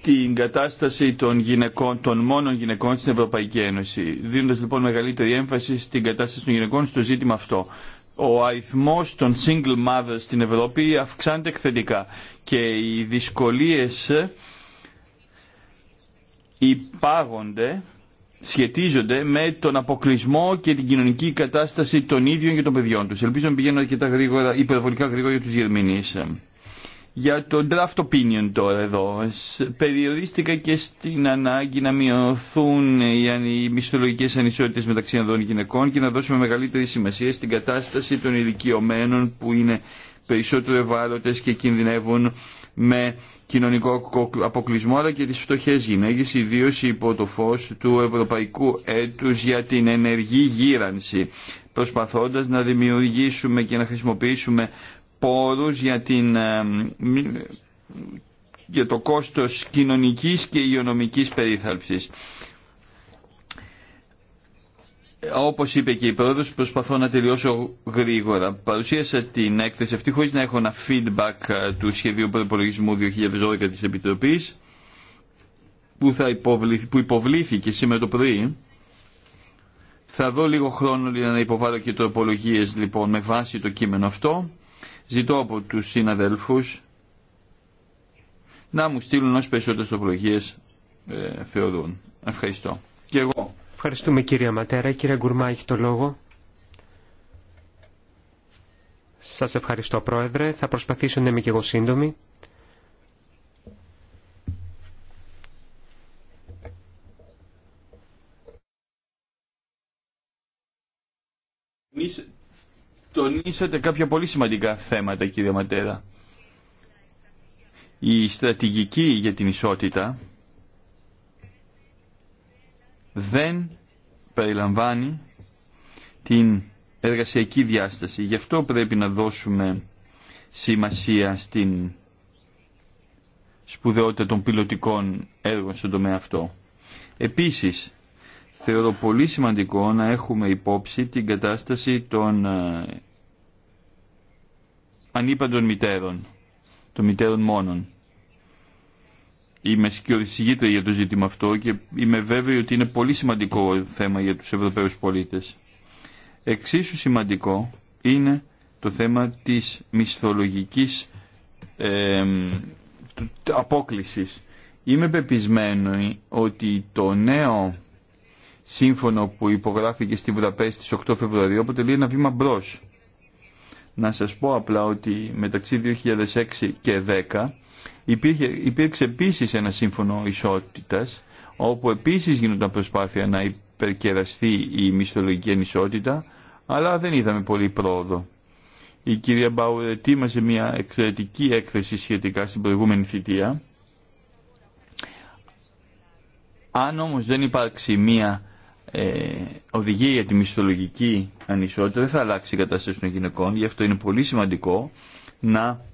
Την κατάσταση των, γυναικών, των μόνων γυναικών στην Ευρωπαϊκή Ένωση, δίνοντας λοιπόν μεγαλύτερη έμφαση στην κατάσταση των γυναικών στο ζήτημα αυτό ο αριθμός των single mothers στην Ευρώπη αυξάνεται εκθετικά και οι δυσκολίες ε, υπάγονται σχετίζονται με τον αποκλεισμό και την κοινωνική κατάσταση των ίδιων και των παιδιών τους. Ελπίζω να πηγαίνω αρκετά γρήγορα, υπερβολικά γρήγορα για τους Γερμινείς. Για το draft opinion τώρα εδώ, περιορίστηκα και στην ανάγκη να μειωθούν οι μισθολογικές ανισότητες μεταξύ ανδρών και γυναικών και να δώσουμε μεγαλύτερη σημασία στην κατάσταση των ηλικιωμένων που είναι περισσότερο ευάλωτες και κινδυνεύουν με κοινωνικό αποκλεισμό αλλά και τις φτωχές γυναίκες, ιδίω υπό το φως του Ευρωπαϊκού Έτους για την ενεργή γύρανση, προσπαθώντας να δημιουργήσουμε και να χρησιμοποιήσουμε πόρους για, την, ε, για το κόστος κοινωνικής και υγειονομικής περίθαλψης όπως είπε και η πρόεδρο, προσπαθώ να τελειώσω γρήγορα. Παρουσίασα την έκθεση αυτή χωρί να έχω ένα feedback ε, του σχεδίου προπολογισμού 2012 της Επιτροπή που, θα που υποβλήθηκε σήμερα το πρωί. Θα δω λίγο χρόνο για να υποβάλω και τροπολογίε λοιπόν με βάση το κείμενο αυτό. Ζητώ από του συναδέλφου να μου στείλουν όσο περισσότερε τροπολογίε ε, θεωρούν. Ευχαριστώ. Και εγώ. Ευχαριστούμε κυρία Ματέρα. Κύριε Γκουρμά έχει το λόγο. Σας ευχαριστώ πρόεδρε. Θα προσπαθήσω να είμαι και εγώ σύντομη. Τονίσατε κάποια πολύ σημαντικά θέματα κύριε Ματέρα. Η στρατηγική για την ισότητα δεν περιλαμβάνει την εργασιακή διάσταση. Γι' αυτό πρέπει να δώσουμε σημασία στην σπουδαιότητα των πιλωτικών έργων στον τομέα αυτό. Επίσης, θεωρώ πολύ σημαντικό να έχουμε υπόψη την κατάσταση των ε, ανήπαντων μητέρων, των μητέρων μόνων. Είμαι σκιωδησυγήτρια για το ζήτημα αυτό και είμαι βέβαιο ότι είναι πολύ σημαντικό θέμα για τους Ευρωπαίους πολίτες. Εξίσου σημαντικό είναι το θέμα της μισθολογικής ε, απόκλησης. Είμαι πεπισμένο ότι το νέο σύμφωνο που υπογράφηκε στη Βουδαπέστη στις 8 Φεβρουαρίου αποτελεί ένα βήμα μπρος. Να σας πω απλά ότι μεταξύ 2006 και 10 Υπήρχε, υπήρξε επίσης ένα σύμφωνο ισότητα, όπου επίσης γίνονταν προσπάθεια να υπερκεραστεί η μισθολογική ανισότητα, αλλά δεν είδαμε πολύ πρόοδο. Η κυρία Μπάουρ ετοίμασε μια εξαιρετική έκθεση σχετικά στην προηγούμενη θητεία. Αν όμως δεν υπάρξει μια ε, οδηγία για τη μισθολογική ανισότητα, δεν θα αλλάξει η κατάσταση των γυναικών. Γι' αυτό είναι πολύ σημαντικό να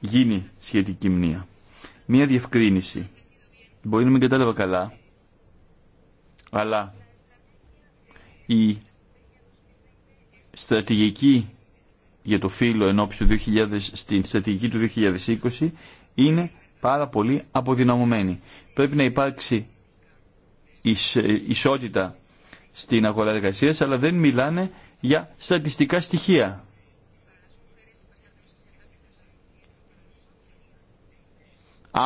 γίνει σχετική μνήμα. Μία διευκρίνηση. Μπορεί να μην κατάλαβα καλά, αλλά η στρατηγική για το φύλλο ενώπιση του 2000, στην στρατηγική του 2020 είναι πάρα πολύ αποδυναμωμένη. Πρέπει να υπάρξει ισότητα στην αγορά εργασία, αλλά δεν μιλάνε για στατιστικά στοιχεία.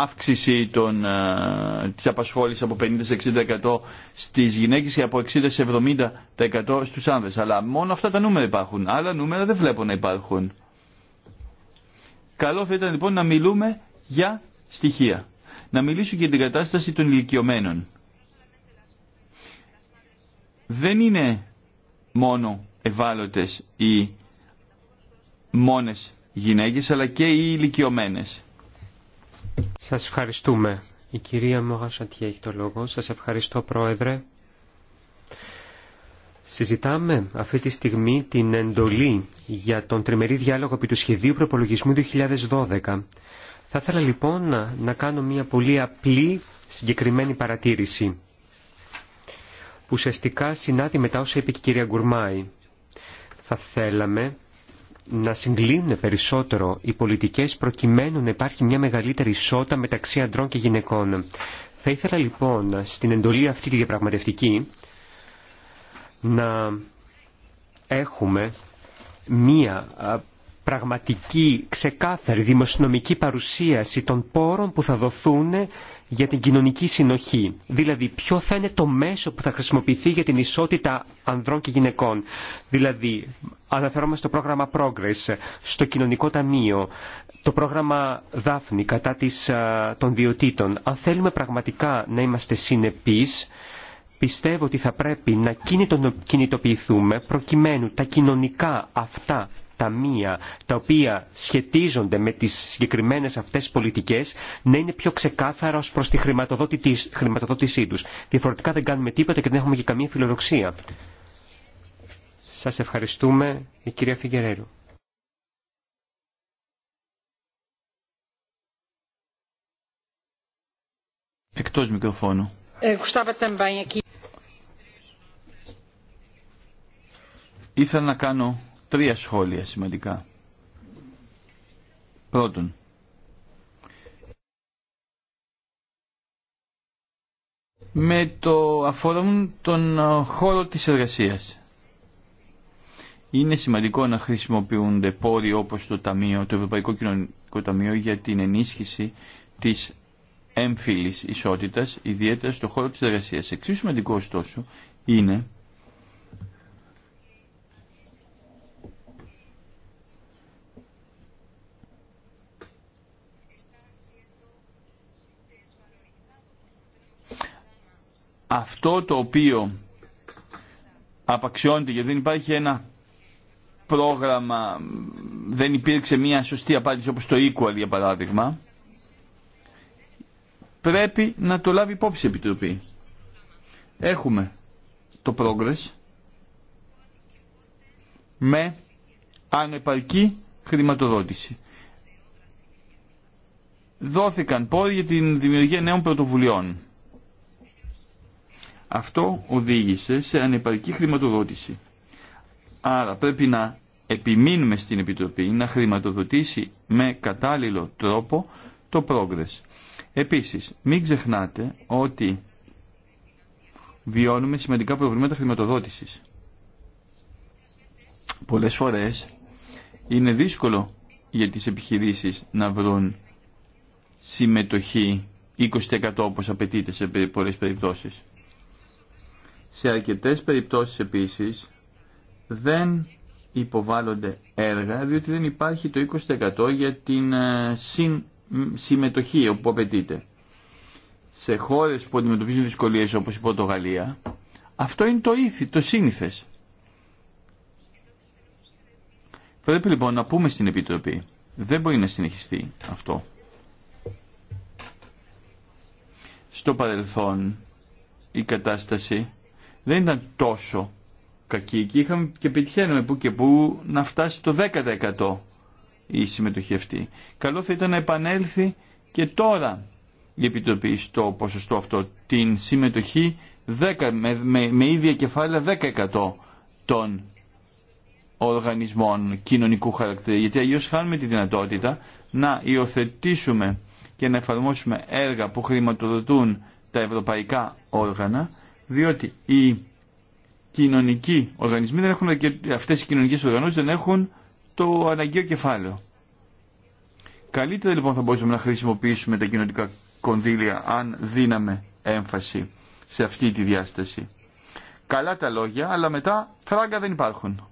αύξηση των, ε, της απασχόλησης από 50-60% στις γυναίκες και από 60-70% στους άνδρες. Αλλά μόνο αυτά τα νούμερα υπάρχουν. Άλλα νούμερα δεν βλέπω να υπάρχουν. Καλό θα ήταν λοιπόν να μιλούμε για στοιχεία. Να μιλήσω για την κατάσταση των ηλικιωμένων. Δεν είναι μόνο ευάλωτες οι μόνες γυναίκες αλλά και οι ηλικιωμένες. Σας ευχαριστούμε. Η κυρία Μογασαντιέ έχει το λόγο. Σας ευχαριστώ, Πρόεδρε. Συζητάμε αυτή τη στιγμή την εντολή για τον τριμερή διάλογο επί του σχεδίου προπολογισμού 2012. Θα ήθελα λοιπόν να, να κάνω μια πολύ απλή συγκεκριμένη παρατήρηση που ουσιαστικά συνάδει μετά όσα είπε και η κυρία Γκουρμάη. Θα θέλαμε να συγκλίνουν περισσότερο οι πολιτικές προκειμένου να υπάρχει μια μεγαλύτερη ισότητα μεταξύ αντρών και γυναικών. Θα ήθελα λοιπόν στην εντολή αυτή τη διαπραγματευτική να έχουμε μία πραγματική, ξεκάθαρη δημοσιονομική παρουσίαση των πόρων που θα δοθούν για την κοινωνική συνοχή. Δηλαδή, ποιο θα είναι το μέσο που θα χρησιμοποιηθεί για την ισότητα ανδρών και γυναικών. Δηλαδή, αναφερόμαστε στο πρόγραμμα Progress, στο κοινωνικό ταμείο, το πρόγραμμα Δάφνη κατά της, των διοτήτων. Αν θέλουμε πραγματικά να είμαστε συνεπείς, πιστεύω ότι θα πρέπει να κινητοποιηθούμε προκειμένου τα κοινωνικά αυτά ταμεία τα οποία σχετίζονται με τις συγκεκριμένες αυτές πολιτικές να είναι πιο ξεκάθαρα ως προς τη χρηματοδότησή τους. Διαφορετικά δεν κάνουμε τίποτα και δεν έχουμε και καμία φιλοδοξία. Σας ευχαριστούμε η κυρία Φιγκερέρου. Εκτός μικροφόνου. Ε, Ήθελα να κάνω τρία σχόλια σημαντικά. Πρώτον, με το αφορούν τον ε, χώρο της εργασίας. Είναι σημαντικό να χρησιμοποιούνται πόροι όπως το, ταμείο, το Ευρωπαϊκό Κοινωνικό Ταμείο για την ενίσχυση της έμφυλης ισότητας, ιδιαίτερα στο χώρο της εργασίας. Εξίσου σημαντικό ωστόσο είναι αυτό το οποίο απαξιώνεται γιατί δεν υπάρχει ένα πρόγραμμα, δεν υπήρξε μια σωστή απάντηση όπως το Equal για παράδειγμα, πρέπει να το λάβει υπόψη η Επιτροπή. Έχουμε το Progress με ανεπαρκή χρηματοδότηση. Δόθηκαν πόροι για την δημιουργία νέων πρωτοβουλειών. Αυτό οδήγησε σε ανεπαρκή χρηματοδότηση. Άρα πρέπει να επιμείνουμε στην Επιτροπή να χρηματοδοτήσει με κατάλληλο τρόπο το πρόγκρες. Επίσης, μην ξεχνάτε ότι βιώνουμε σημαντικά προβλήματα χρηματοδότησης. Πολλές φορές είναι δύσκολο για τις επιχειρήσεις να βρουν συμμετοχή 20% όπως απαιτείται σε πολλές περιπτώσεις. Σε αρκετές περιπτώσεις επίσης δεν υποβάλλονται έργα διότι δεν υπάρχει το 20% για την ε, συμμετοχή που απαιτείται. Σε χώρες που αντιμετωπίζουν δυσκολίες όπως η Πορτογαλία αυτό είναι το ήθη, το σύνηθες. Πρέπει λοιπόν να πούμε στην Επιτροπή δεν μπορεί να συνεχιστεί αυτό. Στο παρελθόν η κατάσταση δεν ήταν τόσο κακή και είχαμε και πετυχαίνουμε που και που να φτάσει το 10% η συμμετοχή αυτή. Καλό θα ήταν να επανέλθει και τώρα η Επιτροπή στο ποσοστό αυτό, την συμμετοχή 10, με, με, με ίδια κεφάλαια 10% των οργανισμών κοινωνικού χαρακτήρα. Γιατί αλλιώ χάνουμε τη δυνατότητα να υιοθετήσουμε και να εφαρμόσουμε έργα που χρηματοδοτούν τα ευρωπαϊκά όργανα διότι οι κοινωνικοί οργανισμοί δεν έχουν, αυτές οι κοινωνικές οργανώσεις δεν έχουν το αναγκαίο κεφάλαιο. Καλύτερα λοιπόν θα μπορούσαμε να χρησιμοποιήσουμε τα κοινωνικά κονδύλια αν δίναμε έμφαση σε αυτή τη διάσταση. Καλά τα λόγια, αλλά μετά φράγκα δεν υπάρχουν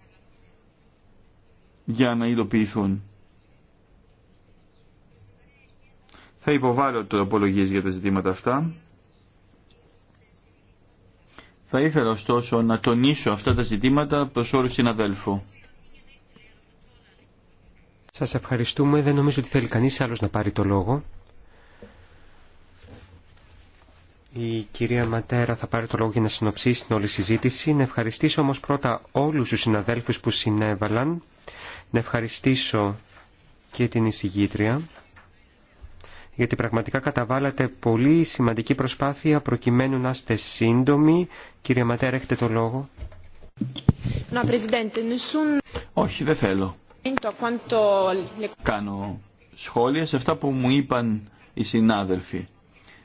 για να υλοποιηθούν. Θα υποβάλω απολογίες για τα ζητήματα αυτά. Θα ήθελα ωστόσο να τονίσω αυτά τα ζητήματα προς όρους συναδέλφου. Σας ευχαριστούμε. Δεν νομίζω ότι θέλει κανείς άλλος να πάρει το λόγο. Η κυρία Ματέρα θα πάρει το λόγο για να συνοψίσει την όλη συζήτηση. Να ευχαριστήσω όμως πρώτα όλους τους συναδέλφους που συνέβαλαν. Να ευχαριστήσω και την εισηγήτρια γιατί πραγματικά καταβάλατε πολύ σημαντική προσπάθεια προκειμένου να είστε σύντομοι. Κύριε Ματέρα, έχετε το λόγο. Όχι, δεν θέλω. Κάνω σχόλια σε αυτά που μου είπαν οι συνάδελφοι.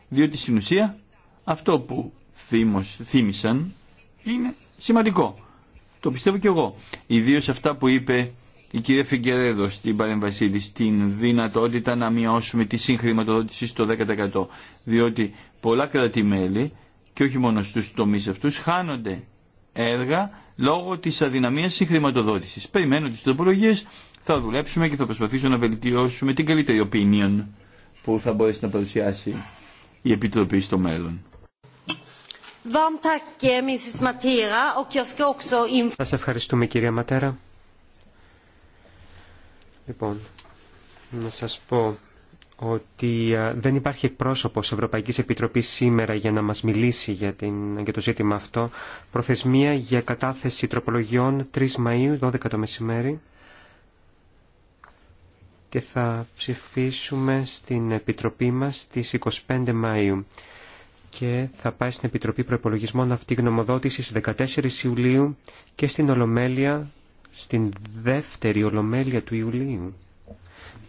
Διότι στην ουσία αυτό που θύμος, θύμισαν είναι σημαντικό. Το πιστεύω κι εγώ. Ιδίω αυτά που είπε η κυρία Φιγκερέδο στην παρέμβασή στην την δυνατότητα να μειώσουμε τη συγχρηματοδότηση στο 10%. Διότι πολλά κρατημέλη και όχι μόνο στου τομείς αυτούς χάνονται έργα λόγω τη αδυναμία συγχρηματοδότηση. Περιμένω τι τροπολογίε, θα δουλέψουμε και θα προσπαθήσω να βελτιώσουμε την καλύτερη opinion που θα μπορέσει να παρουσιάσει η Επιτροπή στο μέλλον. Eh, ευχαριστούμε κυρία Ματέρα. Λοιπόν, να σας πω ότι δεν υπάρχει πρόσωπος ευρωπαϊκή επιτροπή σήμερα για να μας μιλήσει για, την, για το ζήτημα αυτό. Προθεσμία για κατάθεση τροπολογιών 3 Μαΐου, 12 το μεσημέρι. Και θα ψηφίσουμε στην Επιτροπή μας στι 25 Μαΐου. Και θα πάει στην Επιτροπή Προπολογισμών αυτή γνωμοδότηση 14 Ιουλίου και στην Ολομέλεια στην δεύτερη ολομέλεια του Ιουλίου.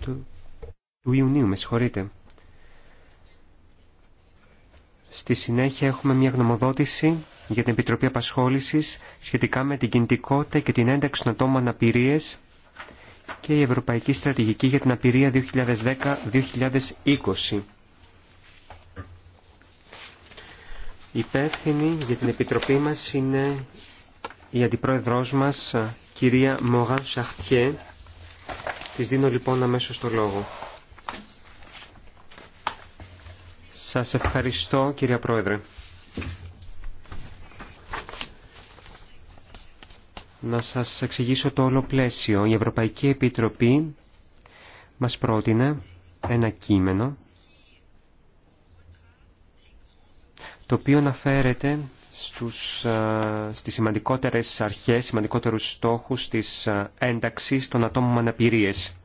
Του, του Ιουνίου, Στη συνέχεια έχουμε μια γνωμοδότηση για την Επιτροπή Απασχόλησης σχετικά με την κινητικότητα και την ένταξη των ατόμων αναπηρίες και η Ευρωπαϊκή Στρατηγική για την Απηρία 2010-2020. Υπεύθυνη για την Επιτροπή μας είναι η Αντιπρόεδρός μας, κυρία Μογάν Σαχτιέ. Της δίνω λοιπόν αμέσως το λόγο. Σας ευχαριστώ κυρία Πρόεδρε. Να σας εξηγήσω το όλο πλαίσιο. Η Ευρωπαϊκή Επιτροπή μας πρότεινε ένα κείμενο το οποίο αναφέρεται στους, στις σημαντικότερες αρχές, σημαντικότερους στόχους της ένταξης των ατόμων με αναπηρίες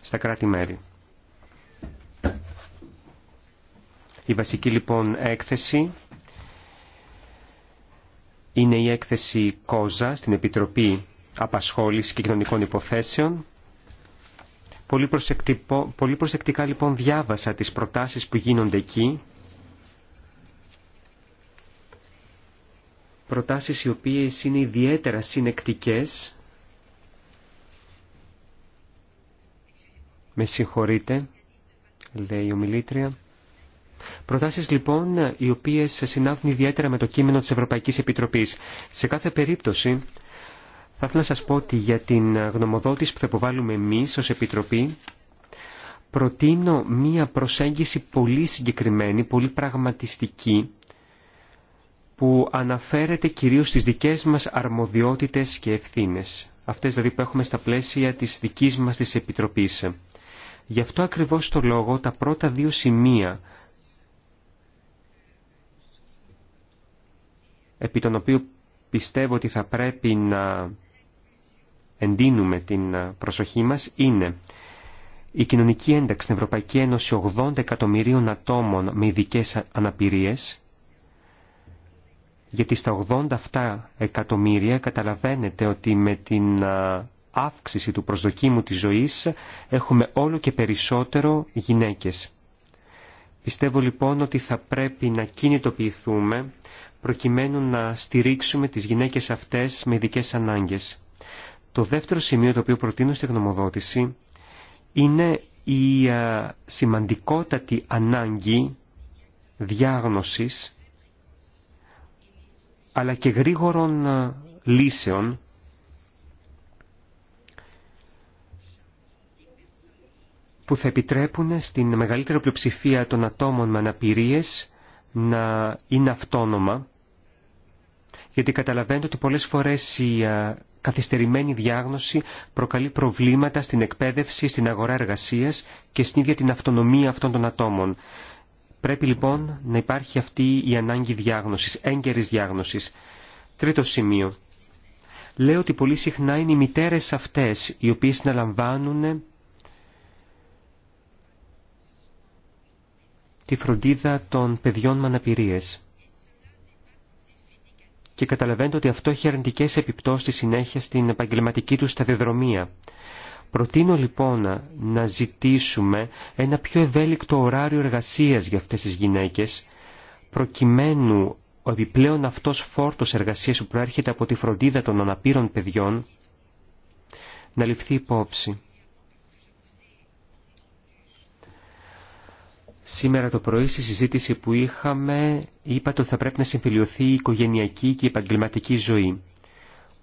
στα κράτη-μέρη. Η βασική λοιπόν έκθεση είναι η έκθεση ΚΟΖΑ στην Επιτροπή Απασχόληση και Κοινωνικών Υποθέσεων. Πολύ, πολύ προσεκτικά λοιπόν διάβασα τις προτάσεις που γίνονται εκεί προτάσεις οι οποίες είναι ιδιαίτερα συνεκτικές. Με συγχωρείτε, λέει η ομιλήτρια. Προτάσεις λοιπόν οι οποίες συνάδουν ιδιαίτερα με το κείμενο της Ευρωπαϊκής Επιτροπής. Σε κάθε περίπτωση θα ήθελα να σας πω ότι για την γνωμοδότηση που θα υποβάλουμε εμείς ως Επιτροπή προτείνω μία προσέγγιση πολύ συγκεκριμένη, πολύ πραγματιστική που αναφέρεται κυρίως στις δικές μας αρμοδιότητες και ευθύνες. Αυτές δηλαδή που έχουμε στα πλαίσια της δικής μας της Επιτροπής. Γι' αυτό ακριβώς το λόγο τα πρώτα δύο σημεία επί των οποίων πιστεύω ότι θα πρέπει να εντείνουμε την προσοχή μας είναι η κοινωνική ένταξη στην Ευρωπαϊκή Ένωση 80 εκατομμυρίων ατόμων με ειδικέ αναπηρίες γιατί στα 87 εκατομμύρια καταλαβαίνετε ότι με την αύξηση του προσδοκίμου της ζωής έχουμε όλο και περισσότερο γυναίκες. Πιστεύω λοιπόν ότι θα πρέπει να κινητοποιηθούμε προκειμένου να στηρίξουμε τις γυναίκες αυτές με ειδικέ ανάγκες. Το δεύτερο σημείο το οποίο προτείνω στη γνωμοδότηση είναι η σημαντικότατη ανάγκη διάγνωσης αλλά και γρήγορων ε, λύσεων που θα επιτρέπουν στην μεγαλύτερη πλειοψηφία των ατόμων με αναπηρίες να είναι αυτόνομα, γιατί καταλαβαίνετε ότι πολλές φορές η ε, καθυστερημένη διάγνωση προκαλεί προβλήματα στην εκπαίδευση, στην αγορά εργασίας και στην ίδια την αυτονομία αυτών των ατόμων. Πρέπει λοιπόν να υπάρχει αυτή η ανάγκη διάγνωσης, έγκαιρης διάγνωσης. Τρίτο σημείο. Λέω ότι πολύ συχνά είναι οι μητέρες αυτές οι οποίες λαμβάνουν τη φροντίδα των παιδιών με αναπηρίες. Και καταλαβαίνετε ότι αυτό έχει αρνητικές επιπτώσεις στη συνέχεια στην επαγγελματική του σταδιοδρομία. Προτείνω λοιπόν να ζητήσουμε ένα πιο ευέλικτο ωράριο εργασίας για αυτές τις γυναίκες, προκειμένου ο επιπλέον αυτός φόρτος εργασίας που προέρχεται από τη φροντίδα των αναπήρων παιδιών να ληφθεί υπόψη. Σήμερα το πρωί στη συζήτηση που είχαμε είπατε ότι θα πρέπει να συμφιλειωθεί η οικογενειακή και η επαγγελματική ζωή.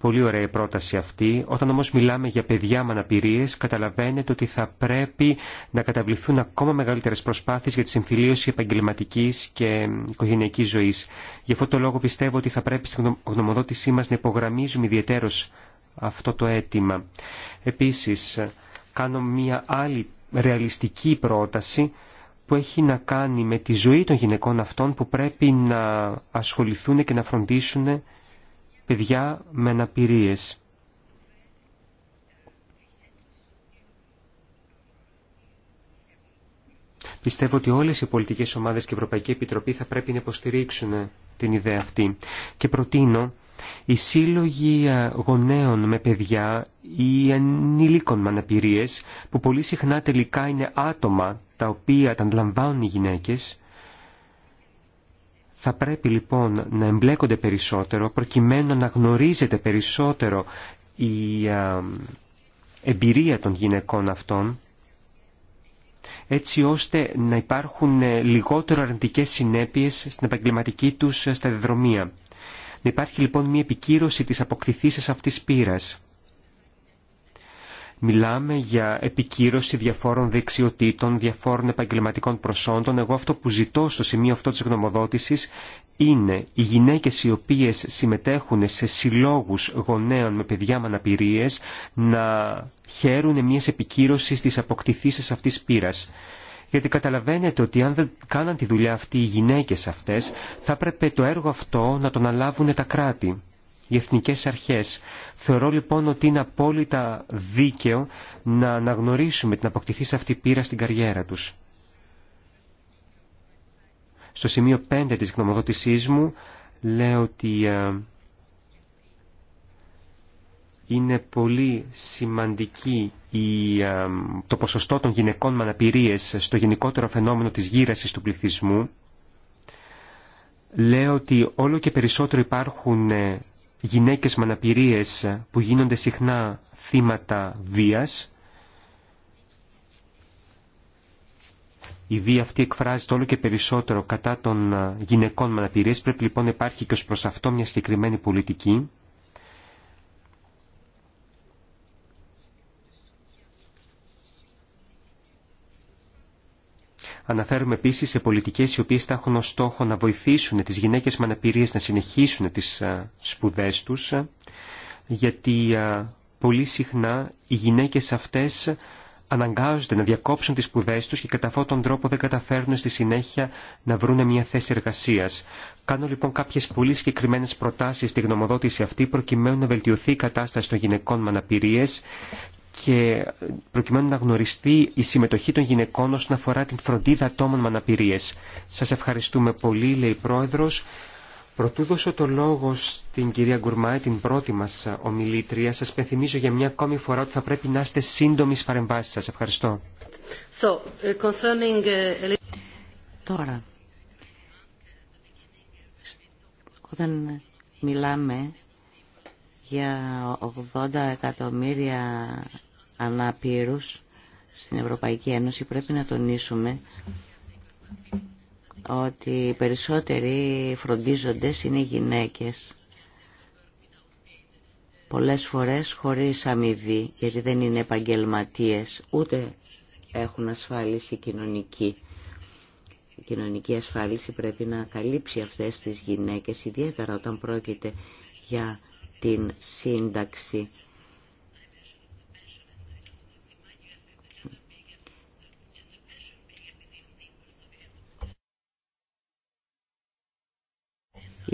Πολύ ωραία η πρόταση αυτή. Όταν όμως μιλάμε για παιδιά με αναπηρίες, καταλαβαίνετε ότι θα πρέπει να καταβληθούν ακόμα μεγαλύτερες προσπάθειες για τη συμφιλίωση επαγγελματικής και οικογενειακής ζωής. Γι' αυτό το λόγο πιστεύω ότι θα πρέπει στην γνωμοδότησή μας να υπογραμμίζουμε ιδιαίτερως αυτό το αίτημα. Επίσης, κάνω μία άλλη ρεαλιστική πρόταση που έχει να κάνει με τη ζωή των γυναικών αυτών που πρέπει να ασχοληθούν και να φροντίσουν παιδιά με αναπηρίες. Πιστεύω ότι όλες οι πολιτικές ομάδες και η Ευρωπαϊκή Επιτροπή θα πρέπει να υποστηρίξουν την ιδέα αυτή. Και προτείνω οι σύλλογοι ε, γονέων με παιδιά ή ανηλίκων με αναπηρίες, που πολύ συχνά τελικά είναι άτομα τα οποία τα αντιλαμβάνουν οι γυναίκες, θα πρέπει λοιπόν να εμπλέκονται περισσότερο προκειμένου να γνωρίζεται περισσότερο η εμπειρία των γυναικών αυτών έτσι ώστε να υπάρχουν ε, λιγότερο αρνητικές συνέπειες στην επαγγελματική τους ε, σταδιοδρομία. Να υπάρχει λοιπόν μια επικύρωση της αποκτηθήσεως αυτής πείρας. Μιλάμε για επικύρωση διαφόρων δεξιοτήτων, διαφόρων επαγγελματικών προσόντων. Εγώ αυτό που ζητώ στο σημείο αυτό της γνωμοδότησης είναι οι γυναίκες οι οποίες συμμετέχουν σε συλλόγους γονέων με παιδιά με αναπηρίες να χαίρουν μια επικύρωσης της αποκτηθήσης αυτής πείρας. Γιατί καταλαβαίνετε ότι αν δεν κάναν τη δουλειά αυτή οι γυναίκες αυτές, θα έπρεπε το έργο αυτό να τον αλάβουν τα κράτη οι εθνικές αρχές. Θεωρώ λοιπόν ότι είναι απόλυτα δίκαιο να αναγνωρίσουμε την αποκτηθή σε αυτή πείρα στην καριέρα τους. Στο σημείο 5 της γνωμοδότησής μου λέω ότι ε, είναι πολύ σημαντική η, ε, το ποσοστό των γυναικών με αναπηρίες στο γενικότερο φαινόμενο της γύρασης του πληθυσμού. Λέω ότι όλο και περισσότερο υπάρχουν ε, γυναίκες με αναπηρίες που γίνονται συχνά θύματα βίας. Η βία αυτή εκφράζεται όλο και περισσότερο κατά των γυναικών με αναπηρίες. Πρέπει λοιπόν να υπάρχει και ως προς αυτό μια συγκεκριμένη πολιτική. Αναφέρουμε επίσης σε πολιτικές οι οποίες θα έχουν ως στόχο να βοηθήσουν τις γυναίκες με αναπηρίες να συνεχίσουν τις ε, σπουδές τους, ε, γιατί ε, πολύ συχνά οι γυναίκες αυτές αναγκάζονται να διακόψουν τις σπουδέ τους και κατά αυτόν τον τρόπο δεν καταφέρνουν στη συνέχεια να βρουν μια θέση εργασίας. Κάνω λοιπόν κάποιες πολύ συγκεκριμένε προτάσεις στη γνωμοδότηση αυτή προκειμένου να βελτιωθεί η κατάσταση των γυναικών με αναπηρίες και προκειμένου να γνωριστεί η συμμετοχή των γυναικών όσον αφορά την φροντίδα ατόμων με αναπηρίες. Σας ευχαριστούμε πολύ, λέει η Πρόεδρος. Προτού δώσω το λόγο στην κυρία Γκουρμάη, την πρώτη μας ομιλήτρια, σας πενθυμίζω για μια ακόμη φορά ότι θα πρέπει να είστε σύντομοι στις σας. Ευχαριστώ. So, uh, concerning... Uh, Τώρα, όταν μιλάμε για 80 εκατομμύρια ανάπηρους στην Ευρωπαϊκή Ένωση πρέπει να τονίσουμε ότι οι περισσότεροι φροντίζοντες είναι οι γυναίκες πολλές φορές χωρίς αμοιβή γιατί δεν είναι επαγγελματίες ούτε έχουν ασφάλιση κοινωνική η κοινωνική ασφάλιση πρέπει να καλύψει αυτές τις γυναίκες ιδιαίτερα όταν πρόκειται για την σύνταξη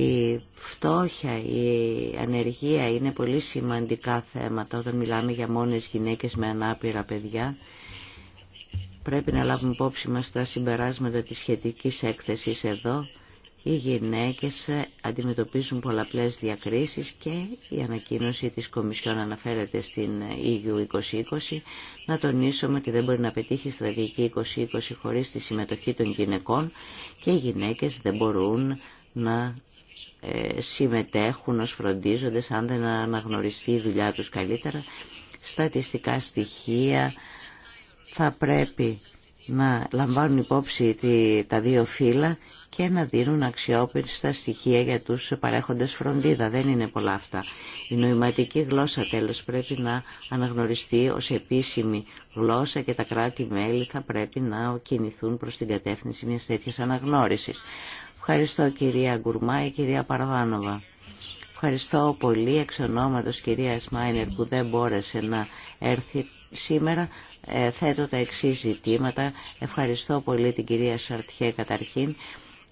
Η φτώχεια, η ανεργία είναι πολύ σημαντικά θέματα όταν μιλάμε για μόνες γυναίκες με ανάπηρα παιδιά. Πρέπει να λάβουμε υπόψη μας τα συμπεράσματα της σχετικής έκθεσης εδώ. Οι γυναίκες αντιμετωπίζουν πολλαπλές διακρίσεις και η ανακοίνωση της Κομισιόν αναφέρεται στην EU 2020. Να τονίσουμε ότι δεν μπορεί να πετύχει η στρατηγική 2020 χωρίς τη συμμετοχή των γυναικών και οι γυναίκες δεν μπορούν να ε, συμμετέχουν ως φροντίζοντες αν δεν αναγνωριστεί η δουλειά τους καλύτερα. Στατιστικά στοιχεία θα πρέπει να λαμβάνουν υπόψη τα δύο φύλλα και να δίνουν αξιόπιστα στοιχεία για τους παρέχοντες φροντίδα. Δεν είναι πολλά αυτά. Η νοηματική γλώσσα τέλος πρέπει να αναγνωριστεί ως επίσημη γλώσσα και τα κράτη-μέλη θα πρέπει να κινηθούν προς την κατεύθυνση μιας τέτοιας αναγνώρισης. Ευχαριστώ κυρία Γκουρμάη, κυρία Παρβάνοβα. Ευχαριστώ πολύ εξ ονόματος κυρία Σμάινερ που δεν μπόρεσε να έρθει σήμερα. Ε, θέτω τα εξή ζητήματα. Ευχαριστώ πολύ την κυρία Σαρτιέ καταρχήν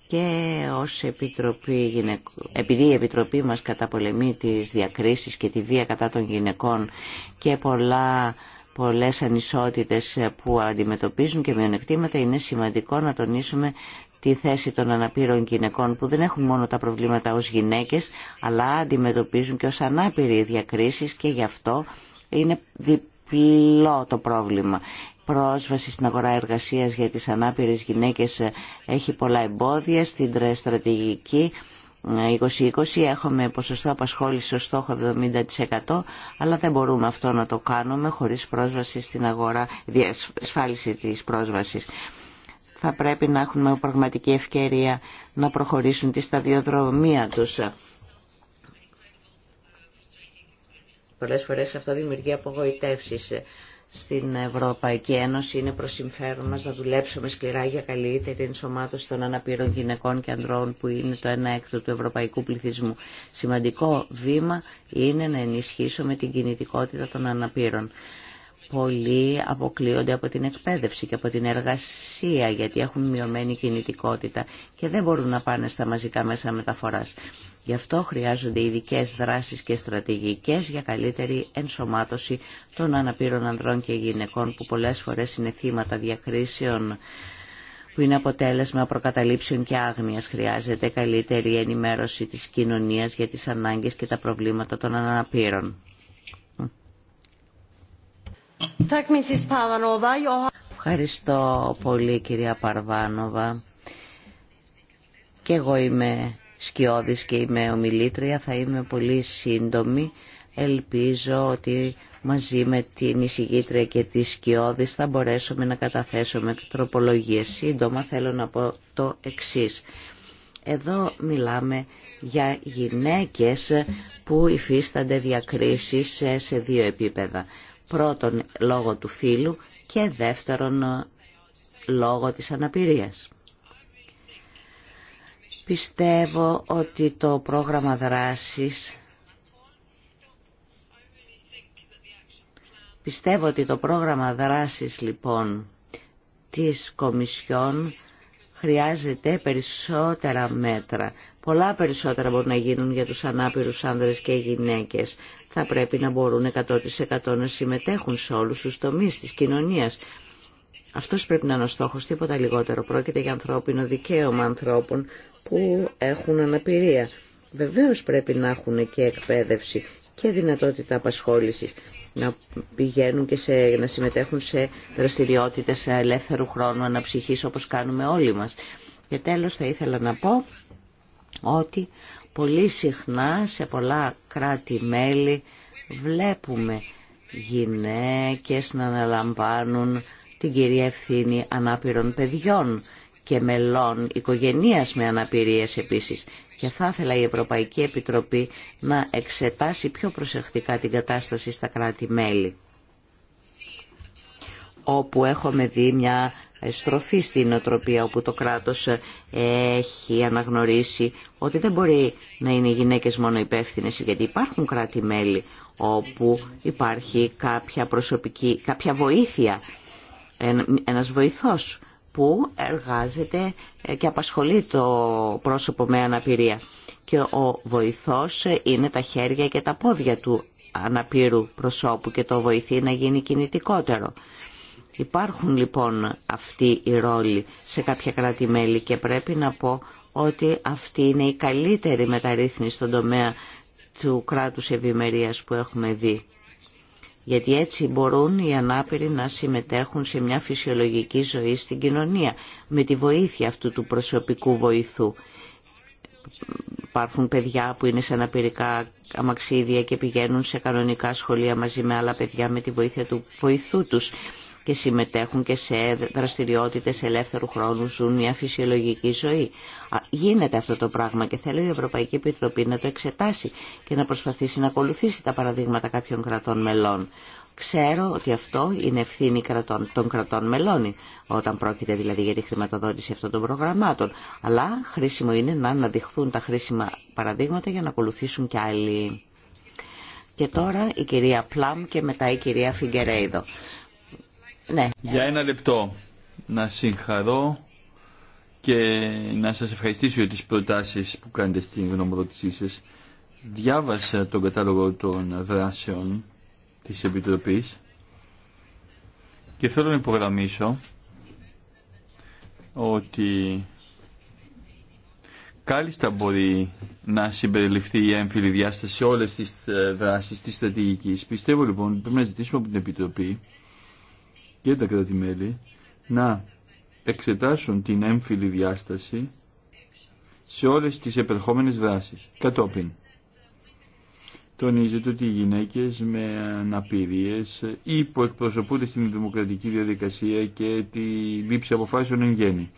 και ως Επιτροπή Γυναικών, επειδή η Επιτροπή μας καταπολεμεί τις διακρίσεις και τη βία κατά των γυναικών και πολλά πολλές ανισότητες που αντιμετωπίζουν και μειονεκτήματα είναι σημαντικό να τονίσουμε τη θέση των αναπήρων γυναικών που δεν έχουν μόνο τα προβλήματα ως γυναίκες αλλά αντιμετωπίζουν και ως ανάπηροι διακρίσεις και γι' αυτό είναι διπλό το πρόβλημα. Πρόσβαση στην αγορά εργασίας για τις ανάπηρες γυναίκες ε, έχει πολλά εμπόδια στην στρατηγική 2020 ε, έχουμε ποσοστό απασχόληση ως στόχο 70% αλλά δεν μπορούμε αυτό να το κάνουμε χωρίς πρόσβαση στην αγορά, διασφάλιση της πρόσβασης θα πρέπει να έχουν πραγματική ευκαιρία να προχωρήσουν τη σταδιοδρομία τους. Πολλές φορές αυτό δημιουργεί απογοητεύσεις στην Ευρωπαϊκή Ένωση. Είναι προς συμφέρον μας να δουλέψουμε σκληρά για καλύτερη ενσωμάτωση των αναπήρων γυναικών και ανδρών που είναι το ένα έκτο του ευρωπαϊκού πληθυσμού. Σημαντικό βήμα είναι να ενισχύσουμε την κινητικότητα των αναπήρων πολλοί αποκλείονται από την εκπαίδευση και από την εργασία γιατί έχουν μειωμένη κινητικότητα και δεν μπορούν να πάνε στα μαζικά μέσα μεταφοράς. Γι' αυτό χρειάζονται ειδικέ δράσεις και στρατηγικές για καλύτερη ενσωμάτωση των αναπήρων ανδρών και γυναικών που πολλές φορές είναι θύματα διακρίσεων που είναι αποτέλεσμα προκαταλήψεων και άγνοιας. Χρειάζεται καλύτερη ενημέρωση της κοινωνίας για τις ανάγκες και τα προβλήματα των αναπήρων. Ευχαριστώ πολύ κυρία Παρβάνοβα. Και εγώ είμαι σκιώδης και είμαι ομιλήτρια, θα είμαι πολύ σύντομη. Ελπίζω ότι μαζί με την εισηγήτρια και τη σκιώδης θα μπορέσουμε να καταθέσουμε τροπολογίες. Σύντομα θέλω να πω το εξής. Εδώ μιλάμε για γυναίκες που υφίστανται διακρίσεις σε δύο επίπεδα πρώτον λόγω του φίλου και δεύτερον ε, λόγω της αναπηρίας. Πιστεύω ότι το πρόγραμμα δράσης Πιστεύω ότι το πρόγραμμα δράσης λοιπόν της Κομισιόν χρειάζεται περισσότερα μέτρα. Πολλά περισσότερα μπορούν να γίνουν για τους ανάπηρους άνδρες και γυναίκες. Θα πρέπει να μπορούν 100% να συμμετέχουν σε όλους τους τομείς της κοινωνίας. Αυτός πρέπει να είναι ο στόχος, τίποτα λιγότερο. Πρόκειται για ανθρώπινο δικαίωμα ανθρώπων που έχουν αναπηρία. Βεβαίως πρέπει να έχουν και εκπαίδευση και δυνατότητα απασχόλησης να πηγαίνουν και σε, να συμμετέχουν σε δραστηριότητες ελεύθερου χρόνου αναψυχής όπως κάνουμε όλοι μας. Και τέλος θα ήθελα να πω ότι πολύ συχνά σε πολλά κράτη-μέλη βλέπουμε γυναίκες να αναλαμβάνουν την κυρία ευθύνη ανάπηρων παιδιών και μελών οικογενείας με αναπηρίες επίσης. Και θα ήθελα η Ευρωπαϊκή Επιτροπή να εξετάσει πιο προσεκτικά την κατάσταση στα κράτη-μέλη όπου έχουμε δει μια στροφή στην νοοτροπία όπου το κράτος έχει αναγνωρίσει ότι δεν μπορεί να είναι οι γυναίκες μόνο υπεύθυνε γιατί υπάρχουν κράτη-μέλη όπου υπάρχει κάποια προσωπική, κάποια βοήθεια, ένας βοηθός που εργάζεται και απασχολεί το πρόσωπο με αναπηρία. Και ο βοηθός είναι τα χέρια και τα πόδια του αναπήρου προσώπου και το βοηθεί να γίνει κινητικότερο. Υπάρχουν λοιπόν αυτοί οι ρόλοι σε κάποια κράτη-μέλη και πρέπει να πω ότι αυτή είναι η καλύτερη μεταρρύθμιση στον τομέα του κράτους ευημερία που έχουμε δει. Γιατί έτσι μπορούν οι ανάπηροι να συμμετέχουν σε μια φυσιολογική ζωή στην κοινωνία με τη βοήθεια αυτού του προσωπικού βοηθού. Υπάρχουν παιδιά που είναι σε αναπηρικά αμαξίδια και πηγαίνουν σε κανονικά σχολεία μαζί με άλλα παιδιά με τη βοήθεια του βοηθού τους και συμμετέχουν και σε δραστηριότητες ελεύθερου χρόνου, ζουν μια φυσιολογική ζωή. Γίνεται αυτό το πράγμα και θέλω η Ευρωπαϊκή Επιτροπή να το εξετάσει και να προσπαθήσει να ακολουθήσει τα παραδείγματα κάποιων κρατών μελών. Ξέρω ότι αυτό είναι ευθύνη κρατών, των κρατών μελών, όταν πρόκειται δηλαδή για τη χρηματοδότηση αυτών των προγραμμάτων. Αλλά χρήσιμο είναι να αναδειχθούν τα χρήσιμα παραδείγματα για να ακολουθήσουν κι άλλοι. Και τώρα η κυρία Πλάμ και μετά η κυρία Φιγκερέιδο. Ναι. Για ένα λεπτό να συγχαρώ και να σας ευχαριστήσω για τις προτάσεις που κάνετε στην γνωμοδότησή σας. Διάβασα τον κατάλογο των δράσεων της Επιτροπής και θέλω να υπογραμμίσω ότι κάλλιστα μπορεί να συμπεριληφθεί η έμφυλη διάσταση σε όλες τις ε, δράσεις της στρατηγικής. Πιστεύω λοιπόν ότι πρέπει να ζητήσουμε από την Επιτροπή και τα κρατη να εξετάσουν την έμφυλη διάσταση σε όλες τις επερχόμενες δράσεις. Κατόπιν, τονίζεται ότι οι γυναίκες με αναπηρίες υποεκπροσωπούνται στην δημοκρατική διαδικασία και τη λήψη αποφάσεων εν γέννη.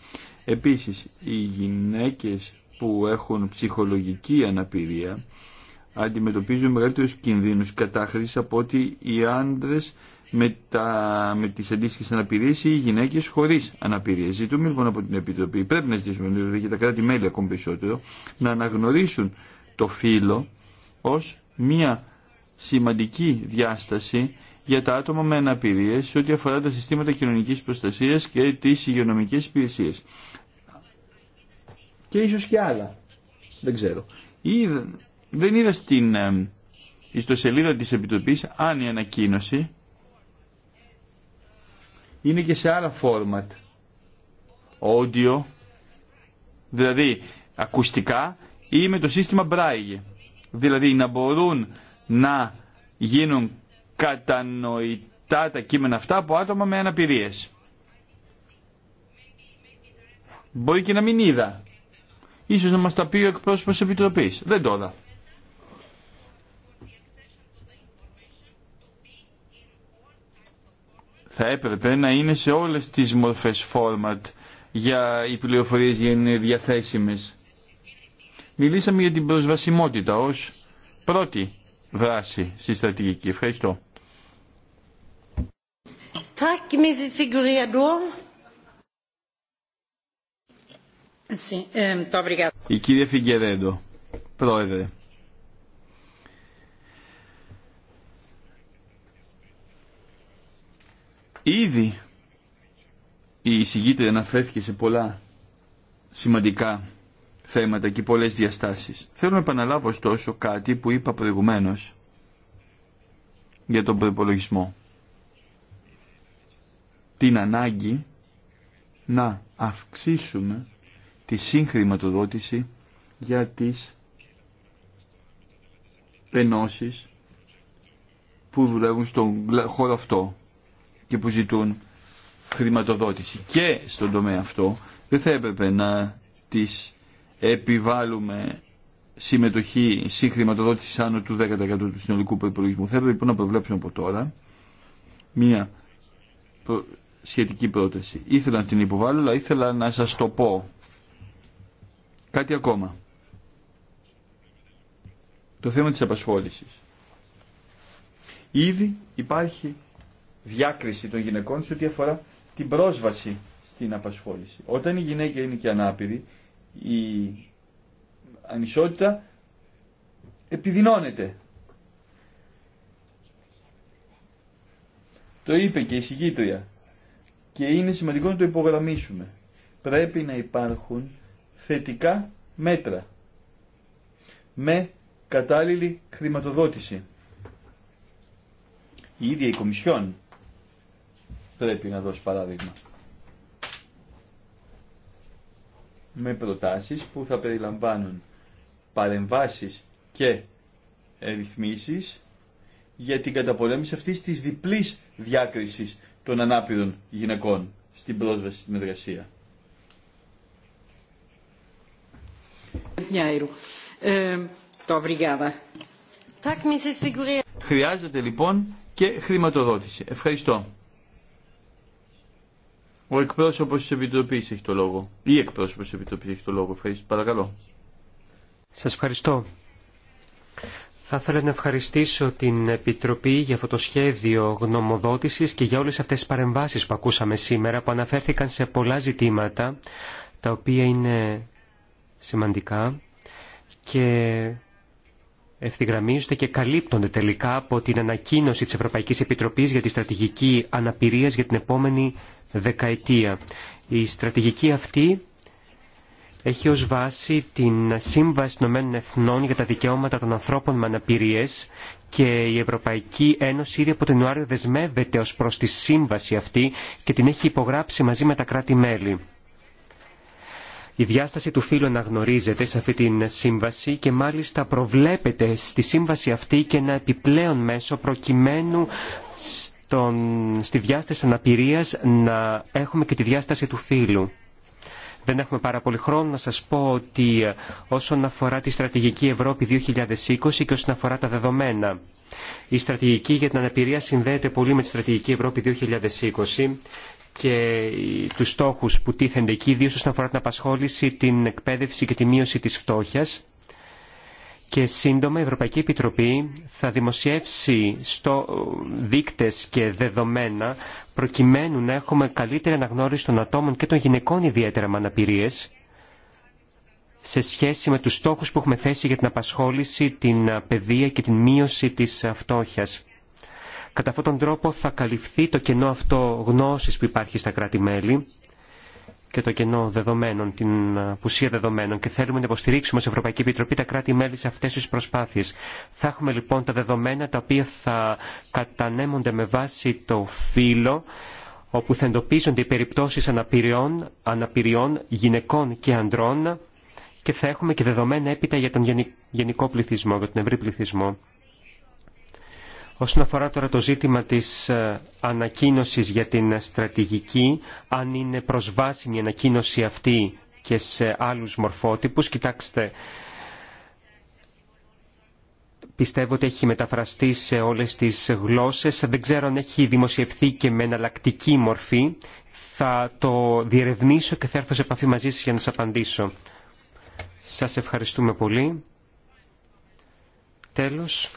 Επίσης, οι γυναίκες που έχουν ψυχολογική αναπηρία αντιμετωπίζουν μεγαλύτερους κινδύνους κατάχρησης από ότι οι άντρες με, τα, με τις αντίστοιχες αναπηρίες ή οι γυναίκες χωρίς αναπηρίες. Ζητούμε λοιπόν από την Επιτροπή, πρέπει να ζητήσουμε δηλαδή και τα κράτη-μέλη ακόμη περισσότερο, να αναγνωρίσουν το φύλλο ως μια σημαντική διάσταση για τα άτομα με αναπηρίες σε ό,τι αφορά τα συστήματα κοινωνικής προστασίας και τις υγειονομικές υπηρεσίες. Και ίσως και άλλα. Δεν ξέρω. δεν είδα στην ε, ιστοσελίδα της Επιτροπής αν η ανακοίνωση είναι και σε άλλα format. Audio, δηλαδή ακουστικά ή με το σύστημα Braille. Δηλαδή να μπορούν να γίνουν κατανοητά τα κείμενα αυτά από άτομα με αναπηρίες. Μπορεί και να μην είδα. Ίσως να μας τα πει ο εκπρόσωπος Επιτροπής. Δεν το είδα. θα έπρεπε να είναι σε όλες τις μορφές format για οι πληροφορίες για να είναι διαθέσιμες. Μιλήσαμε για την προσβασιμότητα ως πρώτη βράση στη στρατηγική. Ευχαριστώ. Η κυρία Φιγκερέντο, πρόεδρε. Ήδη η εισηγήτρια αναφέρθηκε σε πολλά σημαντικά θέματα και πολλές διαστάσεις. Θέλω να επαναλάβω ωστόσο κάτι που είπα προηγουμένως για τον προπολογισμό. Την ανάγκη να αυξήσουμε τη συγχρηματοδότηση για τις ενώσεις που δουλεύουν στον χώρο αυτό και που ζητούν χρηματοδότηση. Και στον τομέα αυτό δεν θα έπρεπε να τις επιβάλλουμε συμμετοχή χρηματοδότηση άνω του 10% του συνολικού προπολογισμού. Θα έπρεπε λοιπόν να προβλέψουμε από τώρα μία σχετική πρόταση. Ήθελα να την υποβάλω, αλλά ήθελα να σας το πω. Κάτι ακόμα. Το θέμα της απασχόλησης. Ήδη υπάρχει διάκριση των γυναικών σε ό,τι αφορά την πρόσβαση στην απασχόληση. Όταν η γυναίκα είναι και ανάπηρη, η ανισότητα επιδεινώνεται. Το είπε και η συγκήτρια και είναι σημαντικό να το υπογραμμίσουμε. Πρέπει να υπάρχουν θετικά μέτρα με κατάλληλη χρηματοδότηση. Η ίδια η Κομισιόν πρέπει να δώσει παράδειγμα. Με προτάσεις που θα περιλαμβάνουν παρεμβάσεις και ρυθμίσεις για την καταπολέμηση αυτής της διπλής διάκρισης των ανάπηρων γυναικών στην πρόσβαση στην εργασία. Ε, Χρειάζεται λοιπόν και χρηματοδότηση. Ευχαριστώ. Ο εκπρόσωπο τη επιτροπή έχει το λόγο. Ή εκπρόσωπο τη επιτροπή έχει το λόγο. Ευχαριστώ. Παρακαλώ. Σα ευχαριστώ. Θα ήθελα να ευχαριστήσω την Επιτροπή για αυτό το σχέδιο γνωμοδότηση και για όλε αυτέ τι παρεμβάσει που ακούσαμε σήμερα που αναφέρθηκαν σε πολλά ζητήματα τα οποία είναι σημαντικά και ευθυγραμμίζονται και καλύπτονται τελικά από την ανακοίνωση της Ευρωπαϊκής Επιτροπής για τη στρατηγική αναπηρίας για την επόμενη δεκαετία. Η στρατηγική αυτή έχει ως βάση την Σύμβαση των Ηνωμένων Εθνών για τα Δικαιώματα των Ανθρώπων με Αναπηρίες και η Ευρωπαϊκή Ένωση ήδη από τον Ιανουάριο δεσμεύεται ως προς τη σύμβαση αυτή και την έχει υπογράψει μαζί με τα κράτη-μέλη η διάσταση του φύλου αναγνωρίζεται σε αυτή τη σύμβαση και μάλιστα προβλέπεται στη σύμβαση αυτή και ένα επιπλέον μέσο προκειμένου στον, στη διάσταση αναπηρίας να έχουμε και τη διάσταση του φύλου. Δεν έχουμε πάρα πολύ χρόνο να σας πω ότι ε, όσον αφορά τη στρατηγική Ευρώπη 2020 και όσον αφορά τα δεδομένα. Η στρατηγική για την αναπηρία συνδέεται πολύ με τη στρατηγική Ευρώπη 2020 και του στόχους που τίθενται εκεί, ιδίω όσον αφορά την απασχόληση, την εκπαίδευση και τη μείωση της φτώχειας. Και σύντομα η Ευρωπαϊκή Επιτροπή θα δημοσιεύσει στο δείκτες και δεδομένα προκειμένου να έχουμε καλύτερη αναγνώριση των ατόμων και των γυναικών ιδιαίτερα με αναπηρίε, σε σχέση με τους στόχους που έχουμε θέσει για την απασχόληση, την παιδεία και την μείωση της φτώχειας. Κατά αυτόν τον τρόπο θα καλυφθεί το κενό αυτό γνώσης που υπάρχει στα κράτη-μέλη και το κενό δεδομένων, την απουσία δεδομένων και θέλουμε να υποστηρίξουμε σε Ευρωπαϊκή Επιτροπή τα κράτη-μέλη σε αυτές τις προσπάθειες. Θα έχουμε λοιπόν τα δεδομένα τα οποία θα κατανέμονται με βάση το φύλλο όπου θα εντοπίζονται οι περιπτώσεις αναπηριών, αναπηριών γυναικών και ανδρών και θα έχουμε και δεδομένα έπειτα για τον γενικό πληθυσμό, για τον ευρύ πληθυσμό. Όσον αφορά τώρα το ζήτημα της ε, ανακοίνωσης για την στρατηγική, αν είναι προσβάσιμη η ανακοίνωση αυτή και σε άλλους μορφότυπους, κοιτάξτε, πιστεύω ότι έχει μεταφραστεί σε όλες τις γλώσσες. Δεν ξέρω αν έχει δημοσιευθεί και με εναλλακτική μορφή. Θα το διερευνήσω και θα έρθω σε επαφή μαζί σας για να σας απαντήσω. Σας ευχαριστούμε πολύ. Τέλος.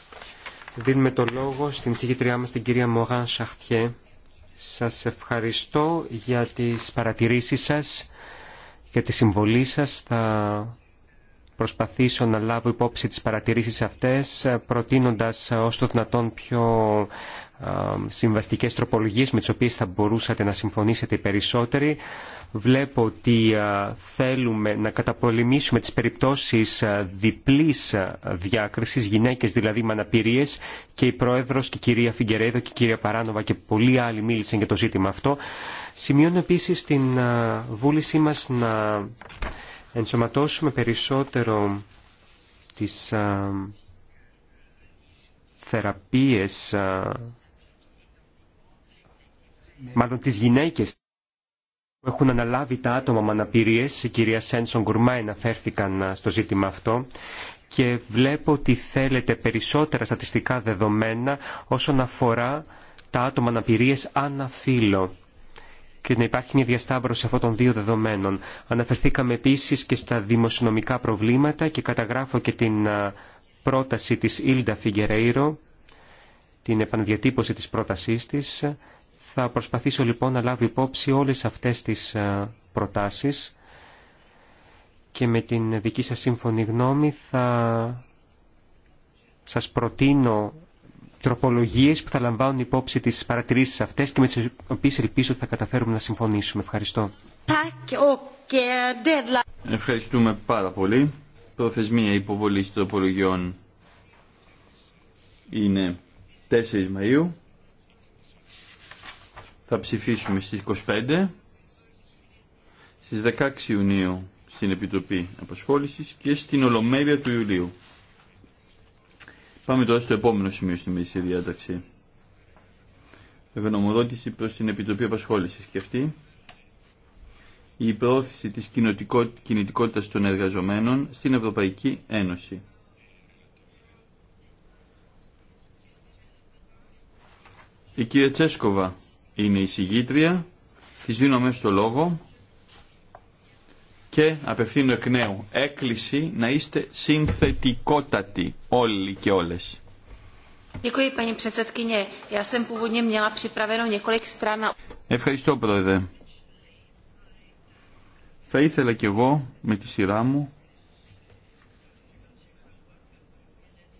Δίνουμε το λόγο στην συγκήτριά μας την κυρία Μωράν Σαχτιέ. Σας ευχαριστώ για τις παρατηρήσεις σας, για τη συμβολή σας. Θα προσπαθήσω να λάβω υπόψη τις παρατηρήσεις αυτές, προτείνοντας ως το δυνατόν πιο συμβαστικές τροπολογίες με τις οποίες θα μπορούσατε να συμφωνήσετε περισσότεροι. Βλέπω ότι ε, θέλουμε να καταπολεμήσουμε τις περιπτώσεις ε, διπλής ε, διάκρισης, γυναίκες δηλαδή με αναπηρίες και η Πρόεδρος και η κυρία Φιγκερέδο και η κυρία Παράνοβα και πολλοί άλλοι μίλησαν για το ζήτημα αυτό. Σημειώνω επίσης την βούλησή μας να ενσωματώσουμε περισσότερο τις θεραπείες μάλλον τις γυναίκες που έχουν αναλάβει τα άτομα με αναπηρίες. Η κυρία Σένσον Γκουρμά αναφέρθηκαν στο ζήτημα αυτό και βλέπω ότι θέλετε περισσότερα στατιστικά δεδομένα όσον αφορά τα άτομα αναπηρίες αναφύλλω και να υπάρχει μια διασταύρωση αυτών των δύο δεδομένων. Αναφερθήκαμε επίσης και στα δημοσιονομικά προβλήματα και καταγράφω και την πρόταση της Ιλντα Φιγκερέιρο, την επανδιατύπωση της πρότασής της θα προσπαθήσω λοιπόν να λάβω υπόψη όλες αυτές τις ε, προτάσεις και με την δική σας σύμφωνη γνώμη θα σας προτείνω τροπολογίες που θα λαμβάνουν υπόψη τις παρατηρήσεις αυτές και με τις οποίες ελπίζω ότι θα καταφέρουμε να συμφωνήσουμε. Ευχαριστώ. Eh, Ευχαριστούμε πάρα πολύ. Προθεσμία υποβολής τροπολογιών είναι 4 Μαΐου θα ψηφίσουμε στις 25, στις 16 Ιουνίου στην Επιτροπή Απασχόλησης και στην Ολομέλεια του Ιουλίου. Πάμε τώρα στο επόμενο σημείο στη μέση διάταξη. Ευγνωμοδότηση προς την Επιτροπή Απασχόλησης και αυτή η προώθηση της κινητικότητας των εργαζομένων στην Ευρωπαϊκή Ένωση. Η κυρία Τσέσκοβα είναι η συγγήτρια, τη δίνω μέσα στο λόγο και απευθύνω εκ νέου έκκληση να είστε συνθετικότατοι όλοι και όλες. Ευχαριστώ πρόεδρε. Θα ήθελα κι εγώ με τη σειρά μου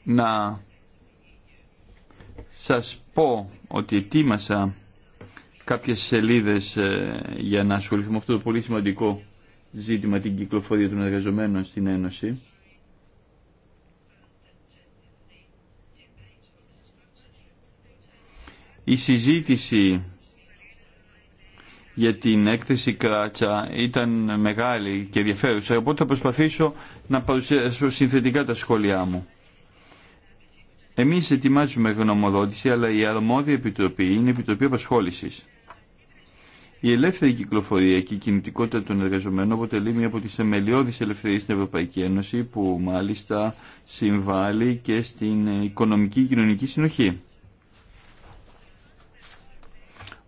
να σας πω ότι ετοίμασα κάποιες σελίδες ε, για να ασχοληθούμε με αυτό το πολύ σημαντικό ζήτημα την κυκλοφορία των εργαζομένων στην Ένωση. Η συζήτηση για την έκθεση Κράτσα ήταν μεγάλη και ενδιαφέρουσα, οπότε θα προσπαθήσω να παρουσιάσω συνθετικά τα σχόλιά μου. Εμείς ετοιμάζουμε γνωμοδότηση, αλλά η αρμόδια επιτροπή είναι η Επιτροπή Απασχόλησης. Η ελεύθερη κυκλοφορία και η κινητικότητα των εργαζομένων αποτελεί μία από τις θεμελιώδεις ελευθερίες στην Ευρωπαϊκή Ένωση που μάλιστα συμβάλλει και στην οικονομική και κοινωνική συνοχή.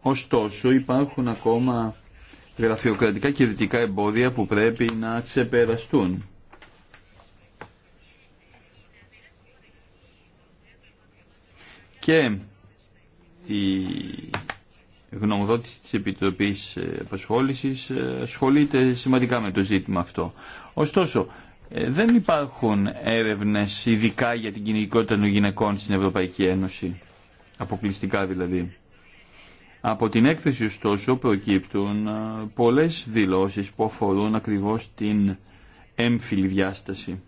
Ωστόσο υπάρχουν ακόμα γραφειοκρατικά και δυτικά εμπόδια που πρέπει να ξεπεραστούν. Και η γνωμοδότηση της Επιτροπής ε, Απασχόλησης ε, ασχολείται σημαντικά με το ζήτημα αυτό. Ωστόσο, ε, δεν υπάρχουν έρευνες ειδικά για την κοινωνικότητα των γυναικών στην Ευρωπαϊκή Ένωση, αποκλειστικά δηλαδή. Από την έκθεση ωστόσο προκύπτουν πολλές δηλώσεις που αφορούν ακριβώς την έμφυλη διάσταση.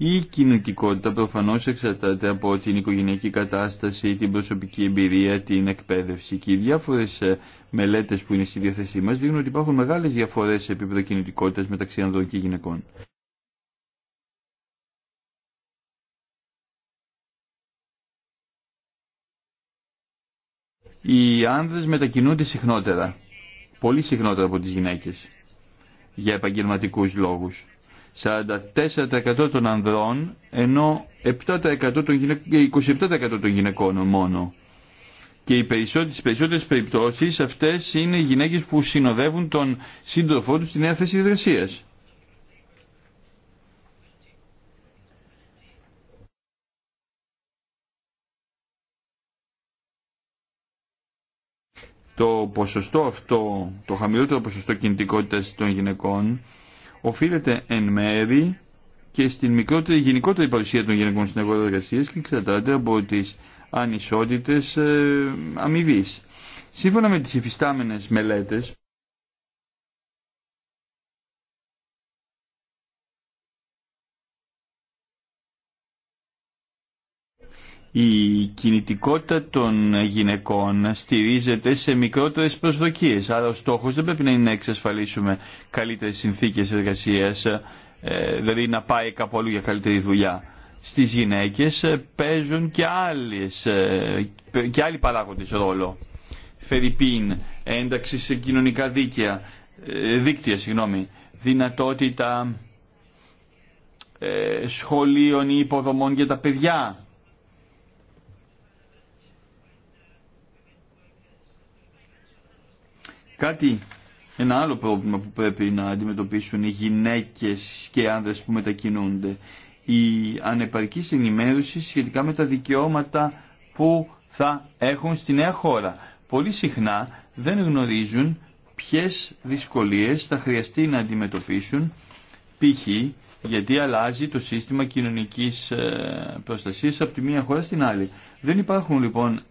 Η κοινωνικότητα προφανώς εξαρτάται από την οικογενειακή κατάσταση, την προσωπική εμπειρία, την εκπαίδευση και οι διάφορε ε, μελέτες που είναι στη διαθέσή μα δείχνουν ότι υπάρχουν μεγάλες διαφορές σε επίπεδο κινητικότητας μεταξύ ανδρών και γυναικών. Οι άνδρες μετακινούνται συχνότερα, πολύ συχνότερα από τις γυναίκες, για επαγγελματικούς λόγους 44% των ανδρών ενώ 7% των 27% ε, των γυναικών μόνο. Και οι περισσότερες, τις περισσότερες περιπτώσεις αυτές είναι γυναίκες που συνοδεύουν τον σύντροφό του στη νέα θέση Το ποσοστό αυτό, το χαμηλότερο ποσοστό κινητικότητας των γυναικών οφείλεται εν μέρη και στην μικρότερη γενικότερη παρουσία των γυναικών στην αγορά εργασία και εξαρτάται από τι ανισότητε ε, αμοιβή. Σύμφωνα με τι υφιστάμενε μελέτε, η κινητικότητα των γυναικών στηρίζεται σε μικρότερες προσδοκίες. Άρα ο στόχος δεν πρέπει να είναι να εξασφαλίσουμε καλύτερες συνθήκες εργασίας, ε, δηλαδή να πάει κάπου αλλού για καλύτερη δουλειά. Στις γυναίκες ε, παίζουν και, άλλες, ε, και άλλοι παράγοντες ρόλο. Φερρυπίν, ένταξη σε κοινωνικά δίκαια, δίκτυα, συγγνώμη, δυνατότητα σχολείων ή υποδομών για τα παιδιά Κάτι, ένα άλλο πρόβλημα που πρέπει να αντιμετωπίσουν οι γυναίκες και οι άνδρες που μετακινούνται. Η ανεπαρκής ενημέρωση σχετικά με τα δικαιώματα που θα έχουν στη νέα χώρα. Πολύ συχνά δεν γνωρίζουν ποιες δυσκολίες θα χρειαστεί να αντιμετωπίσουν π.χ. γιατί αλλάζει το σύστημα κοινωνικής ε, προστασίας από τη μία χώρα στην άλλη. Δεν υπάρχουν λοιπόν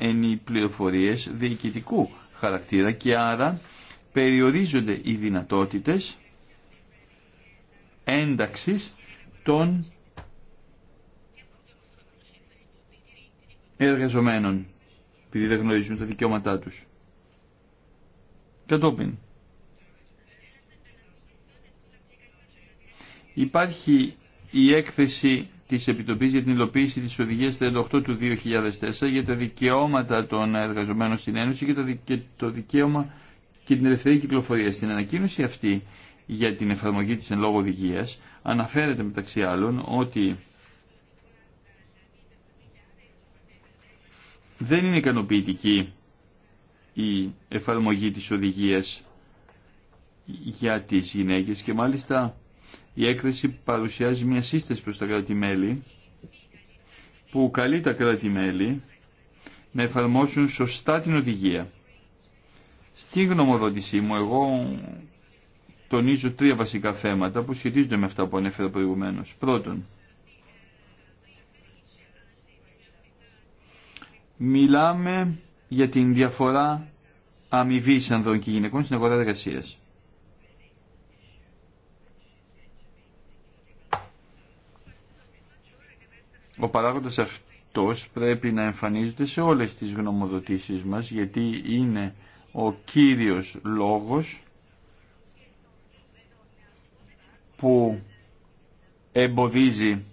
πληροφορίες διοικητικού χαρακτήρα και άρα περιορίζονται οι δυνατότητες ένταξης των εργαζομένων επειδή δεν γνωρίζουν τα δικαιώματά τους. Κατόπιν. Υπάρχει η έκθεση της Επιτροπής για την υλοποίηση της Οδηγίας 38 του 2004 για τα δικαιώματα των εργαζομένων στην Ένωση και το δικαίωμα και την ελευθερία κυκλοφορία. Στην ανακοίνωση αυτή για την εφαρμογή της εν λόγω οδηγίας αναφέρεται μεταξύ άλλων ότι δεν είναι ικανοποιητική η εφαρμογή της οδηγίας για τις γυναίκες και μάλιστα η έκθεση παρουσιάζει μια σύσταση προς τα κράτη-μέλη που καλεί τα κράτη-μέλη να εφαρμόσουν σωστά την οδηγία Στη γνωμοδότησή μου εγώ τονίζω τρία βασικά θέματα που σχετίζονται με αυτά που ανέφερα προηγουμένω. Πρώτον, μιλάμε για την διαφορά αμοιβή ανδρών και γυναικών στην αγορά εργασία. Ο παράγοντας αυτός πρέπει να εμφανίζεται σε όλες τις γνωμοδοτήσεις μας γιατί είναι ο κύριος λόγος που εμποδίζει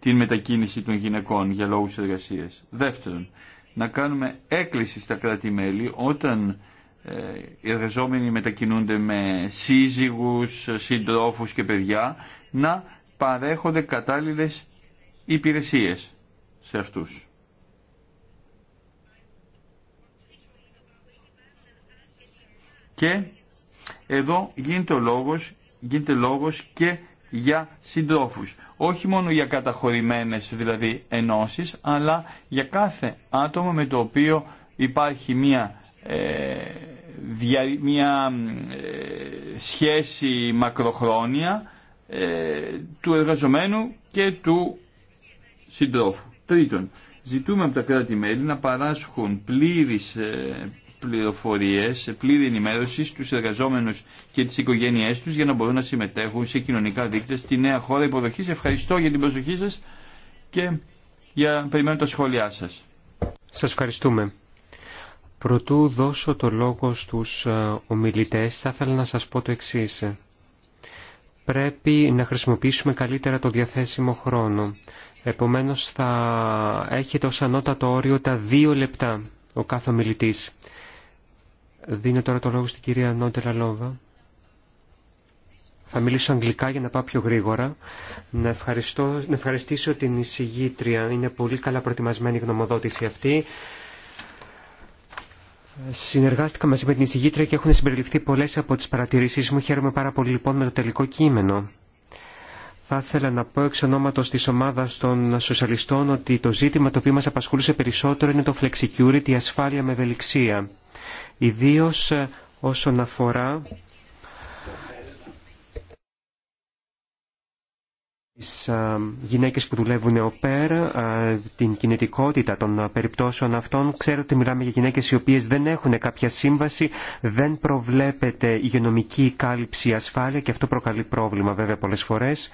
την μετακίνηση των γυναικών για λόγους εργασίας. Δεύτερον, να κάνουμε έκκληση στα κράτη-μέλη όταν ε, οι εργαζόμενοι μετακινούνται με σύζυγους, συντρόφους και παιδιά να παρέχονται κατάλληλες υπηρεσίες σε αυτούς. Και εδώ γίνεται, ο λόγος, γίνεται λόγος και για συντρόφους. Όχι μόνο για καταχωρημένες δηλαδή ενώσεις, αλλά για κάθε άτομο με το οποίο υπάρχει μία, ε, μία ε, σχέση μακροχρόνια ε, του εργαζομένου και του συντρόφου. Τρίτον, ζητούμε από τα κράτη-μέλη να παράσχουν πλήρης πληροφορίες, πλήρη ενημέρωση στους εργαζόμενους και τις οικογένειές τους για να μπορούν να συμμετέχουν σε κοινωνικά δίκτυα στη νέα χώρα υποδοχής. Ευχαριστώ για την προσοχή σας και για περιμένω τα σχόλιά σας. Σας ευχαριστούμε. Προτού δώσω το λόγο στους ε, ομιλητές, θα ήθελα να σας πω το εξής. Πρέπει να χρησιμοποιήσουμε καλύτερα το διαθέσιμο χρόνο. Επομένως θα έχετε ως ανώτατο όριο τα δύο λεπτά ο κάθε ομιλητής. Δίνω τώρα το λόγο στην κυρία Νότερα Λόβα. Θα μιλήσω αγγλικά για να πάω πιο γρήγορα. Να, ευχαριστώ, να ευχαριστήσω την εισηγήτρια. Είναι πολύ καλά προετοιμασμένη η γνωμοδότηση αυτή. Συνεργάστηκα μαζί με την εισηγήτρια και έχουν συμπεριληφθεί πολλές από τις παρατηρήσεις μου. Χαίρομαι πάρα πολύ λοιπόν με το τελικό κείμενο. Θα ήθελα να πω εξ ονόματος τη ομάδα των σοσιαλιστών ότι το ζήτημα το οποίο μας απασχολούσε περισσότερο είναι το flexicurity, ασφάλεια με ευελιξία ιδίως ε, όσον αφορά τις ε, γυναίκες που δουλεύουν οπέρ, ε, την κινητικότητα των περιπτώσεων αυτών. Ξέρω ότι μιλάμε για γυναίκες οι οποίες δεν έχουν κάποια σύμβαση, δεν προβλέπεται υγειονομική κάλυψη ασφάλεια και αυτό προκαλεί πρόβλημα βέβαια πολλές φορές.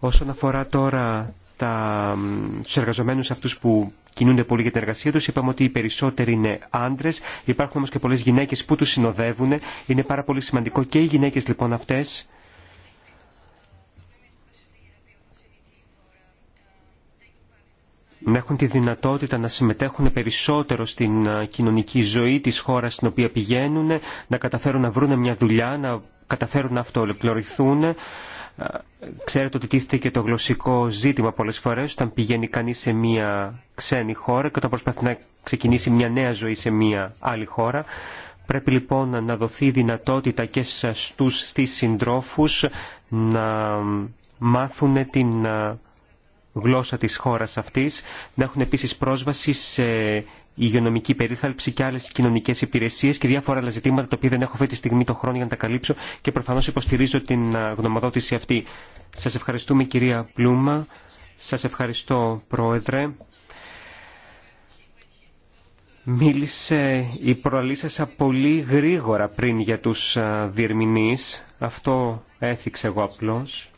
Όσον αφορά τώρα Στου στους εργαζομένους αυτούς που κινούνται πολύ για την εργασία τους. Είπαμε ότι οι περισσότεροι είναι άντρες, υπάρχουν όμως και πολλές γυναίκες που τους συνοδεύουν. Είναι πάρα πολύ σημαντικό και οι γυναίκες λοιπόν αυτές να έχουν τη δυνατότητα να συμμετέχουν περισσότερο στην ε, κοινωνική ζωή της χώρας στην οποία πηγαίνουν, να καταφέρουν να βρουν μια δουλειά, να καταφέρουν να αυτοολοκληρωθούν Ξέρετε ότι τίθεται και το γλωσσικό ζήτημα πολλές φορές όταν πηγαίνει κανείς σε μια ξένη χώρα και όταν προσπαθεί να ξεκινήσει μια νέα ζωή σε μια άλλη χώρα. Πρέπει λοιπόν να δοθεί δυνατότητα και στους στις συντρόφους να μάθουν την ε, γλώσσα της χώρας αυτής, να έχουν επίσης πρόσβαση σε υγειονομική περίθαλψη και άλλε κοινωνικέ υπηρεσίε και διάφορα άλλα ζητήματα τα οποία δεν έχω αυτή τη στιγμή το χρόνο για να τα καλύψω και προφανώ υποστηρίζω την γνωμοδότηση αυτή. Σα ευχαριστούμε κυρία Πλούμα. Σα ευχαριστώ πρόεδρε. Μίλησε η προαλήσασα πολύ γρήγορα πριν για τους διερμηνείς. Αυτό έθιξε εγώ απλώς.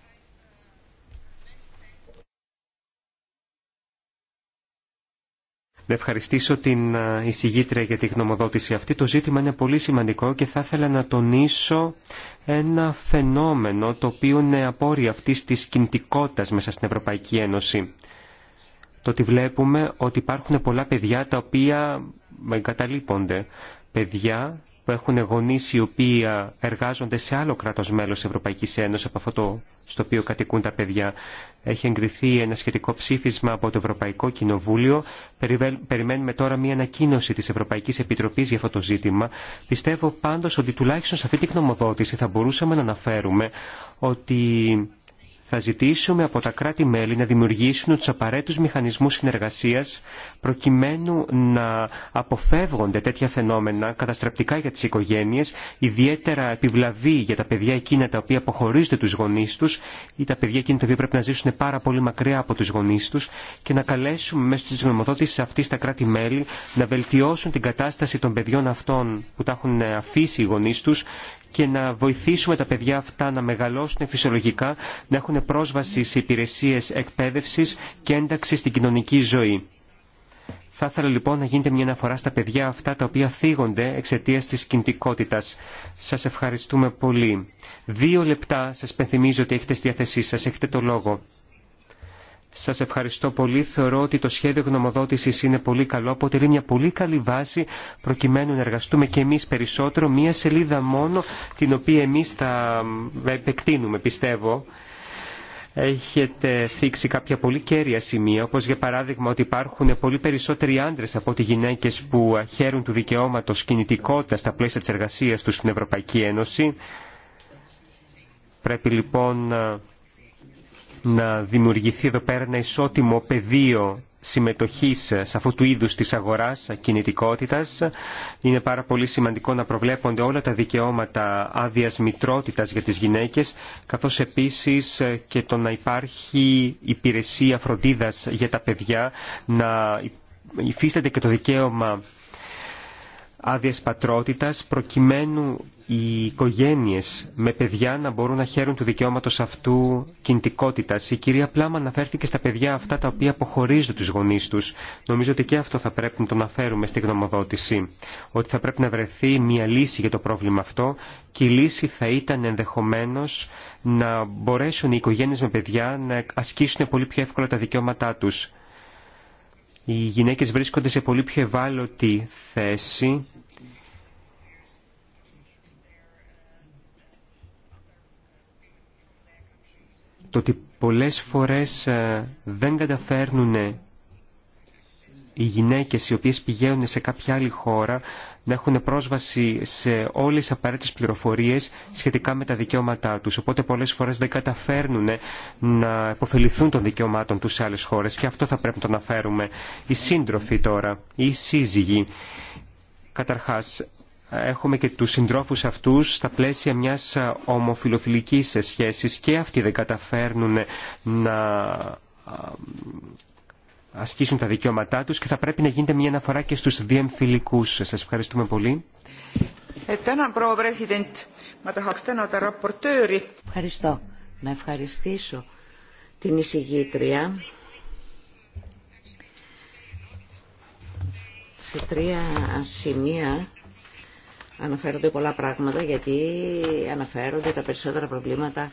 να ευχαριστήσω την ε, εισηγήτρια για τη γνωμοδότηση αυτή. Το ζήτημα είναι πολύ σημαντικό και θα ήθελα να τονίσω ένα φαινόμενο το οποίο είναι απόρρια αυτή τη κινητικότητα μέσα στην Ευρωπαϊκή Ένωση. Το ότι βλέπουμε ότι υπάρχουν πολλά παιδιά τα οποία εγκαταλείπονται. Παιδιά που έχουν γονείς οι οποίοι εργάζονται σε άλλο κράτος μέλος Ευρωπαϊκής Ένωσης από αυτό το στο οποίο κατοικούν τα παιδιά. Έχει εγκριθεί ένα σχετικό ψήφισμα από το Ευρωπαϊκό Κοινοβούλιο. Περιμένουμε τώρα μια ανακοίνωση της Ευρωπαϊκής Επιτροπής για αυτό το ζήτημα. Πιστεύω πάντως ότι τουλάχιστον σε αυτή τη γνωμοδότηση θα μπορούσαμε να αναφέρουμε ότι θα ζητήσουμε από τα κράτη-μέλη να δημιουργήσουν τους απαραίτητους μηχανισμούς συνεργασίας προκειμένου να αποφεύγονται τέτοια φαινόμενα καταστρεπτικά για τις οικογένειες, ιδιαίτερα επιβλαβή για τα παιδιά εκείνα τα οποία αποχωρίζονται τους γονείς τους ή τα παιδιά εκείνα τα οποία πρέπει να ζήσουν πάρα πολύ μακριά από τους γονείς τους και να καλέσουμε μέσω της γνωμοδότησης αυτής τα κράτη-μέλη να βελτιώσουν την κατάσταση των παιδιών αυτών που τα έχουν αφήσει οι γονείς τους και να βοηθήσουμε τα παιδιά αυτά να μεγαλώσουν φυσιολογικά, να έχουν πρόσβαση σε υπηρεσίες εκπαίδευσης και ένταξη στην κοινωνική ζωή. Θα ήθελα λοιπόν να γίνεται μια αναφορά στα παιδιά αυτά τα οποία θίγονται εξαιτία τη κινητικότητα. Σα ευχαριστούμε πολύ. Δύο λεπτά σα πενθυμίζω ότι έχετε στη διάθεσή σα, έχετε το λόγο. Σα ευχαριστώ πολύ. Θεωρώ ότι το σχέδιο γνωμοδότησης είναι πολύ καλό. Αποτελεί μια πολύ καλή βάση προκειμένου να εργαστούμε και εμεί περισσότερο. Μια σελίδα μόνο την οποία εμεί θα επεκτείνουμε πιστεύω έχετε θίξει κάποια πολύ κέρια σημεία, όπω για παράδειγμα ότι υπάρχουν πολύ περισσότεροι άντρε από ότι γυναίκε που χαίρουν του δικαιώματο κινητικότητα στα πλαίσια τη εργασία του στην Ευρωπαϊκή Ένωση. Πρέπει λοιπόν να δημιουργηθεί εδώ πέρα ένα ισότιμο πεδίο συμμετοχής σε αυτού του είδους της αγοράς κινητικότητας. Είναι πάρα πολύ σημαντικό να προβλέπονται όλα τα δικαιώματα άδεια μητρότητας για τις γυναίκες, καθώς επίσης και το να υπάρχει υπηρεσία φροντίδας για τα παιδιά, να υφίσταται και το δικαίωμα άδειε πατρότητας προκειμένου οι οικογένειες με παιδιά να μπορούν να χαίρουν του δικαιώματος αυτού κινητικότητας. Η κυρία Πλάμα αναφέρθηκε στα παιδιά αυτά τα οποία αποχωρίζουν τους γονείς τους. Νομίζω ότι και αυτό θα πρέπει να το αναφέρουμε στη γνωμοδότηση. Ότι θα πρέπει να βρεθεί μια λύση για το πρόβλημα αυτό και η λύση θα ήταν ενδεχομένως να μπορέσουν οι οικογένειες με παιδιά να ασκήσουν πολύ πιο εύκολα τα δικαιώματά τους. Οι γυναίκες βρίσκονται σε πολύ πιο ευάλωτη θέση το ότι πολλές φορές ε, δεν καταφέρνουν οι γυναίκες οι οποίες πηγαίνουν σε κάποια άλλη χώρα να έχουν πρόσβαση σε όλες τις απαραίτητες πληροφορίες σχετικά με τα δικαιώματά τους. Οπότε πολλές φορές δεν καταφέρνουν να υποφεληθούν των δικαιωμάτων τους σε άλλες χώρες και αυτό θα πρέπει να το αναφέρουμε. Οι σύντροφοι τώρα, οι σύζυγοι. Καταρχάς, έχουμε και τους συντρόφους αυτούς στα πλαίσια μιας ομοφιλοφιλικής σχέσης και αυτοί δεν καταφέρνουν να ασκήσουν τα δικαιώματά τους και θα πρέπει να γίνεται μια αναφορά και στους διεμφιλικούς. Σας ευχαριστούμε πολύ. Ευχαριστώ. Να ευχαριστήσω την εισηγήτρια. Σε τρία σημεία αναφέρονται πολλά πράγματα γιατί αναφέρονται τα περισσότερα προβλήματα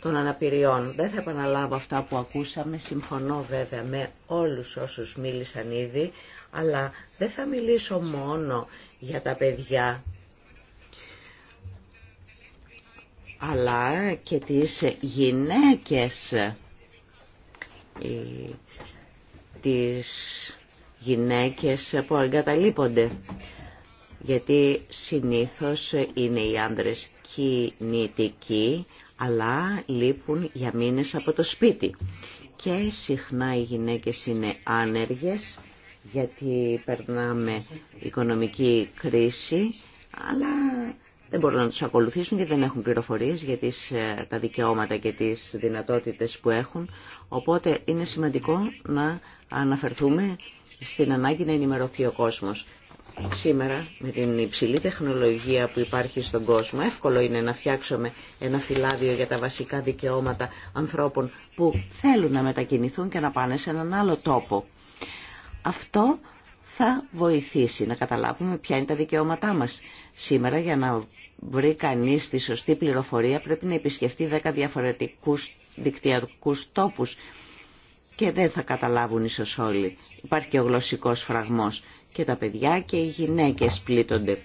των αναπηριών. Δεν θα επαναλάβω αυτά που ακούσαμε, συμφωνώ βέβαια με όλους όσους μίλησαν ήδη, αλλά δεν θα μιλήσω μόνο για τα παιδιά, αλλά και τις γυναίκες, τις γυναίκες που εγκαταλείπονται γιατί συνήθως είναι οι άνδρες κινητικοί, αλλά λείπουν για μήνες από το σπίτι. Και συχνά οι γυναίκες είναι άνεργες, γιατί περνάμε οικονομική κρίση, αλλά δεν μπορούν να τους ακολουθήσουν και δεν έχουν πληροφορίες για ε, τα δικαιώματα και τις δυνατότητες που έχουν. Οπότε είναι σημαντικό να αναφερθούμε στην ανάγκη να ενημερωθεί ο κόσμος. Σήμερα με την υψηλή τεχνολογία που υπάρχει στον κόσμο εύκολο είναι να φτιάξουμε ένα φυλάδιο για τα βασικά δικαιώματα ανθρώπων που θέλουν να μετακινηθούν και να πάνε σε έναν άλλο τόπο. Αυτό θα βοηθήσει να καταλάβουμε ποια είναι τα δικαιώματά μας. Σήμερα για να βρει κανείς τη σωστή πληροφορία πρέπει να επισκεφτεί 10 διαφορετικούς δικτυακούς τόπους και δεν θα καταλάβουν ίσως όλοι. Υπάρχει και ο γλωσσικός φραγμός και τα παιδιά και οι γυναίκες πλήττονται.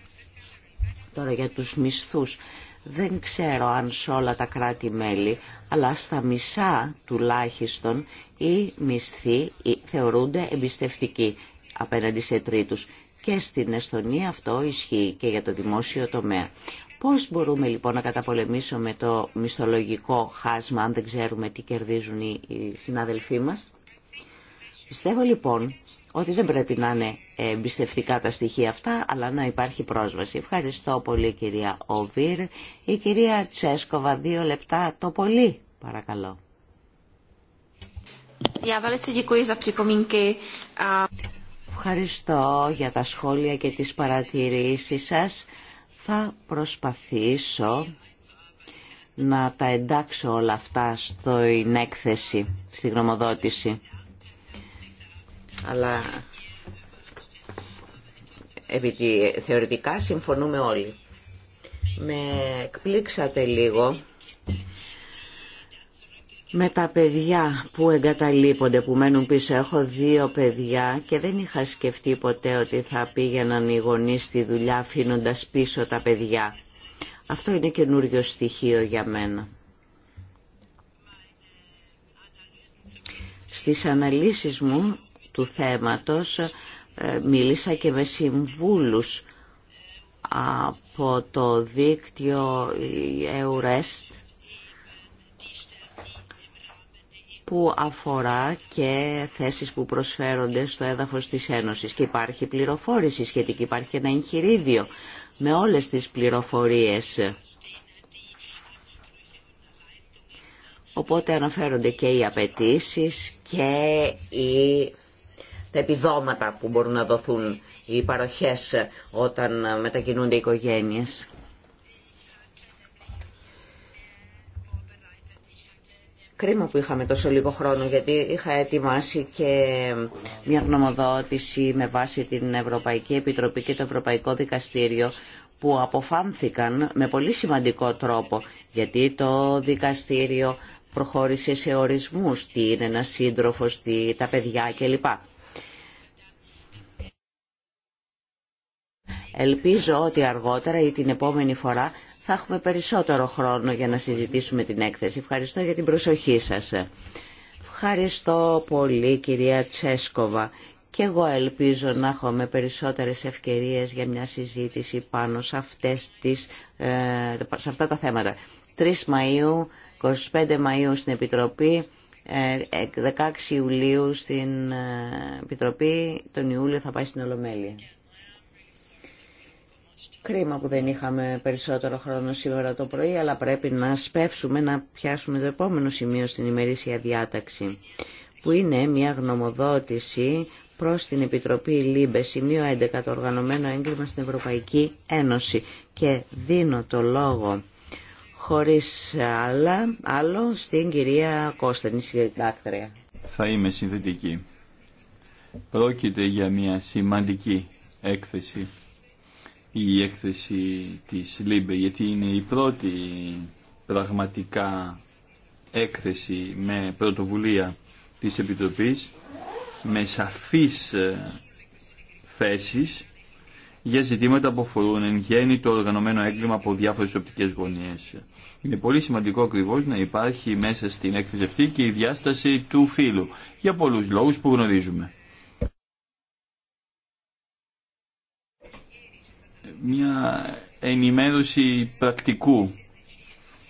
Τώρα για τους μισθούς. Δεν ξέρω αν σε όλα τα κράτη-μέλη, αλλά στα μισά τουλάχιστον οι μισθοί θεωρούνται εμπιστευτικοί απέναντι σε τρίτους. Και στην Εστονία αυτό ισχύει και για το δημόσιο τομέα. Πώς μπορούμε λοιπόν να καταπολεμήσουμε το μισθολογικό χάσμα αν δεν ξέρουμε τι κερδίζουν οι συναδελφοί μας. Πιστεύω λοιπόν ότι δεν πρέπει να είναι εμπιστευτικά τα στοιχεία αυτά, αλλά να υπάρχει πρόσβαση. Ευχαριστώ πολύ κυρία Οβίρ. Η κυρία Τσέσκοβα, δύο λεπτά το πολύ, παρακαλώ. Ευχαριστώ για τα σχόλια και τις παρατηρήσεις σας. Θα προσπαθήσω να τα εντάξω όλα αυτά στην έκθεση, στη γνωμοδότηση αλλά επειδή θεωρητικά συμφωνούμε όλοι. Με εκπλήξατε λίγο με τα παιδιά που εγκαταλείπονται, που μένουν πίσω. Έχω δύο παιδιά και δεν είχα σκεφτεί ποτέ ότι θα πήγαιναν οι γονείς στη δουλειά αφήνοντα πίσω τα παιδιά. Αυτό είναι καινούριο στοιχείο για μένα. Στις αναλύσεις μου του θέματος ε, μίλησα και με συμβούλους από το δίκτυο EUREST που αφορά και θέσεις που προσφέρονται στο έδαφος της Ένωσης. Και υπάρχει πληροφόρηση σχετική, υπάρχει ένα εγχειρίδιο με όλες τις πληροφορίες. Οπότε αναφέρονται και οι απαιτήσει και οι τα επιδόματα που μπορούν να δοθούν οι παροχές όταν μετακινούνται οι οικογένειες. Κρίμα που είχαμε τόσο λίγο χρόνο γιατί είχα ετοιμάσει και μια γνωμοδότηση με βάση την Ευρωπαϊκή Επιτροπή και το Ευρωπαϊκό Δικαστήριο που αποφάνθηκαν με πολύ σημαντικό τρόπο γιατί το δικαστήριο προχώρησε σε ορισμούς τι είναι ένα σύντροφος, τι, τα παιδιά κλπ. Ελπίζω ότι αργότερα ή την επόμενη φορά θα έχουμε περισσότερο χρόνο για να συζητήσουμε την έκθεση. Ευχαριστώ για την προσοχή σας. Ευχαριστώ πολύ κυρία Τσέσκοβα. Και εγώ ελπίζω να έχουμε περισσότερες ευκαιρίες για μια συζήτηση πάνω σε, αυτές τις, ε, σε αυτά τα θέματα. 3 Μαΐου, 25 Μαΐου στην Επιτροπή, 16 ε, Ιουλίου στην ε, Επιτροπή, τον Ιούλιο θα πάει στην Ολομέλεια. Κρίμα που δεν είχαμε περισσότερο χρόνο σήμερα το πρωί, αλλά πρέπει να σπεύσουμε να πιάσουμε το επόμενο σημείο στην ημερήσια διάταξη, που είναι μια γνωμοδότηση προς την Επιτροπή ΛΥΜΠΕ, σημείο 11, το οργανωμένο έγκλημα στην Ευρωπαϊκή Ένωση. Και δίνω το λόγο χωρίς άλλα, άλλο στην κυρία Κώστανη, συντάκτρια. Θα είμαι συνθετική. Πρόκειται για μια σημαντική έκθεση η έκθεση της ΛΥΜΠΕ γιατί είναι η πρώτη πραγματικά έκθεση με πρωτοβουλία της Επιτροπής με σαφείς ε, θέσεις για ζητήματα που αφορούν εν γέννη το οργανωμένο έγκλημα από διάφορες οπτικές γωνίες. Είναι πολύ σημαντικό ακριβώ να υπάρχει μέσα στην έκθεση αυτή και η διάσταση του φύλου για πολλούς λόγους που γνωρίζουμε. μια ενημέρωση πρακτικού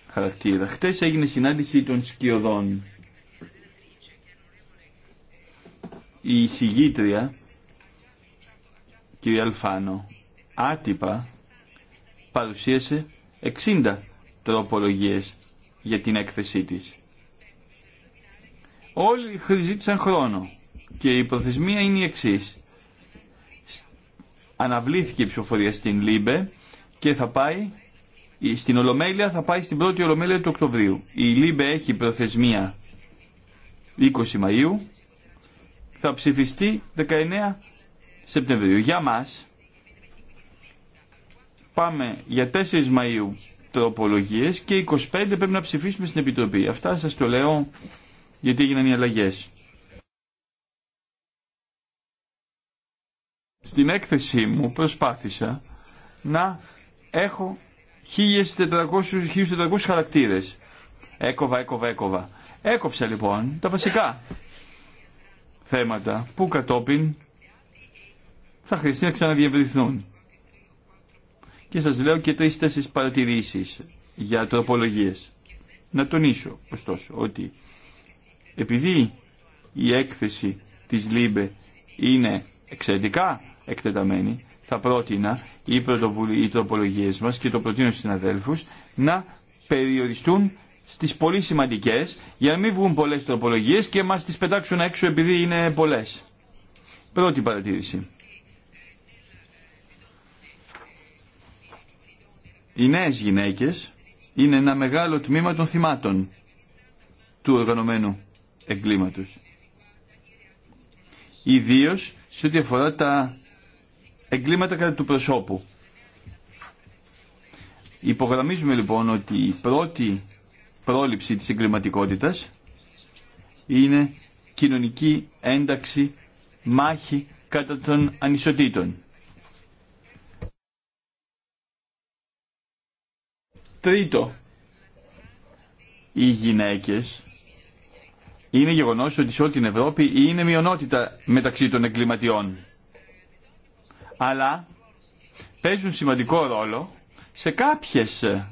χαρακτήρα. Χτες έγινε συνάντηση των σκιωδών. Η συγγήτρια, κυρία Αλφάνο, άτυπα παρουσίασε 60 τροπολογίες για την έκθεσή της. Όλοι χρησιμοποίησαν χρόνο και η προθεσμία είναι η εξής αναβλήθηκε η ψηφοφορία στην Λίμπε και θα πάει στην Ολομέλεια, θα πάει στην πρώτη Ολομέλεια του Οκτωβρίου. Η Λίμπε έχει προθεσμία 20 Μαΐου, θα ψηφιστεί 19 Σεπτεμβρίου. Για μας πάμε για 4 Μαΐου τροπολογίες και 25 πρέπει να ψηφίσουμε στην Επιτροπή. Αυτά σας το λέω γιατί έγιναν οι αλλαγές. Στην έκθεσή μου προσπάθησα να έχω 1400, 1400 χαρακτήρες. Έκοβα, έκοβα, έκοβα. Έκοψα λοιπόν τα βασικά θέματα που κατόπιν θα χρειαστεί να ξαναδιευρυθούν. Και σας λέω και τρεις-τέσσερις παρατηρήσεις για τροπολογίες. Να τονίσω ωστόσο ότι επειδή η έκθεση της ΛΥΜΠΕ είναι εξαιρετικά εκτεταμένη, θα πρότεινα οι, οι τροπολογίε μα και το προτείνω στου συναδέλφου να περιοριστούν στις πολύ σημαντικέ για να μην βγουν πολλές τροπολογίε και μα τι πετάξουν έξω επειδή είναι πολλέ. Πρώτη παρατήρηση. Οι νέε γυναίκες είναι ένα μεγάλο τμήμα των θυμάτων του οργανωμένου εγκλήματος. Ιδίω σε ό,τι αφορά τα εγκλήματα κατά του προσώπου. Υπογραμμίζουμε λοιπόν ότι η πρώτη πρόληψη της εγκληματικότητας είναι κοινωνική ένταξη, μάχη κατά των ανισοτήτων. Τρίτο, οι γυναίκες είναι γεγονός ότι σε όλη την Ευρώπη είναι μειονότητα μεταξύ των εγκληματιών αλλά παίζουν σημαντικό ρόλο σε κάποιες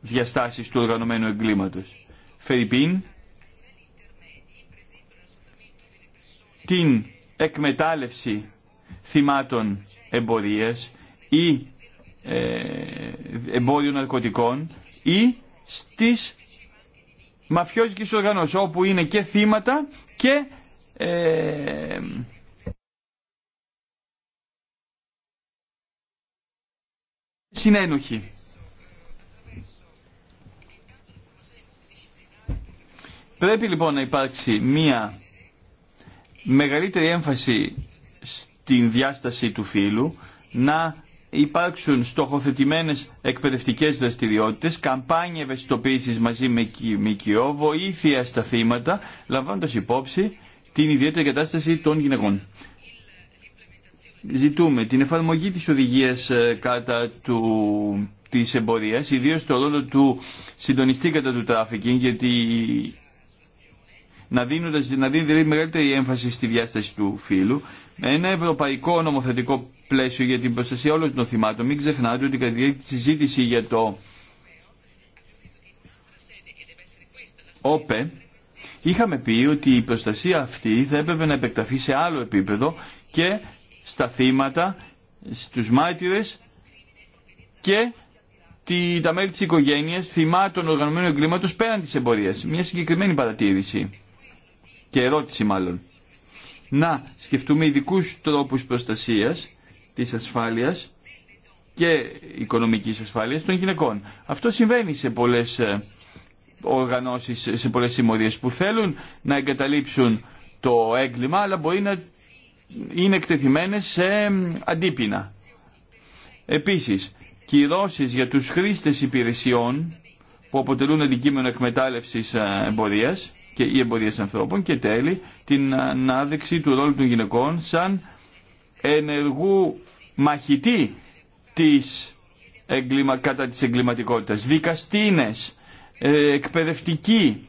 διαστάσεις του οργανωμένου εγκλήματος. Φερρυπίν, την εκμετάλλευση θυμάτων εμπορίας ή ε, εμπόριων ναρκωτικών ή στις μαφιόζικες οργανώσεις όπου είναι και θύματα και ε, συνένοχοι. Πρέπει λοιπόν να υπάρξει μία μεγαλύτερη έμφαση στην διάσταση του φύλου, να υπάρξουν στοχοθετημένες εκπαιδευτικές δραστηριότητες, καμπάνια ευαισθητοποίησης μαζί με ΜΚΟ, βοήθεια στα θύματα, λαμβάνοντας υπόψη την ιδιαίτερη κατάσταση των γυναικών ζητούμε την εφαρμογή της οδηγίας ε, κατά του, της εμπορίας, ιδίως το ρόλο του συντονιστή κατά του τράφικινγκ, γιατί να, δίνοντας, να δίνει δηλαδή μεγαλύτερη έμφαση στη διάσταση του φύλου, ένα ευρωπαϊκό νομοθετικό πλαίσιο για την προστασία όλων των θυμάτων. Μην ξεχνάτε ότι κατά τη συζήτηση για το ΟΠΕ, είχαμε πει ότι η προστασία αυτή θα έπρεπε να επεκταθεί σε άλλο επίπεδο και στα θύματα, στους μάρτυρες και τα μέλη της οικογένειας θυμάτων οργανωμένου εγκλήματος πέραν της εμπορίας. Μια συγκεκριμένη παρατήρηση και ερώτηση μάλλον. Να σκεφτούμε ειδικού τρόπους προστασίας της ασφάλειας και οικονομικής ασφάλειας των γυναικών. Αυτό συμβαίνει σε πολλές ε, οργανώσεις, σε πολλές συμμορίες που θέλουν να εγκαταλείψουν το έγκλημα αλλά μπορεί να είναι εκτεθειμένες σε αντίπεινα. Επίσης, κυρώσεις για τους χρήστες υπηρεσιών που αποτελούν αντικείμενο εκμετάλλευσης ε, εμπορίας και ή εμπορίας ανθρώπων και τέλει την ε, ανάδειξη του ρόλου των γυναικών σαν ενεργού μαχητή της εγκλημα, κατά της εγκληματικότητας, δικαστίνες, ε, εκπαιδευτικοί,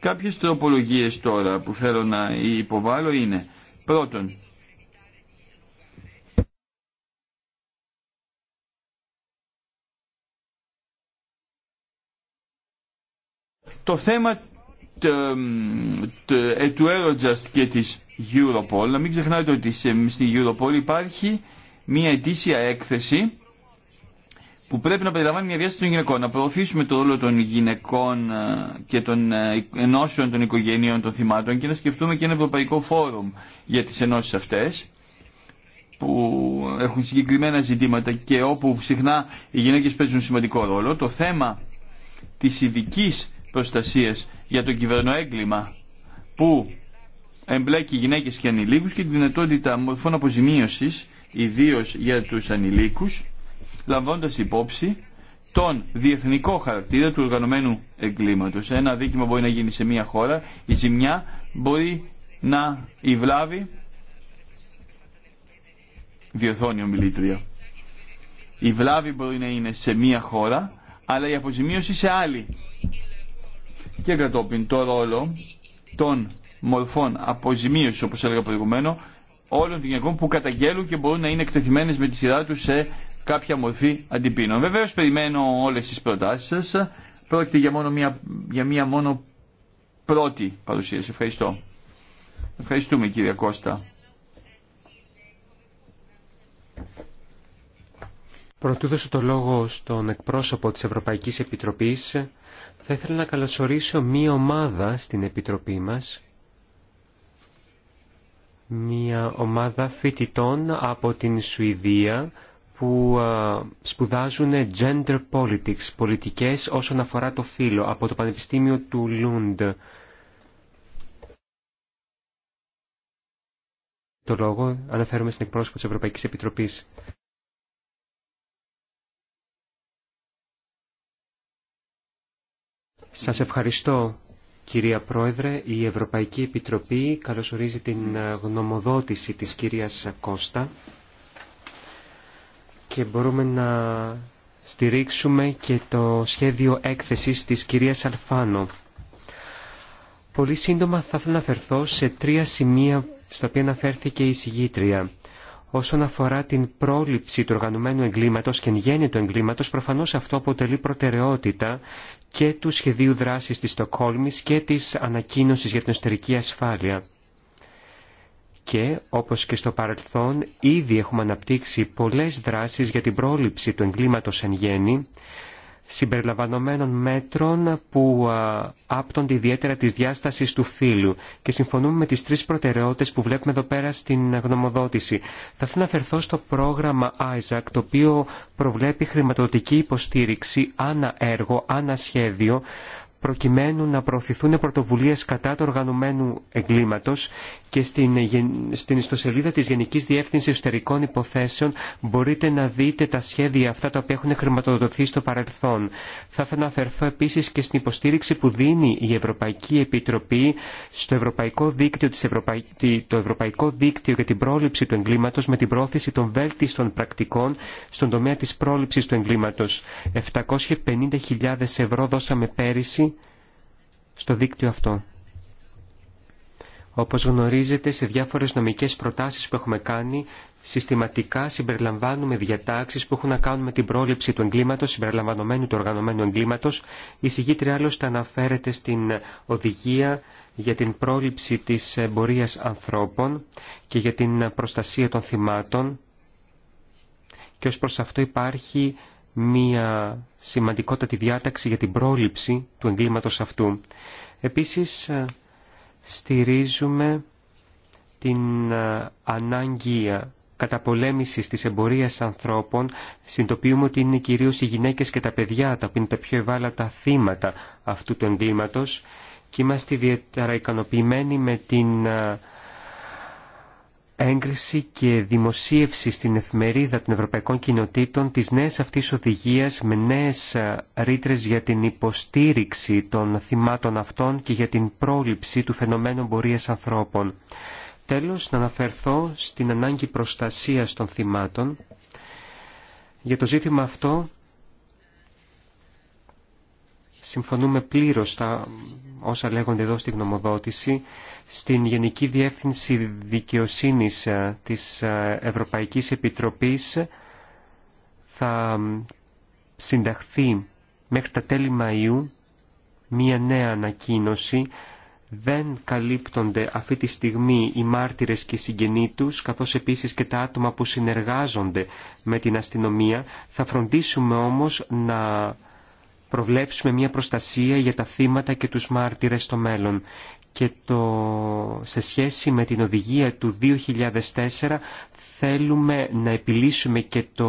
Κάποιες τροπολογίες τώρα που θέλω να υποβάλω είναι πρώτον το θέμα του Eurojust και της Europol να μην ξεχνάτε ότι στην Europol υπάρχει μια ετήσια έκθεση που πρέπει να περιλαμβάνει μια διάσταση των γυναικών. Να προωθήσουμε το ρόλο των γυναικών ε, και των ε, ενώσεων των οικογενείων των θυμάτων και να σκεφτούμε και ένα ευρωπαϊκό φόρουμ για τις ενώσεις αυτές που έχουν συγκεκριμένα ζητήματα και όπου συχνά οι γυναίκες παίζουν σημαντικό ρόλο. Το θέμα της ειδική προστασίας για το κυβερνοέγκλημα που εμπλέκει γυναίκες και ανηλίκους και τη δυνατότητα μορφών αποζημίωσης ιδίως για τους ανηλίκους λαμβάνοντας υπόψη τον διεθνικό χαρακτήρα του οργανωμένου εγκλήματος. Ένα δίκημα μπορεί να γίνει σε μια χώρα, η ζημιά μπορεί να η βλάβη ο ομιλήτρια. Η βλάβη μπορεί να είναι σε μία χώρα, αλλά η αποζημίωση σε άλλη. Και κατόπιν το ρόλο των μορφών αποζημίωσης, όπως έλεγα προηγουμένως, όλων των γυναικών που καταγγέλουν και μπορούν να είναι εκτεθειμένες με τη σειρά του σε κάποια μορφή αντιπίνων. Βεβαίω περιμένω όλες τις προτάσεις σας. Πρόκειται για, μόνο μια, για μια μόνο πρώτη παρουσίαση. Ευχαριστώ. Ευχαριστούμε κύριε Κώστα. Πρωτού δώσω το λόγο στον εκπρόσωπο της Ευρωπαϊκής Επιτροπής, θα ήθελα να καλωσορίσω μία ομάδα στην Επιτροπή μας, μια ομάδα φοιτητών από την Σουηδία που σπουδάζουν gender politics, πολιτικές όσον αφορά το φύλλο, από το Πανεπιστήμιο του Λούντ. Το λόγο αναφέρομαι στην εκπρόσωπο της Ευρωπαϊκής Επιτροπής. Σας ευχαριστώ Κυρία Πρόεδρε, η Ευρωπαϊκή Επιτροπή καλωσορίζει την ε, γνωμοδότηση της κυρίας Κώστα και μπορούμε να στηρίξουμε και το σχέδιο έκθεσης της κυρίας Αλφάνο. Πολύ σύντομα θα ήθελα να αφαιρθώ σε τρία σημεία στα οποία αναφέρθηκε η συγγήτρια. Όσον αφορά την πρόληψη του οργανωμένου εγκλήματος και εν γέννη του εγκλήματος, προφανώς αυτό αποτελεί προτεραιότητα και του σχεδίου δράσης της Στοκόλμης και της ανακοίνωσης για την εσωτερική ασφάλεια. Και, όπως και στο παρελθόν, ήδη έχουμε αναπτύξει πολλές δράσεις για την πρόληψη του εγκλήματος εν γέννη, συμπεριλαμβανομένων μέτρων που άπτονται ιδιαίτερα της διάστασης του φύλου και συμφωνούμε με τις τρεις προτεραιότητες που βλέπουμε εδώ πέρα στην γνωμοδότηση. Θα ήθελα να αφαιρθώ στο πρόγραμμα ISAC το οποίο προβλέπει χρηματοδοτική υποστήριξη ανά έργο, ανά σχέδιο προκειμένου να προωθηθούν πρωτοβουλίες κατά του οργανωμένου εγκλήματος και στην, στην ιστοσελίδα της Γενικής Διεύθυνσης Εσωτερικών Υποθέσεων μπορείτε να δείτε τα σχέδια αυτά τα οποία έχουν χρηματοδοτηθεί στο παρελθόν. Θα ήθελα να αφαιρθώ επίσης και στην υποστήριξη που δίνει η Ευρωπαϊκή Επιτροπή στο Ευρωπαϊκό Δίκτυο, της το Ευρωπαϊκό Δίκτυο για την πρόληψη του εγκλήματος με την πρόθεση των βέλτιστων πρακτικών στον τομέα της πρόληψης του εγκλήματος. 750.000 ευρώ δώσαμε πέρυσι στο δίκτυο αυτό. Όπως γνωρίζετε, σε διάφορες νομικές προτάσεις που έχουμε κάνει, συστηματικά συμπεριλαμβάνουμε διατάξεις που έχουν να κάνουν με την πρόληψη του εγκλήματος, συμπεριλαμβανομένου του οργανωμένου εγκλήματος. Η συγγήτρια άλλωστε αναφέρεται στην οδηγία για την πρόληψη της εμπορίας ανθρώπων και για την προστασία των θυμάτων. Και ως προς αυτό υπάρχει μία σημαντικότατη διάταξη για την πρόληψη του εγκλήματος αυτού. Επίσης, ε, στηρίζουμε την ε, ανάγκη ε, καταπολέμησης της εμπορίας ανθρώπων. Συντοποιούμε ότι είναι κυρίως οι γυναίκες και τα παιδιά τα οποία είναι τα πιο ευάλωτα θύματα αυτού του εγκλήματος και είμαστε ιδιαίτερα ικανοποιημένοι με την έγκριση και δημοσίευση στην εφημερίδα των Ευρωπαϊκών Κοινοτήτων της νέας αυτής οδηγίας με νέες ε, ρήτρε για την υποστήριξη των θυμάτων αυτών και για την πρόληψη του φαινομένου πορεία ανθρώπων. Τέλος, να αναφερθώ στην ανάγκη προστασίας των θυμάτων. Για το ζήτημα αυτό συμφωνούμε πλήρως όσα λέγονται εδώ στη γνωμοδότηση στην Γενική Διεύθυνση Δικαιοσύνης ε, της ε, Ευρωπαϊκής Επιτροπής θα συνταχθεί μέχρι τα τέλη Μαΐου μία νέα ανακοίνωση δεν καλύπτονται αυτή τη στιγμή οι μάρτυρες και οι συγγενείς τους, καθώς επίσης και τα άτομα που συνεργάζονται με την αστυνομία. Θα φροντίσουμε όμως να προβλέψουμε μια προστασία για τα θύματα και τους μάρτυρες στο μέλλον. Και το, σε σχέση με την οδηγία του 2004 θέλουμε να επιλύσουμε και το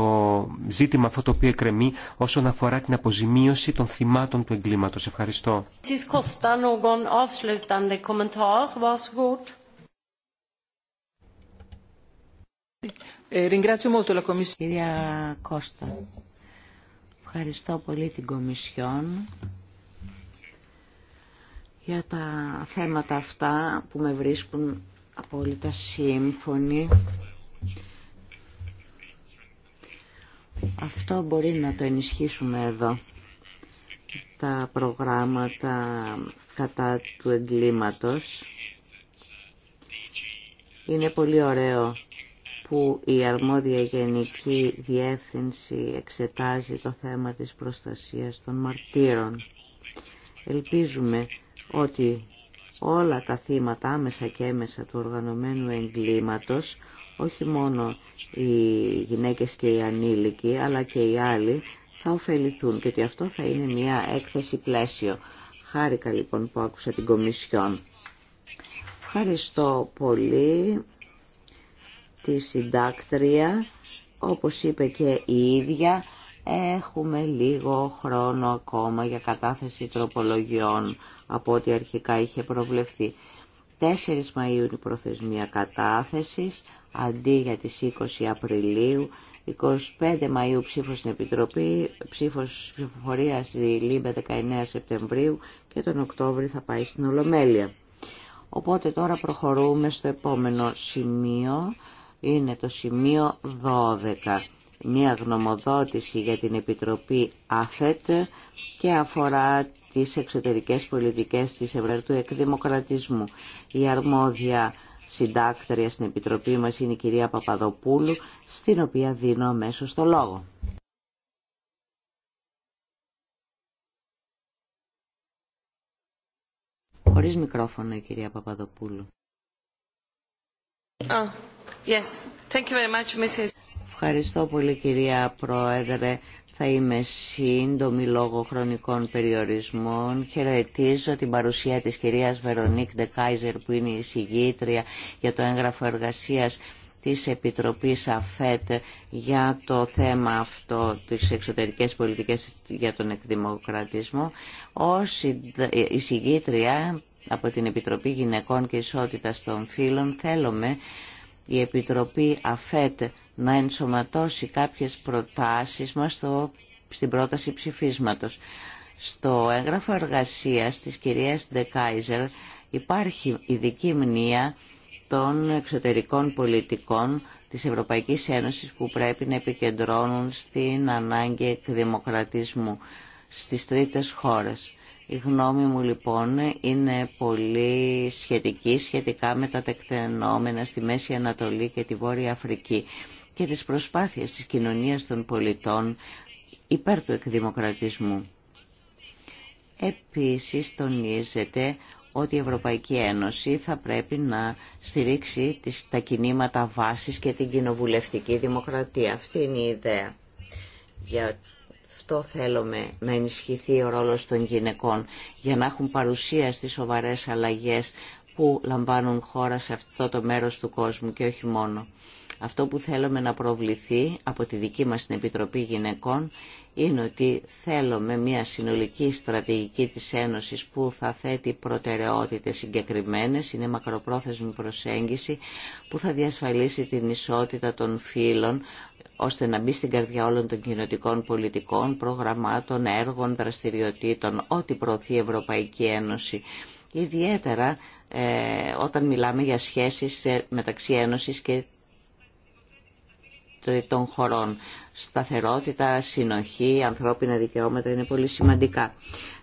ζήτημα αυτό το οποίο εκκρεμεί όσον αφορά την αποζημίωση των θυμάτων του εγκλήματος. Ευχαριστώ. Eh, Κώστα, Ευχαριστώ πολύ την Κομισιόν για τα θέματα αυτά που με βρίσκουν απόλυτα σύμφωνοι. Αυτό μπορεί να το ενισχύσουμε εδώ. Τα προγράμματα κατά του εγκλήματος. Είναι πολύ ωραίο που η αρμόδια γενική διεύθυνση εξετάζει το θέμα της προστασίας των μαρτύρων. Ελπίζουμε ότι όλα τα θύματα άμεσα και έμεσα του οργανωμένου εγκλήματος, όχι μόνο οι γυναίκες και οι ανήλικοι, αλλά και οι άλλοι, θα ωφεληθούν και ότι αυτό θα είναι μια έκθεση πλαίσιο. Χάρηκα λοιπόν που άκουσα την Κομισιόν. Ευχαριστώ πολύ τη συντάκτρια. Όπως είπε και η ίδια, έχουμε λίγο χρόνο ακόμα για κατάθεση τροπολογιών από ό,τι αρχικά είχε προβλεφθεί. 4 Μαΐου η προθεσμία κατάθεσης, αντί για τις 20 Απριλίου, 25 Μαΐου ψήφος στην Επιτροπή, ψήφος ψηφοφορία στη Λίμπε 19 Σεπτεμβρίου και τον Οκτώβριο θα πάει στην Ολομέλεια. Οπότε τώρα προχωρούμε στο επόμενο σημείο είναι το σημείο 12. Μια γνωμοδότηση για την Επιτροπή ΑΦΕΤ και αφορά τις εξωτερικές πολιτικές της Ευρωπαϊκού Εκδημοκρατισμού. Η αρμόδια συντάκτρια στην Επιτροπή μας είναι η κυρία Παπαδοπούλου, στην οποία δίνω αμέσω το λόγο. Χωρίς μικρόφωνο η κυρία Παπαδοπούλου. Α, Ευχαριστώ πολύ κυρία Πρόεδρε. Θα είμαι σύντομη λόγω χρονικών περιορισμών. Χαιρετίζω την παρουσία της κυρίας Βερονίκ Ντεκάιζερ που είναι η συγγήτρια για το έγγραφο εργασίας της Επιτροπής ΑΦΕΤ για το θέμα αυτό της εξωτερικές πολιτικές για τον εκδημοκρατισμό. Ως η συγγήτρια από την Επιτροπή Γυναικών και Ισότητας των Φύλων θέλουμε η Επιτροπή ΑΦΕΤ να ενσωματώσει κάποιες προτάσεις μας στο, στην πρόταση ψηφίσματος. Στο έγγραφο εργασίας της κυρίας Ντεκάιζερ υπάρχει ειδική μνήα των εξωτερικών πολιτικών της Ευρωπαϊκής Ένωσης που πρέπει να επικεντρώνουν στην ανάγκη εκδημοκρατισμού στις τρίτες χώρες. Η γνώμη μου λοιπόν είναι πολύ σχετική σχετικά με τα τεκτενόμενα στη Μέση Ανατολή και τη Βόρεια Αφρική και τις προσπάθειες της κοινωνίας των πολιτών υπέρ του εκδημοκρατισμού. Επίσης τονίζεται ότι η Ευρωπαϊκή Ένωση θα πρέπει να στηρίξει τις, τα κινήματα βάσης και την κοινοβουλευτική δημοκρατία. Αυτή είναι η ιδέα αυτό θέλουμε να ενισχυθεί ο ρόλος των γυναικών για να έχουν παρουσία στις σοβαρές αλλαγές που λαμβάνουν χώρα σε αυτό το μέρος του κόσμου και όχι μόνο. Αυτό που θέλουμε να προβληθεί από τη δική μας την Επιτροπή Γυναικών είναι ότι θέλουμε μια συνολική στρατηγική της Ένωσης που θα θέτει προτεραιότητες συγκεκριμένες, είναι μακροπρόθεσμη προσέγγιση που θα διασφαλίσει την ισότητα των φύλων ώστε να μπει στην καρδιά όλων των κοινωτικών πολιτικών, προγραμμάτων, έργων, δραστηριοτήτων, ό,τι προωθεί η Ευρωπαϊκή Ένωση. Ιδιαίτερα ε, όταν μιλάμε για σχέσεις ε, μεταξύ Ένωσης και των χωρών. Σταθερότητα, συνοχή, ανθρώπινα δικαιώματα είναι πολύ σημαντικά.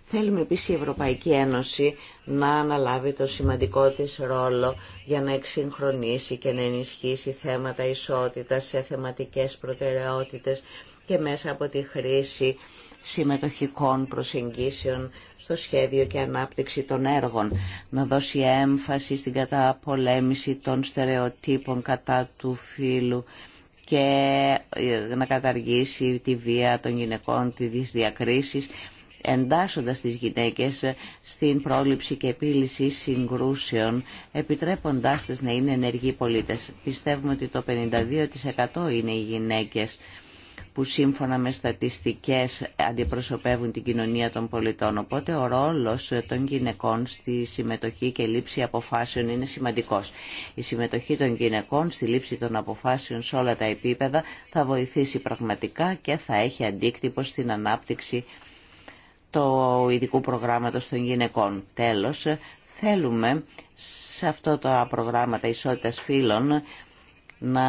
Θέλουμε επίσης η Ευρωπαϊκή Ένωση να αναλάβει το σημαντικό της ρόλο για να εξυγχρονίσει και να ενισχύσει θέματα ισότητας σε θεματικές προτεραιότητες και μέσα από τη χρήση συμμετοχικών προσεγγίσεων στο σχέδιο και ανάπτυξη των έργων, να δώσει έμφαση στην καταπολέμηση των στερεοτύπων κατά του φύλου και ε, να καταργήσει τη βία των γυναικών, τη διακρίσεις, εντάσσοντας τις γυναίκες ε, στην πρόληψη και επίλυση συγκρούσεων, επιτρέποντάς τις να είναι ενεργοί πολίτες. Πιστεύουμε ότι το 52% είναι οι γυναίκες που σύμφωνα με στατιστικές αντιπροσωπεύουν την κοινωνία των πολιτών. Οπότε ο ρόλος των γυναικών στη συμμετοχή και λήψη αποφάσεων είναι σημαντικός. Η συμμετοχή των γυναικών στη λήψη των αποφάσεων σε όλα τα επίπεδα θα βοηθήσει πραγματικά και θα έχει αντίκτυπο στην ανάπτυξη του ειδικού προγράμματος των γυναικών. Τέλος, θέλουμε σε αυτό τα προγράμματα ισότητας φύλων να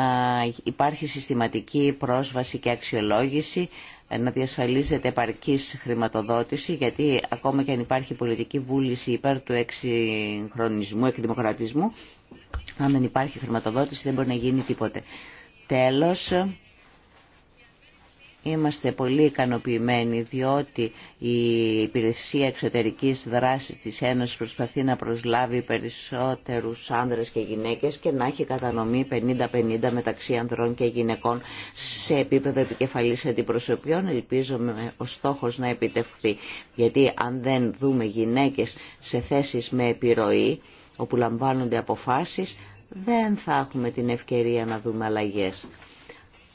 υπάρχει συστηματική πρόσβαση και αξιολόγηση, να διασφαλίζεται επαρκής χρηματοδότηση, γιατί ακόμα και αν υπάρχει πολιτική βούληση υπέρ του εξυγχρονισμού, εκδημοκρατισμού, αν δεν υπάρχει χρηματοδότηση δεν μπορεί να γίνει τίποτε. Τέλος, Είμαστε πολύ ικανοποιημένοι διότι η Υπηρεσία Εξωτερικής Δράσης της Ένωσης προσπαθεί να προσλάβει περισσότερους άνδρες και γυναίκες και να έχει κατανομή 50-50 μεταξύ ανδρών και γυναικών σε επίπεδο επικεφαλής αντιπροσωπιών. Ελπίζομαι ο στόχος να επιτευχθεί γιατί αν δεν δούμε γυναίκες σε θέσεις με επιρροή όπου λαμβάνονται αποφάσεις δεν θα έχουμε την ευκαιρία να δούμε αλλαγές.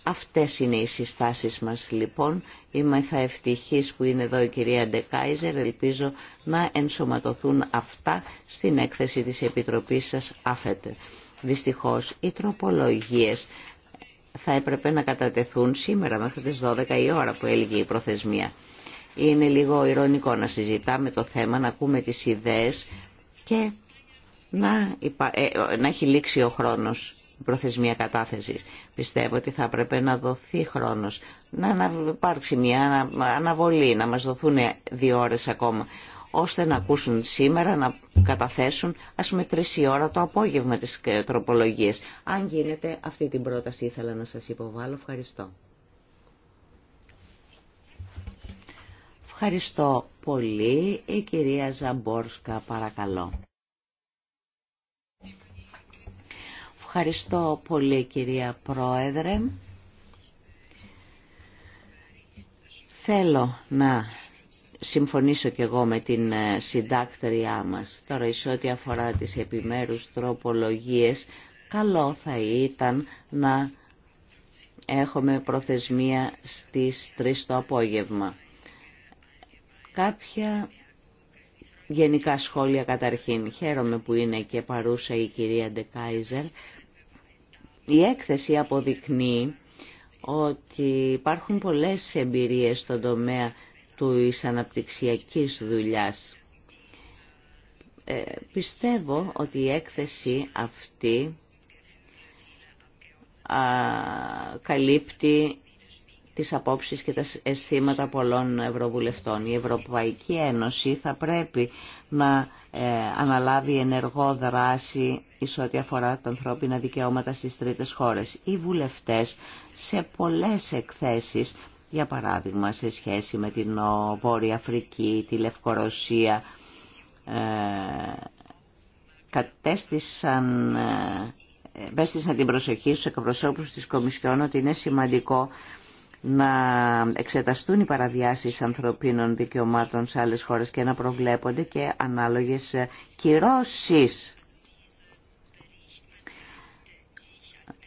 Αυτές είναι οι συστάσεις μας λοιπόν. Είμαι θα ευτυχής που είναι εδώ η κυρία Ντεκάιζερ. Ελπίζω να ενσωματωθούν αυτά στην έκθεση της Επιτροπής σας αφέτε. Δυστυχώς οι τροπολογίες θα έπρεπε να κατατεθούν σήμερα μέχρι τις 12 η ώρα που έλεγε η προθεσμία. Είναι λίγο ηρωνικό να συζητάμε το θέμα, να ακούμε τις ιδέες και να, ε, ε, να έχει λήξει ο χρόνος προθεσμία κατάθεσης. Πιστεύω ότι θα έπρεπε να δοθεί χρόνος, να υπάρξει μια αναβολή, να μας δοθούν δύο ώρες ακόμα, ώστε να ακούσουν σήμερα, να καταθέσουν, ας πούμε τρεις η ώρα το απόγευμα της ε, τροπολογίες. Αν γίνεται, αυτή την πρόταση ήθελα να σας υποβάλω. Ευχαριστώ. Ευχαριστώ πολύ. Η κυρία Ζαμπόρσκα, παρακαλώ. Ευχαριστώ πολύ κυρία Πρόεδρε. Θέλω να συμφωνήσω και εγώ με την ε, συντάκτριά μας. Τώρα, σε ό,τι αφορά τις επιμέρους τροπολογίες, καλό θα ήταν να έχουμε προθεσμία στις 3 το απόγευμα. Κάποια γενικά σχόλια καταρχήν. Χαίρομαι που είναι και παρούσα η κυρία Ντεκάιζερ η έκθεση αποδεικνύει ότι υπάρχουν πολλές εμπειρίες στον τομέα του αναπτυξιακής δουλειάς. Ε, πιστεύω ότι η έκθεση αυτή α, καλύπτει τις απόψεις και τα αισθήματα πολλών ευρωβουλευτών. Η Ευρωπαϊκή Ένωση θα πρέπει να ε, αναλάβει ενεργό δράση εις ό,τι αφορά τα ανθρώπινα δικαιώματα στις τρίτες χώρες. Οι βουλευτές σε πολλές εκθέσεις, για παράδειγμα σε σχέση με την Βόρεια Αφρική, τη Λευκορωσία, ε, κατέστησαν, ε, ε την προσοχή στους εκπροσώπους της Κομισιόν ότι είναι σημαντικό να εξεταστούν οι παραβιάσεις ανθρωπίνων δικαιωμάτων σε άλλες χώρες και να προβλέπονται και ανάλογες κυρώσεις.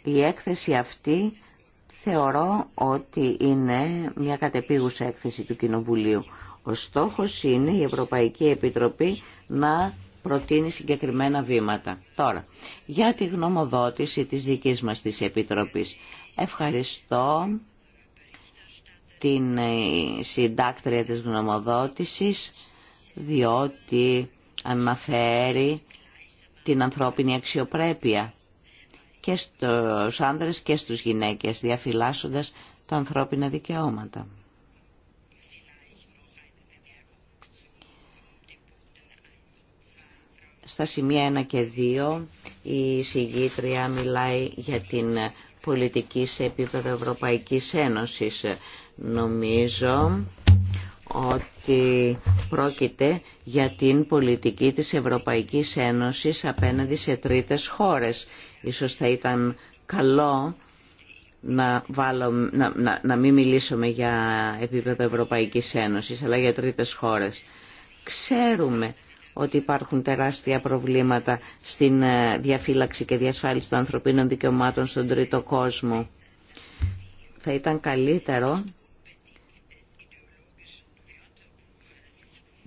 Η έκθεση αυτή θεωρώ ότι είναι μια κατεπίγουσα έκθεση του Κοινοβουλίου. Ο στόχος είναι η Ευρωπαϊκή Επιτροπή να προτείνει συγκεκριμένα βήματα. Τώρα, για τη γνωμοδότηση της δικής μας της Επιτροπής. Ευχαριστώ την ε, συντάκτρια της γνωμοδότησης διότι αναφέρει την ανθρώπινη αξιοπρέπεια και στους άνδρες και στους γυναίκες διαφυλάσσοντας τα ανθρώπινα δικαιώματα. Στα σημεία 1 και 2 η συγγήτρια μιλάει για την πολιτική σε επίπεδο Ευρωπαϊκής Ένωσης Νομίζω ότι πρόκειται για την πολιτική της Ευρωπαϊκής Ένωσης απέναντι σε τρίτες χώρες. Ίσως θα ήταν καλό να, βάλω, να, να, να μην μιλήσουμε για επίπεδο Ευρωπαϊκής Ένωσης, αλλά για τρίτες χώρες. Ξέρουμε ότι υπάρχουν τεράστια προβλήματα στην ε, διαφύλαξη και διασφάλιση των ανθρωπίνων δικαιωμάτων στον τρίτο κόσμο. Θα ήταν καλύτερο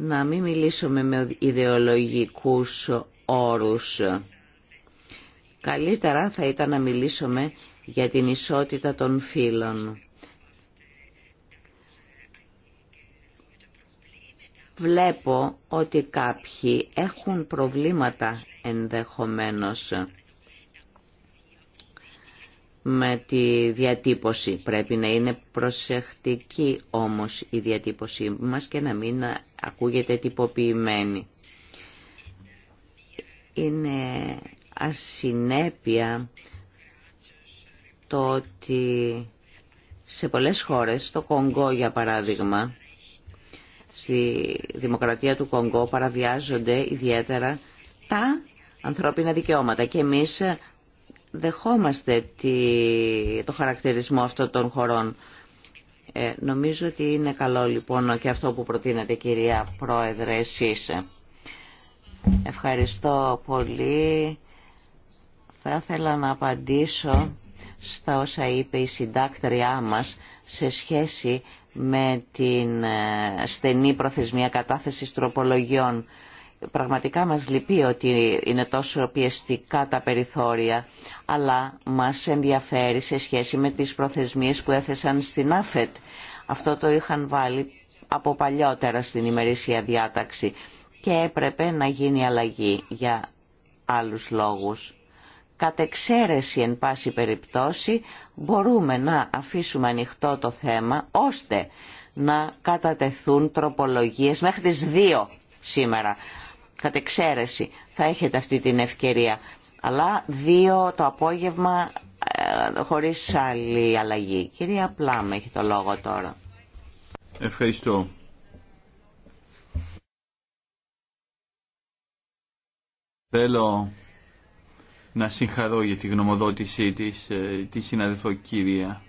να μην μιλήσουμε με ιδεολογικούς όρους. Καλύτερα θα ήταν να μιλήσουμε για την ισότητα των φίλων. Βλέπω ότι κάποιοι έχουν προβλήματα ενδεχομένως με τη διατύπωση. Πρέπει να είναι προσεκτική όμως η διατύπωσή μας και να μην ακούγεται τυποποιημένη. Είναι ασυνέπεια το ότι σε πολλές χώρες, στο Κονγκό για παράδειγμα, στη δημοκρατία του Κονγκό παραβιάζονται ιδιαίτερα τα ανθρώπινα δικαιώματα και εμείς δεχόμαστε το χαρακτηρισμό αυτών των χωρών. Ε, νομίζω ότι είναι καλό λοιπόν και αυτό που προτείνετε κυρία Πρόεδρε εσείς. Ευχαριστώ πολύ. Θα ήθελα να απαντήσω στα όσα είπε η συντάκτριά μας σε σχέση με την ε, στενή προθεσμία κατάθεσης τροπολογιών πραγματικά μας λυπεί ότι είναι τόσο πιεστικά τα περιθώρια, αλλά μας ενδιαφέρει σε σχέση με τις προθεσμίες που έθεσαν στην ΑΦΕΤ. Αυτό το είχαν βάλει από παλιότερα στην ημερήσια διάταξη και έπρεπε να γίνει αλλαγή για άλλους λόγους. Κατ' εξαίρεση, εν πάση περιπτώσει, μπορούμε να αφήσουμε ανοιχτό το θέμα, ώστε να κατατεθούν τροπολογίες μέχρι τις 2 σήμερα κατ' εξαίρεση θα έχετε αυτή την ευκαιρία. Αλλά δύο το απόγευμα ε, χωρίς άλλη αλλαγή. Κυρία Πλάμ έχει το λόγο τώρα. Ευχαριστώ. Θέλω να συγχαρώ για τη γνωμοδότησή της, ε, τη συναδελφό κυρία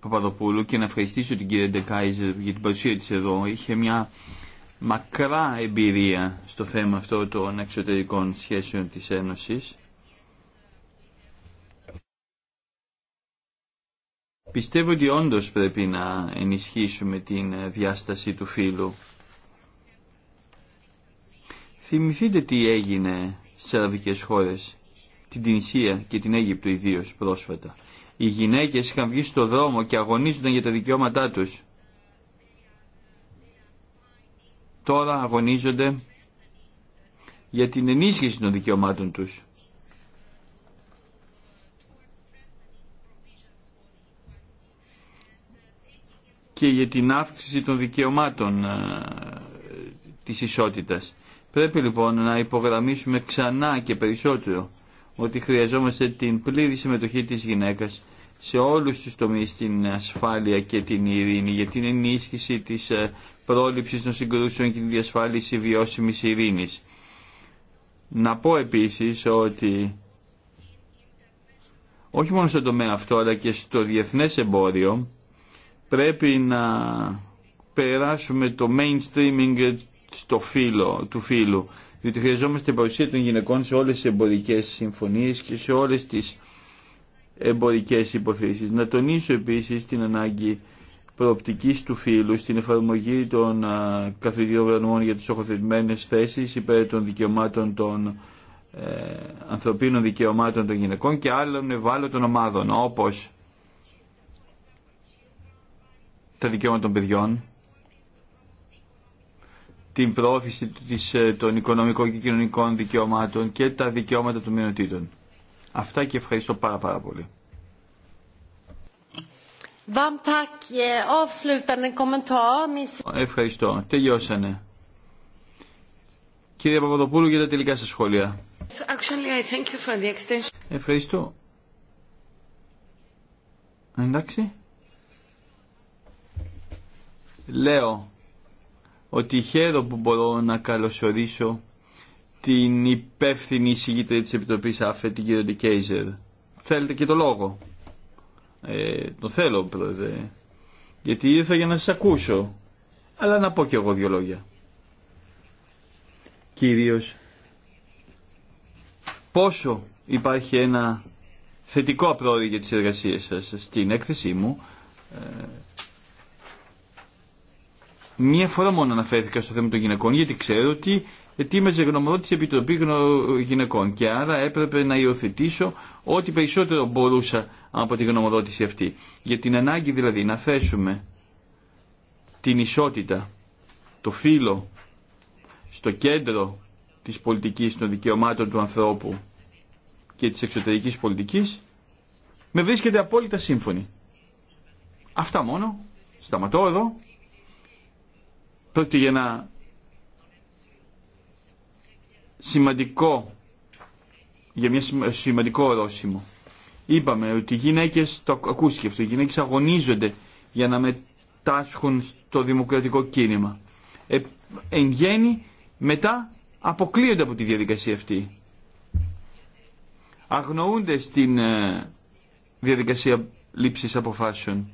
Παπαδοπούλου και να ευχαριστήσω την κυρία Ντεκάιζερ για την παρουσία της εδώ. Είχε μια μακρά εμπειρία στο θέμα αυτό των εξωτερικών σχέσεων της Ένωσης. Πιστεύω ότι όντως πρέπει να ενισχύσουμε την διάσταση του φίλου. Θυμηθείτε τι έγινε σε αραβικές χώρες, την Τινησία και την Αίγυπτο ιδίως πρόσφατα. Οι γυναίκες είχαν βγει στο δρόμο και αγωνίζονταν για τα δικαιώματά τους. τώρα αγωνίζονται για την ενίσχυση των δικαιωμάτων τους. και για την αύξηση των δικαιωμάτων ε, της ισότητας. Πρέπει λοιπόν να υπογραμμίσουμε ξανά και περισσότερο ότι χρειαζόμαστε την πλήρη συμμετοχή της γυναίκας σε όλους τους τομείς την ασφάλεια και την ειρήνη για την ενίσχυση της ε, Πρόληψη των συγκρούσεων και τη διασφάλιση βιώσιμης ειρήνη. Να πω επίσης ότι όχι μόνο στον τομέα αυτό αλλά και στο διεθνές εμπόριο πρέπει να περάσουμε το mainstreaming στο φύλλο, του φύλλου διότι χρειαζόμαστε παρουσία των γυναικών σε όλες τις εμπορικές συμφωνίες και σε όλες τις εμπορικές υποθέσεις. Να τονίσω επίσης την ανάγκη προοπτικής του φύλου στην εφαρμογή των καθηγητών γραμμών για τις οχοθετημένες θέσεις υπέρ των δικαιωμάτων των ε, ανθρωπίνων δικαιωμάτων των γυναικών και άλλων ευάλωτων ομάδων όπως τα δικαιώματα των παιδιών, την της ε, των οικονομικών και κοινωνικών δικαιωμάτων και τα δικαιώματα των μειονοτήτων. Αυτά και ευχαριστώ πάρα πάρα πολύ. Eh, Ευχαριστώ. Τελειώσανε. Κύριε Παπαδοπούλου για τα τελικά σας σχόλια. Ευχαριστώ. Εντάξει. Λέω ότι χαίρομαι που μπορώ να καλωσορίσω την υπεύθυνη εισηγήτρια της Επιτροπής ΑΦΕ, την κύριο Ντικέιζερ. Θέλετε και το λόγο. Ε, το θέλω, πρόεδρε. Γιατί ήρθα για να σας ακούσω. Αλλά να πω κι εγώ δύο λόγια. Κύριος, πόσο υπάρχει ένα θετικό απρόοδο για τις εργασίες σας στην έκθεσή μου. Ε, μία φορά μόνο αναφέρθηκα στο θέμα των γυναικών γιατί ξέρω ότι ετοίμαζε γνωμοδότηση Επιτροπή Γυναικών και άρα έπρεπε να υιοθετήσω ό,τι περισσότερο μπορούσα από τη γνωμοδότηση αυτή. Για την ανάγκη δηλαδή να θέσουμε την ισότητα, το φύλλο στο κέντρο της πολιτικής των δικαιωμάτων του ανθρώπου και της εξωτερικής πολιτικής με βρίσκεται απόλυτα σύμφωνη. Αυτά μόνο. Σταματώ εδώ. Πρόκειται για να σημαντικό, για μια σημαντικό ορόσημο. Είπαμε ότι οι γυναίκες, το ακούστηκε αυτό, οι γυναίκες αγωνίζονται για να μετάσχουν στο δημοκρατικό κίνημα. Ε, εν γέννη, μετά αποκλείονται από τη διαδικασία αυτή. Αγνοούνται στην ε, διαδικασία λήψης αποφάσεων.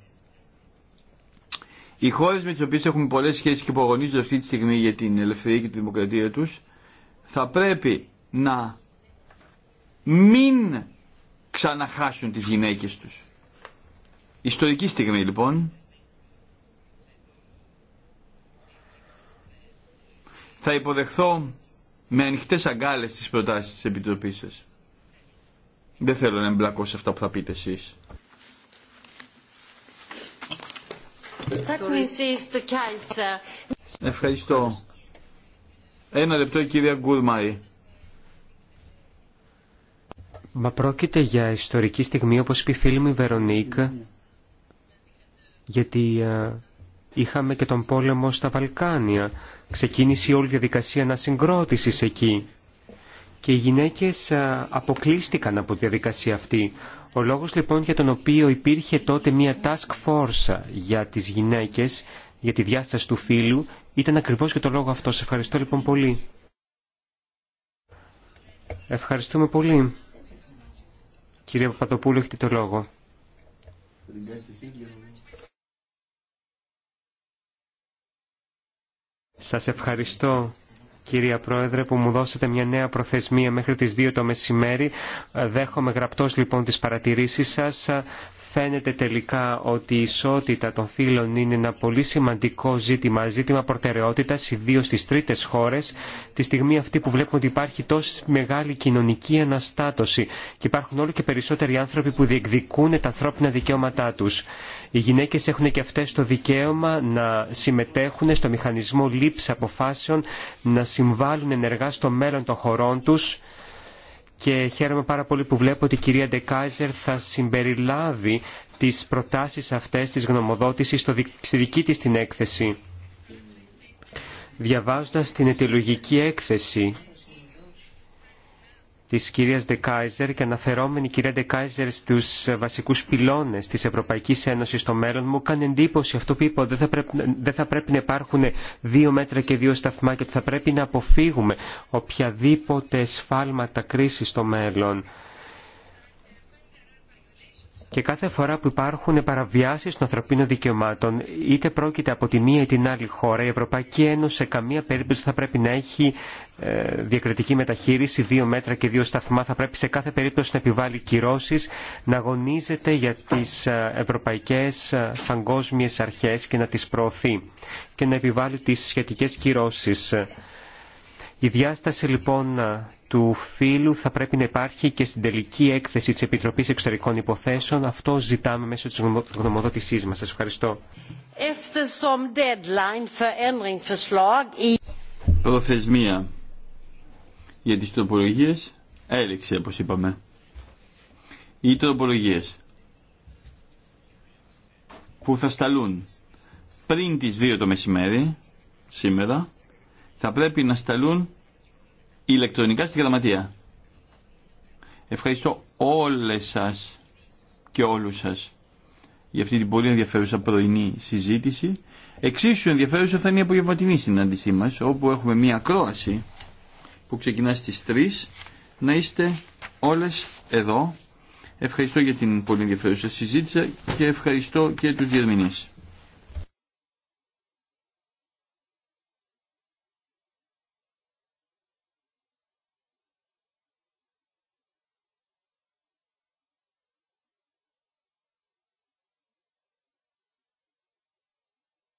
Οι χώρες με τις οποίες έχουμε πολλές σχέσεις και που αγωνίζονται αυτή τη στιγμή για την ελευθερία και τη δημοκρατία τους θα πρέπει να μην ξαναχάσουν τις γυναίκες τους. Ιστορική στιγμή λοιπόν. Θα υποδεχθώ με ανοιχτές αγκάλες τις προτάσεις της Επιτροπής σας. Δεν θέλω να εμπλακώ σε αυτά που θα πείτε εσείς. Ευχαριστώ. Ένα λεπτό η κυρία Γκουρμάη. Μα πρόκειται για ιστορική στιγμή, όπως είπε η φίλη μου η Βερονίκ, γιατί είχαμε και τον πόλεμο στα Βαλκάνια. Ξεκίνησε όλη η διαδικασία ανασυγκρότησης εκεί και οι γυναίκες αποκλείστηκαν από τη διαδικασία αυτή. Ο λόγος λοιπόν για τον οποίο υπήρχε τότε μια task force για τις γυναίκες για τη διάσταση του φίλου ήταν ακριβώς για το λόγο αυτό. Σε ευχαριστώ λοιπόν πολύ. Ευχαριστούμε πολύ. Κύριε Παπαδοπούλου, έχετε το λόγο. Σας ευχαριστώ κυρία Πρόεδρε που μου δώσατε μια νέα προθεσμία μέχρι τις 2 το μεσημέρι. Δέχομαι γραπτός λοιπόν τις παρατηρήσεις σας φαίνεται τελικά ότι η ισότητα των φύλων είναι ένα πολύ σημαντικό ζήτημα, ζήτημα προτεραιότητας, ιδίω στις τρίτες χώρες, τη στιγμή αυτή που βλέπουμε ότι υπάρχει τόση μεγάλη κοινωνική αναστάτωση και υπάρχουν όλο και περισσότεροι άνθρωποι που διεκδικούν τα ανθρώπινα δικαιώματά τους. Οι γυναίκες έχουν και αυτές το δικαίωμα να συμμετέχουν στο μηχανισμό λήψη αποφάσεων, να συμβάλλουν ενεργά στο μέλλον των χωρών τους, και χαίρομαι πάρα πολύ που βλέπω ότι η κυρία Ντεκάιζερ θα συμπεριλάβει τις προτάσεις αυτές της γνωμοδότησης στη δική της την έκθεση. Διαβάζοντας την αιτιολογική έκθεση Τη κύρια Ντεκάιζερ και αναφερόμενη η κυρία Ντεκάιζερ στου βασικού πυλώνε τη Ευρωπαϊκή Ένωση στο μέλλον μου κάνει εντύπωση αυτό που είπα ότι δεν, θα πρέπει να υπάρχουν δύο μέτρα και δύο σταθμά και ότι θα πρέπει να αποφύγουμε οποιαδήποτε σφάλματα κρίση στο μέλλον. Και κάθε φορά που υπάρχουν παραβιάσει των ανθρωπίνων δικαιωμάτων, είτε πρόκειται από τη μία ή την άλλη χώρα, η Ευρωπαϊκή Ένωση σε καμία περίπτωση θα πρέπει να έχει ε, διακριτική μεταχείριση, δύο μέτρα και δύο σταθμά, θα πρέπει σε κάθε περίπτωση να επιβάλλει κυρώσεις, να αγωνίζεται για τις ε, ευρωπαϊκές ε, παγκόσμιες αρχές και να τις προωθεί και να επιβάλλει τις σχετικές κυρώσεις. Η διάσταση λοιπόν του φύλου θα πρέπει να υπάρχει και στην τελική έκθεση της Επιτροπής Εξωτερικών Υποθέσεων. Αυτό ζητάμε μέσω της γνωμοδότησής μας. Σας ευχαριστώ. E- Προθεσμία για τις τροπολογίες έλεξε όπως είπαμε Οι τροπολογίες που θα σταλούν πριν τις 2 το μεσημέρι σήμερα θα πρέπει να σταλούν ηλεκτρονικά στη γραμματεία. Ευχαριστώ όλες σας και όλους σας για αυτή την πολύ ενδιαφέρουσα πρωινή συζήτηση. Εξίσου ενδιαφέρουσα θα είναι η απογευματινή συνάντησή μας, όπου έχουμε μία ακρόαση που ξεκινά στις 3 να είστε όλες εδώ. Ευχαριστώ για την πολύ ενδιαφέρουσα συζήτηση και ευχαριστώ και τους διερμηνείς.